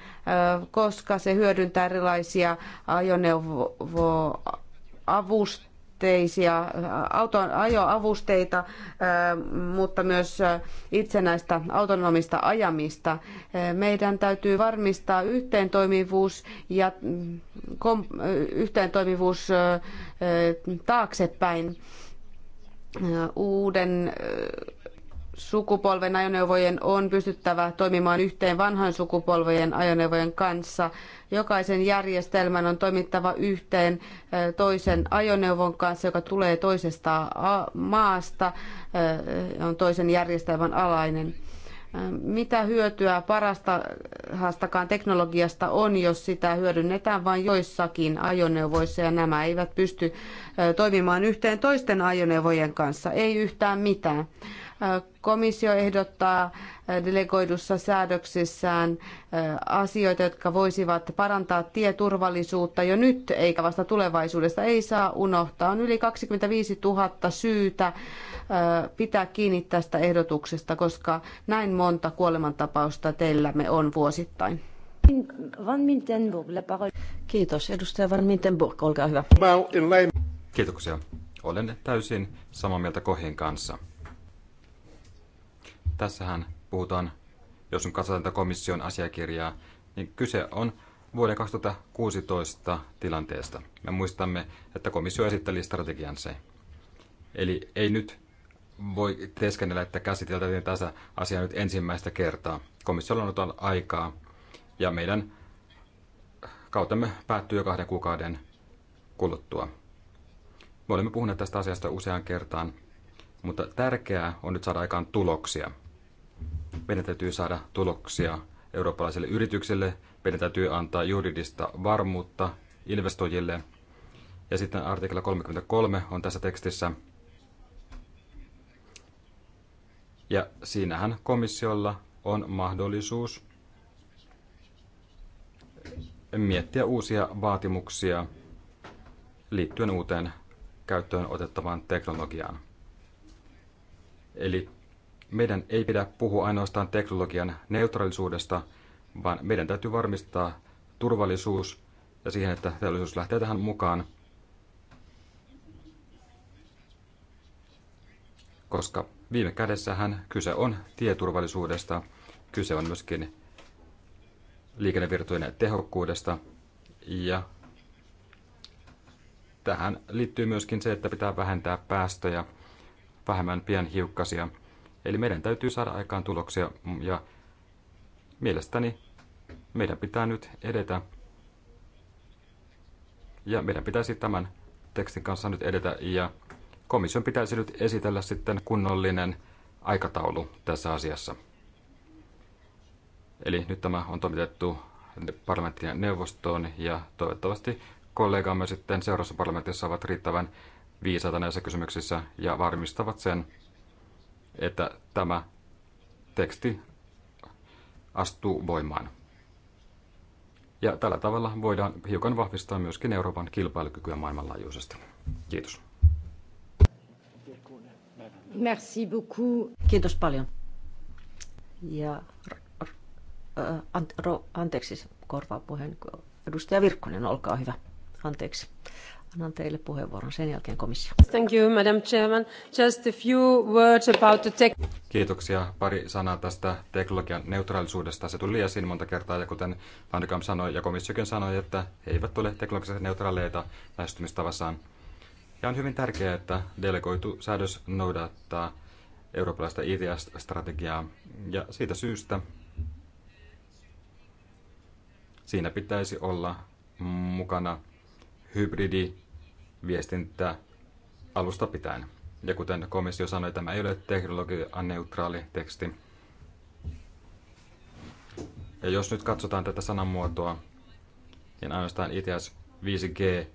koska se hyödyntää erilaisia ajoneuvoavustuksia avusteisia, auton ajoavusteita, mutta myös itsenäistä autonomista ajamista. Meidän täytyy varmistaa yhteentoimivuus ja mm, kom, yhteentoimivuus taaksepäin uuden sukupolven ajoneuvojen on pystyttävä toimimaan yhteen vanhan sukupolven ajoneuvojen kanssa. Jokaisen järjestelmän on toimittava yhteen toisen ajoneuvon kanssa, joka tulee toisesta maasta, on toisen järjestelmän alainen. Mitä hyötyä parastakaan teknologiasta on, jos sitä hyödynnetään vain joissakin ajoneuvoissa ja nämä eivät pysty toimimaan yhteen toisten ajoneuvojen kanssa? Ei yhtään mitään. Komissio ehdottaa äh, delegoidussa säädöksissään äh, asioita, jotka voisivat parantaa tieturvallisuutta jo nyt eikä vasta tulevaisuudesta. Ei saa unohtaa. On yli 25 000 syytä äh, pitää kiinni tästä ehdotuksesta, koska näin monta kuolemantapausta teillämme on vuosittain. Kiitos. Edustaja Van olkaa hyvä. Kiitoksia. Olen täysin samaa mieltä Kohin kanssa. Tässähän puhutaan, jos on katsotaan tätä komission asiakirjaa, niin kyse on vuoden 2016 tilanteesta. Me muistamme, että komissio esitteli strategiansa. Eli ei nyt voi teeskennellä, että käsiteltäisiin tässä asiaa nyt ensimmäistä kertaa. Komissiolla on ollut aikaa ja meidän kautemme päättyy jo kahden kuukauden kuluttua. Me olemme puhuneet tästä asiasta useaan kertaan, mutta tärkeää on nyt saada aikaan tuloksia – meidän täytyy saada tuloksia eurooppalaisille yrityksille, meidän täytyy antaa juridista varmuutta investoijille. Ja sitten artikla 33 on tässä tekstissä. Ja siinähän komissiolla on mahdollisuus miettiä uusia vaatimuksia liittyen uuteen käyttöön otettavaan teknologiaan. Eli meidän ei pidä puhua ainoastaan teknologian neutraalisuudesta, vaan meidän täytyy varmistaa turvallisuus ja siihen, että teollisuus lähtee tähän mukaan. Koska viime kädessähän kyse on tieturvallisuudesta, kyse on myöskin liikennevirtojen tehokkuudesta ja tähän liittyy myöskin se, että pitää vähentää päästöjä, vähemmän pienhiukkasia – Eli meidän täytyy saada aikaan tuloksia ja mielestäni meidän pitää nyt edetä ja meidän pitäisi tämän tekstin kanssa nyt edetä ja komission pitäisi nyt esitellä sitten kunnollinen aikataulu tässä asiassa. Eli nyt tämä on toimitettu parlamenttiin neuvostoon ja toivottavasti kollegamme sitten seuraavassa parlamentissa ovat riittävän viisaita näissä kysymyksissä ja varmistavat sen, että tämä teksti astuu voimaan. Ja tällä tavalla voidaan hiukan vahvistaa myöskin Euroopan kilpailukykyä maailmanlaajuisesti. Kiitos. Merci beaucoup. Kiitos paljon. Ja äh, äh, anteeksi, korvaa puheen. Edustaja Virkkonen, olkaa hyvä. Anteeksi. Annan teille puheenvuoron sen jälkeen komissio. Thank you, Madam Chairman. Just a few words about the tech... Kiitoksia. Pari sanaa tästä teknologian neutraalisuudesta. Se tuli esiin monta kertaa ja kuten Kamp sanoi ja komissiokin sanoi, että he eivät ole teknologisesti neutraaleita lähestymistavassaan. Ja on hyvin tärkeää, että delegoitu säädös noudattaa eurooppalaista ITS-strategiaa ja siitä syystä siinä pitäisi olla mukana hybridi viestintää alusta pitäen. Ja kuten komissio sanoi, tämä ei ole neutraali teksti. Ja jos nyt katsotaan tätä sanamuotoa, niin ainoastaan ITS 5G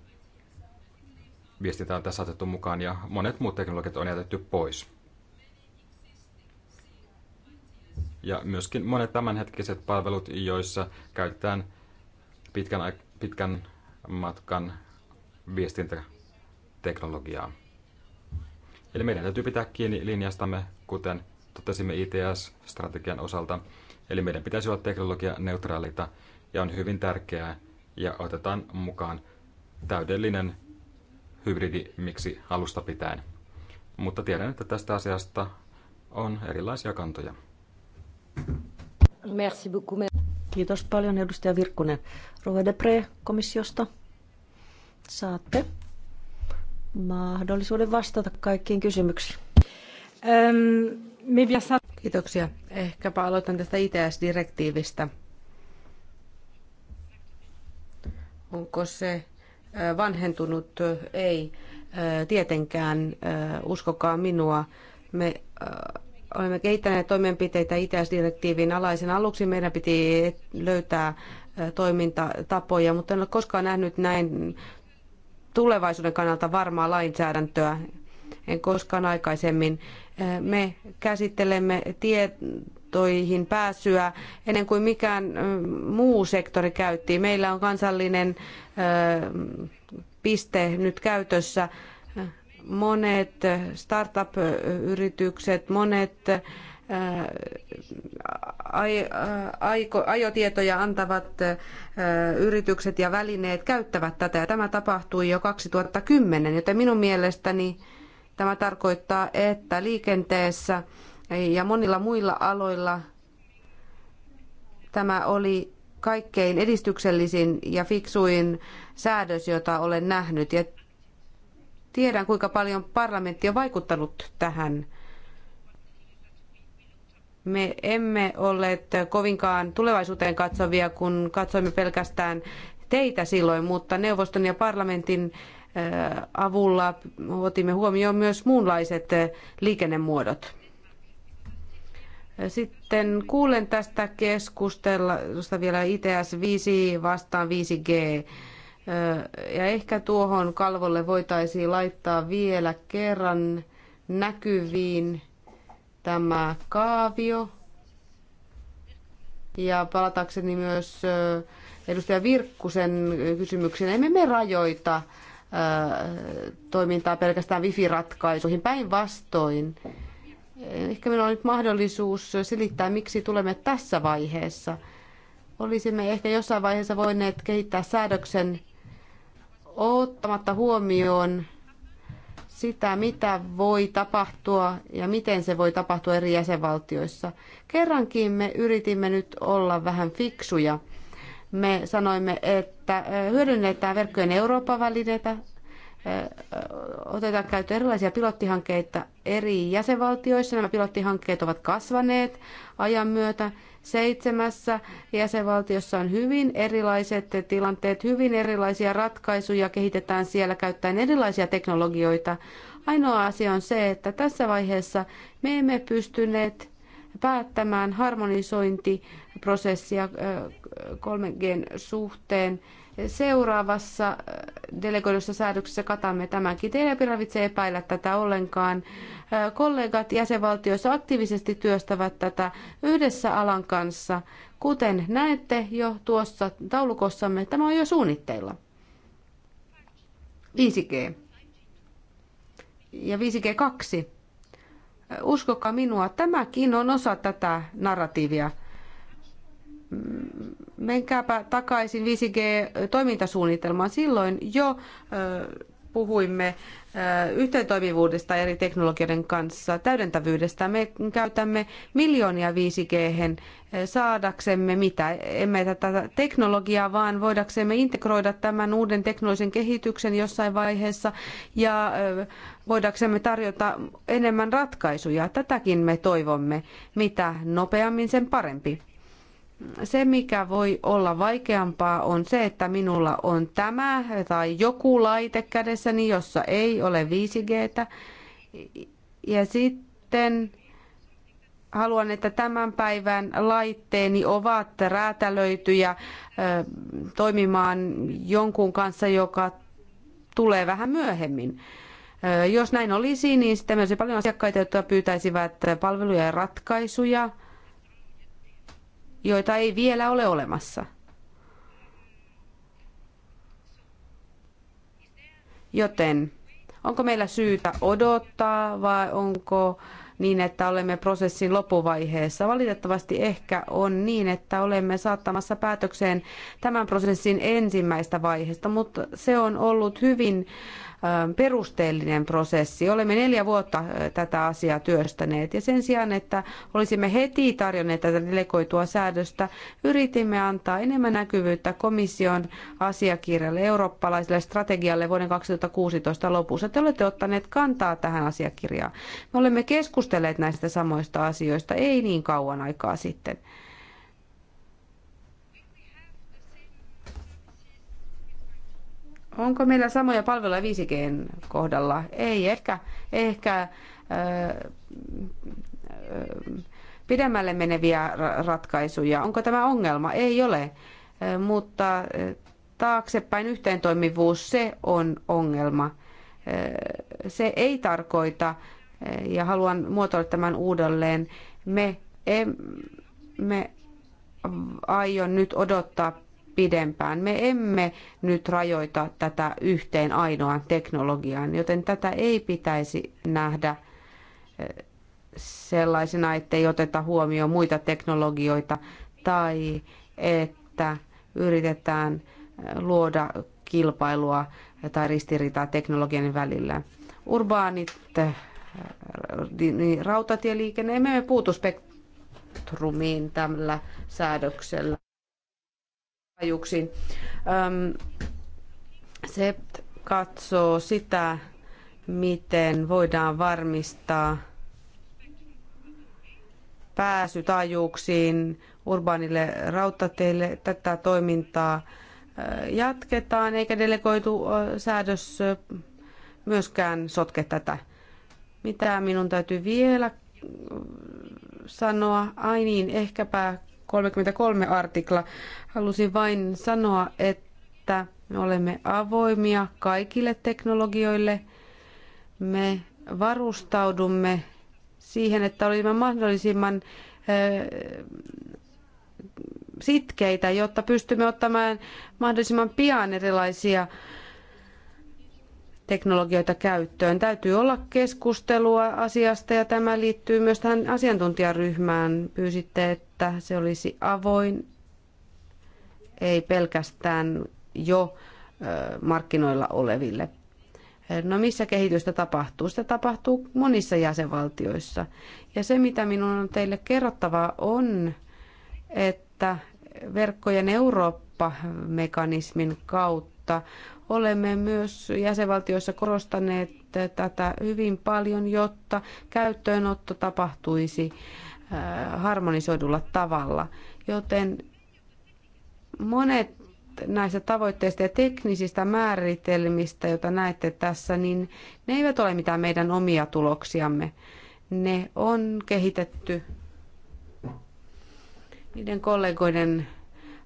viestintä on tässä otettu mukaan ja monet muut teknologiat on jätetty pois. Ja myöskin monet tämänhetkiset palvelut, joissa käytetään pitkän, pitkän matkan viestintä teknologiaa. Eli meidän täytyy pitää kiinni linjastamme, kuten totesimme ITS-strategian osalta. Eli meidän pitäisi olla teknologianeutraalita ja on hyvin tärkeää ja otetaan mukaan täydellinen hybridi, miksi alusta pitäen. Mutta tiedän, että tästä asiasta on erilaisia kantoja. Merci beaucoup. Kiitos paljon edustaja Virkkunen. Rove Depre komissiosta. Saatte mahdollisuuden vastata kaikkiin kysymyksiin. Ähm, Kiitoksia. Ehkäpä aloitan tästä ITS-direktiivistä. Onko se äh, vanhentunut? Ei. Äh, tietenkään, äh, uskokaa minua. Me olemme kehittäneet toimenpiteitä ITS-direktiivin alaisen aluksi. Meidän piti löytää toimintatapoja, mutta en ole koskaan nähnyt näin tulevaisuuden kannalta varmaa lainsäädäntöä en koskaan aikaisemmin. Me käsittelemme tietoihin pääsyä ennen kuin mikään muu sektori käytti. Meillä on kansallinen piste nyt käytössä. Monet startup-yritykset, monet ajotietoja antavat yritykset ja välineet käyttävät tätä. Ja tämä tapahtui jo 2010, joten minun mielestäni tämä tarkoittaa, että liikenteessä ja monilla muilla aloilla tämä oli kaikkein edistyksellisin ja fiksuin säädös, jota olen nähnyt. Ja tiedän, kuinka paljon parlamentti on vaikuttanut tähän me emme olleet kovinkaan tulevaisuuteen katsovia, kun katsoimme pelkästään teitä silloin, mutta neuvoston ja parlamentin äh, avulla otimme huomioon myös muunlaiset äh, liikennemuodot. Sitten kuulen tästä keskustelusta vielä ITS 5 vastaan 5G. Äh, ja ehkä tuohon kalvolle voitaisiin laittaa vielä kerran näkyviin tämä kaavio. Ja palatakseni myös edustaja Virkkusen kysymykseen, emme me rajoita toimintaa pelkästään wifi-ratkaisuihin. Päinvastoin, ehkä meillä on nyt mahdollisuus selittää, miksi tulemme tässä vaiheessa. Olisimme ehkä jossain vaiheessa voineet kehittää säädöksen ottamatta huomioon sitä, mitä voi tapahtua ja miten se voi tapahtua eri jäsenvaltioissa. Kerrankin me yritimme nyt olla vähän fiksuja. Me sanoimme, että hyödynnetään verkkojen Euroopan välineitä, otetaan käyttöön erilaisia pilottihankkeita eri jäsenvaltioissa. Nämä pilottihankkeet ovat kasvaneet ajan myötä seitsemässä jäsenvaltiossa on hyvin erilaiset tilanteet, hyvin erilaisia ratkaisuja kehitetään siellä käyttäen erilaisia teknologioita. Ainoa asia on se, että tässä vaiheessa me emme pystyneet päättämään harmonisointiprosessia 3 g suhteen Seuraavassa äh, delegoidussa säädöksessä katamme tämänkin. Teidän piravitse epäillä tätä ollenkaan. Äh, kollegat jäsenvaltioissa aktiivisesti työstävät tätä yhdessä alan kanssa. Kuten näette jo tuossa taulukossamme, tämä on jo suunnitteilla. 5G ja 5G2. Äh, uskokaa minua, tämäkin on osa tätä narratiivia mm, menkääpä takaisin 5G-toimintasuunnitelmaan. Silloin jo puhuimme yhteentoimivuudesta eri teknologioiden kanssa, täydentävyydestä. Me käytämme miljoonia 5G saadaksemme mitä? Emme tätä teknologiaa, vaan voidaksemme integroida tämän uuden teknologisen kehityksen jossain vaiheessa ja voidaksemme tarjota enemmän ratkaisuja. Tätäkin me toivomme. Mitä nopeammin, sen parempi se, mikä voi olla vaikeampaa, on se, että minulla on tämä tai joku laite kädessäni, jossa ei ole 5Gtä. Ja sitten haluan, että tämän päivän laitteeni ovat räätälöityjä toimimaan jonkun kanssa, joka tulee vähän myöhemmin. Jos näin olisi, niin sitten myös paljon asiakkaita, jotka pyytäisivät palveluja ja ratkaisuja – joita ei vielä ole olemassa. Joten onko meillä syytä odottaa vai onko niin, että olemme prosessin loppuvaiheessa. Valitettavasti ehkä on niin, että olemme saattamassa päätökseen tämän prosessin ensimmäistä vaiheesta, mutta se on ollut hyvin äh, perusteellinen prosessi. Olemme neljä vuotta tätä asiaa työstäneet ja sen sijaan, että olisimme heti tarjonneet tätä delegoitua säädöstä, yritimme antaa enemmän näkyvyyttä komission asiakirjalle, eurooppalaiselle strategialle vuoden 2016 lopussa. Te olette ottaneet kantaa tähän asiakirjaan. Me olemme keskustelleet näistä samoista asioista ei niin kauan aikaa sitten. Onko meillä samoja palveluja 5Gn kohdalla? Ei, ehkä, ehkä öö, pidemmälle meneviä ratkaisuja. Onko tämä ongelma? Ei ole, mutta taaksepäin yhteentoimivuus, se on ongelma. Se ei tarkoita, ja haluan muotoilla tämän uudelleen, me emme aio nyt odottaa pidempään. Me emme nyt rajoita tätä yhteen ainoaan teknologiaan, joten tätä ei pitäisi nähdä eh, sellaisena, ettei oteta huomioon muita teknologioita tai että yritetään eh, luoda kilpailua tai ristiriitaa teknologian välillä. Urbaanit eh, rautatieliikenne, emme puutu spektrumiin tällä säädöksellä taajuuksiin. Se katsoo sitä, miten voidaan varmistaa pääsy taajuuksiin urbaanille rautateille. Tätä toimintaa jatketaan, eikä delegoitu säädös myöskään sotke tätä. Mitä minun täytyy vielä sanoa? Ai niin, ehkäpä 33 artikla. Halusin vain sanoa, että me olemme avoimia kaikille teknologioille. Me varustaudumme siihen, että olimme mahdollisimman sitkeitä, jotta pystymme ottamaan mahdollisimman pian erilaisia teknologioita käyttöön. Täytyy olla keskustelua asiasta ja tämä liittyy myös tähän asiantuntijaryhmään. Pyysitte, että että se olisi avoin, ei pelkästään jo markkinoilla oleville. No missä kehitystä tapahtuu? Sitä tapahtuu monissa jäsenvaltioissa. Ja se, mitä minun on teille kerrottavaa, on, että verkkojen Eurooppa-mekanismin kautta olemme myös jäsenvaltioissa korostaneet tätä hyvin paljon, jotta käyttöönotto tapahtuisi Äh, harmonisoidulla tavalla. Joten monet näistä tavoitteista ja teknisistä määritelmistä, joita näette tässä, niin ne eivät ole mitään meidän omia tuloksiamme. Ne on kehitetty niiden kollegoiden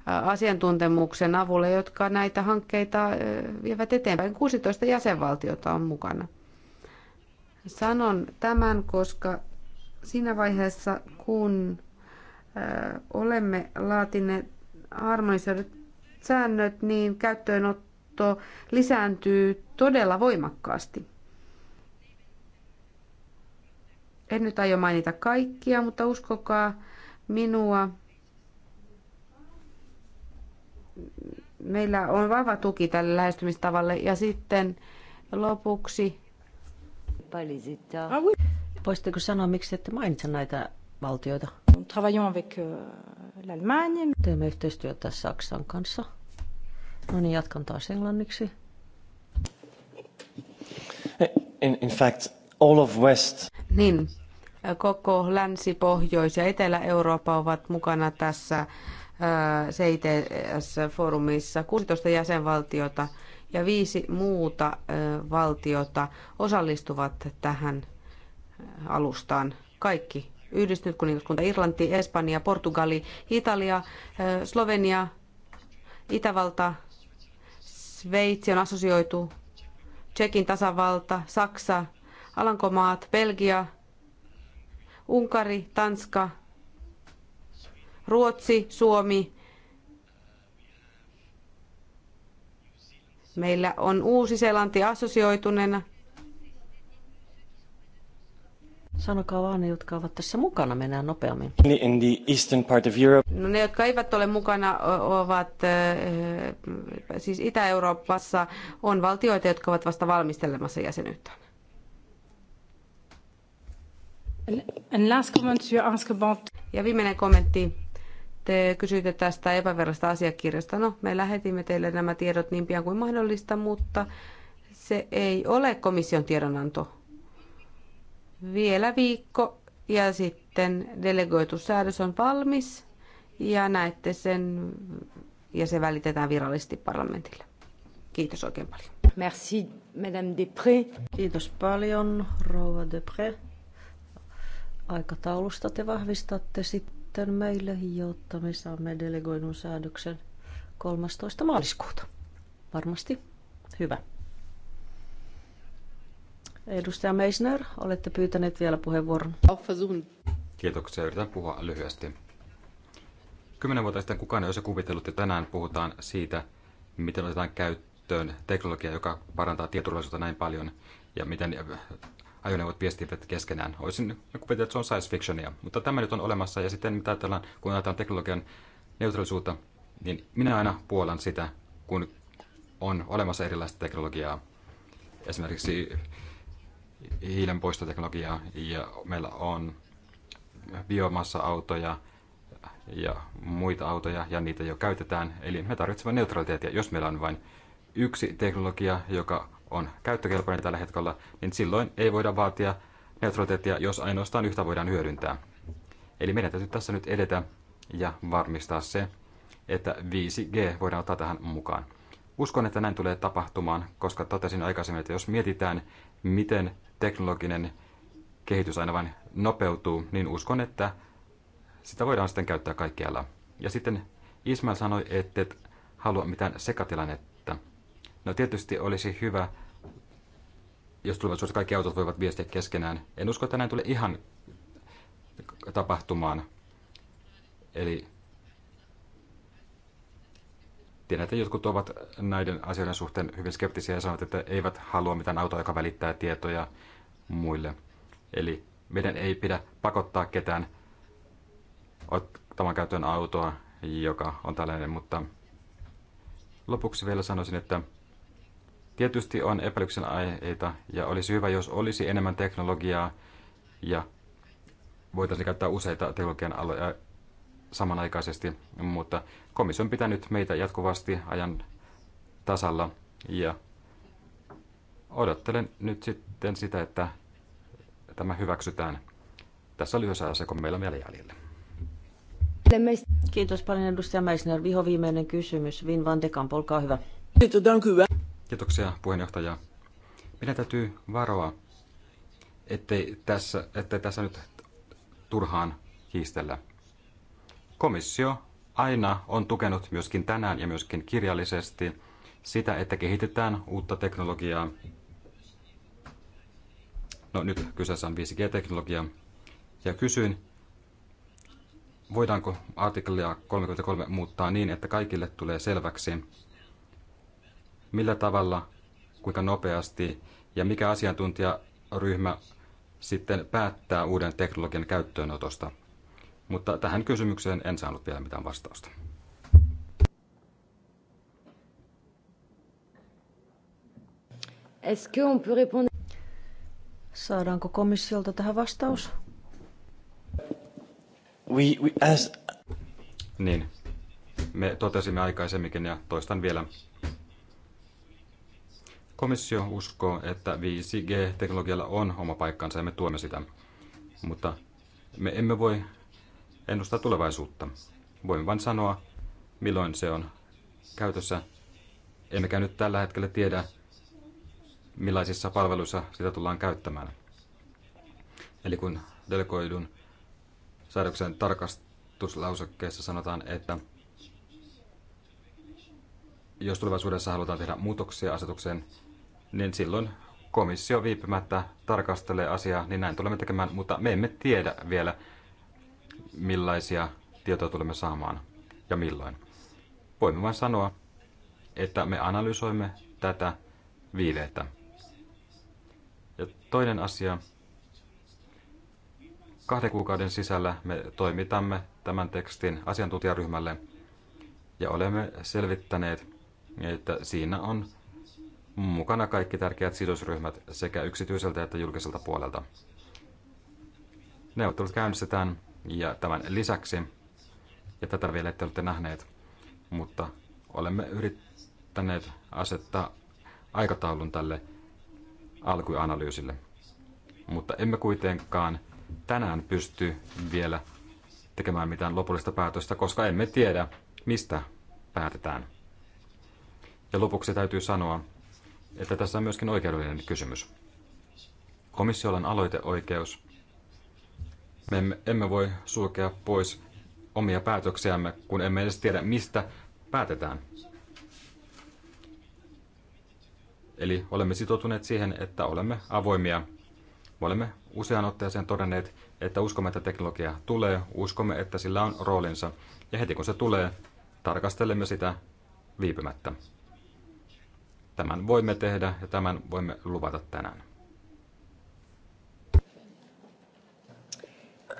äh, asiantuntemuksen avulla, jotka näitä hankkeita äh, vievät eteenpäin. 16 jäsenvaltiota on mukana. Sanon tämän, koska siinä vaiheessa, kun äh, olemme laatineet harmonisoidut säännöt, niin käyttöönotto lisääntyy todella voimakkaasti. En nyt aio mainita kaikkia, mutta uskokaa minua. Meillä on vahva tuki tälle lähestymistavalle. Ja sitten lopuksi. Ah, oui. Voisitteko sanoa, miksi ette mainitse näitä valtioita? Travaillons avec euh, l'Allemagne. Teemme yhteistyötä Saksan kanssa. No niin, jatkan taas englanniksi. In, in fact, all of West. Niin, koko Länsi, Pohjois ja Etelä-Eurooppa ovat mukana tässä äh, CITS-foorumissa 16 jäsenvaltiota ja viisi muuta äh, valtiota osallistuvat tähän alustaan kaikki. Yhdistynyt kuningaskunta, Irlanti, Espanja, Portugali, Italia, Slovenia, Itävalta, Sveitsi on assosioitu, Tsekin tasavalta, Saksa, Alankomaat, Belgia, Unkari, Tanska, Ruotsi, Suomi. Meillä on Uusi-Seelanti assosioituneena, Sanokaa vaan ne, jotka ovat tässä mukana, mennään nopeammin. In the eastern part of Europe. No ne, jotka eivät ole mukana, ovat siis Itä-Euroopassa on valtioita, jotka ovat vasta valmistelemassa jäsenyyttä. And last comment you ask about... Ja viimeinen kommentti. Te kysyitte tästä epävirallisesta asiakirjasta. No, me lähetimme teille nämä tiedot niin pian kuin mahdollista, mutta se ei ole komission tiedonanto vielä viikko ja sitten delegoitu säädös on valmis ja näette sen ja se välitetään virallisesti parlamentille. Kiitos oikein paljon. Merci, Madame Depré. Kiitos paljon, Rouva Depré. Aikataulusta te vahvistatte sitten meille, jotta me saamme delegoidun säädöksen 13. maaliskuuta. Varmasti hyvä. Edustaja Meisner, olette pyytäneet vielä puheenvuoron. Kiitoksia, yritän puhua lyhyesti. Kymmenen vuotta sitten kukaan ei olisi kuvitellut, että tänään puhutaan siitä, miten otetaan käyttöön teknologia, joka parantaa tieturvallisuutta näin paljon, ja miten ajoneuvot viestivät keskenään. Olisin kuvitellut, että se on science fictionia, mutta tämä nyt on olemassa, ja sitten mitä ajatellaan, kun ajatellaan teknologian neutraalisuutta, niin minä aina puolan sitä, kun on olemassa erilaista teknologiaa. Esimerkiksi hiilenpoistoteknologiaa ja meillä on biomassa-autoja ja muita autoja ja niitä jo käytetään. Eli me tarvitsemme neutraliteettia. Jos meillä on vain yksi teknologia, joka on käyttökelpoinen tällä hetkellä, niin silloin ei voida vaatia neutraliteettia, jos ainoastaan yhtä voidaan hyödyntää. Eli meidän täytyy tässä nyt edetä ja varmistaa se, että 5G voidaan ottaa tähän mukaan. Uskon, että näin tulee tapahtumaan, koska totesin aikaisemmin, että jos mietitään, miten teknologinen kehitys aina vain nopeutuu, niin uskon, että sitä voidaan sitten käyttää kaikkialla. Ja sitten Ismail sanoi, että et halua mitään sekatilannetta. No tietysti olisi hyvä, jos tulevaisuudessa kaikki autot voivat viestiä keskenään. En usko, että näin tulee ihan tapahtumaan. Eli Tiedän, että jotkut ovat näiden asioiden suhteen hyvin skeptisiä ja sanovat, että eivät halua mitään autoa, joka välittää tietoja muille. Eli meidän ei pidä pakottaa ketään ottamaan käyttöön autoa, joka on tällainen, mutta lopuksi vielä sanoisin, että tietysti on epäilyksen aiheita ja olisi hyvä, jos olisi enemmän teknologiaa ja voitaisiin käyttää useita teknologian aloja samanaikaisesti, mutta komission pitää nyt meitä jatkuvasti ajan tasalla ja odottelen nyt sitten sitä, että tämä hyväksytään. Tässä lyhyessä ajassa, kun meillä on vielä jäljellä. Kiitos paljon edustaja Meisner. Viho viimeinen kysymys. Vin van de Kamp, olkaa hyvä. Kiitoksia puheenjohtaja. Meidän täytyy varoa, ettei tässä, ettei tässä nyt turhaan kiistellä komissio aina on tukenut myöskin tänään ja myöskin kirjallisesti sitä, että kehitetään uutta teknologiaa. No nyt kyseessä on 5G-teknologia. Ja kysyin, voidaanko artiklia 33 muuttaa niin, että kaikille tulee selväksi, millä tavalla, kuinka nopeasti ja mikä asiantuntijaryhmä sitten päättää uuden teknologian käyttöönotosta. Mutta tähän kysymykseen en saanut vielä mitään vastausta. Saadaanko komissiolta tähän vastaus? We, we as... Niin. Me totesimme aikaisemminkin ja toistan vielä. Komissio uskoo, että 5G-teknologialla on oma paikkansa ja me tuemme sitä. Mutta me emme voi ennustaa tulevaisuutta. Voimme vain sanoa, milloin se on käytössä. Emmekä nyt tällä hetkellä tiedä, millaisissa palveluissa sitä tullaan käyttämään. Eli kun delegoidun säädöksen tarkastuslausekkeessa sanotaan, että jos tulevaisuudessa halutaan tehdä muutoksia asetukseen, niin silloin komissio viipymättä tarkastelee asiaa, niin näin tulemme tekemään, mutta me emme tiedä vielä, millaisia tietoja tulemme saamaan ja milloin. Voimme vain sanoa, että me analysoimme tätä viileitä. Ja toinen asia, kahden kuukauden sisällä me toimitamme tämän tekstin asiantuntijaryhmälle ja olemme selvittäneet, että siinä on mukana kaikki tärkeät sidosryhmät sekä yksityiseltä että julkiselta puolelta. Neuvottelut käynnistetään ja tämän lisäksi, ja tätä vielä ette olette nähneet, mutta olemme yrittäneet asettaa aikataulun tälle alkuanalyysille. Mutta emme kuitenkaan tänään pysty vielä tekemään mitään lopullista päätöstä, koska emme tiedä, mistä päätetään. Ja lopuksi täytyy sanoa, että tässä on myöskin oikeudellinen kysymys. Komissiolla on aloiteoikeus me emme, emme voi sulkea pois omia päätöksiämme, kun emme edes tiedä, mistä päätetään. Eli olemme sitoutuneet siihen, että olemme avoimia. Me olemme useaan otteeseen todenneet, että uskomme, että teknologia tulee, uskomme, että sillä on roolinsa, ja heti kun se tulee, tarkastelemme sitä viipymättä. Tämän voimme tehdä ja tämän voimme luvata tänään.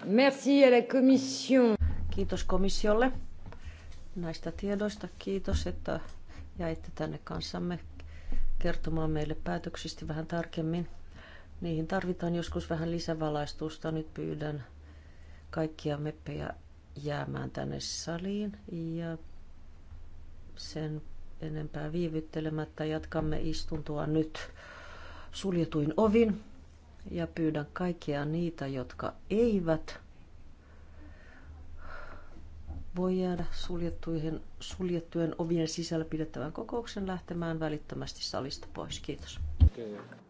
Merci à la commission. Kiitos komissiolle näistä tiedoista. Kiitos, että jäitte tänne kanssamme kertomaan meille päätöksistä vähän tarkemmin. Niihin tarvitaan joskus vähän lisävalaistusta. Nyt pyydän kaikkia meppejä jäämään tänne saliin ja sen enempää viivyttelemättä jatkamme istuntoa nyt suljetuin ovin ja pyydän kaikkia niitä, jotka eivät voi jäädä suljettujen, suljettujen ovien sisällä pidettävän kokouksen lähtemään välittömästi salista pois. Kiitos. Okay.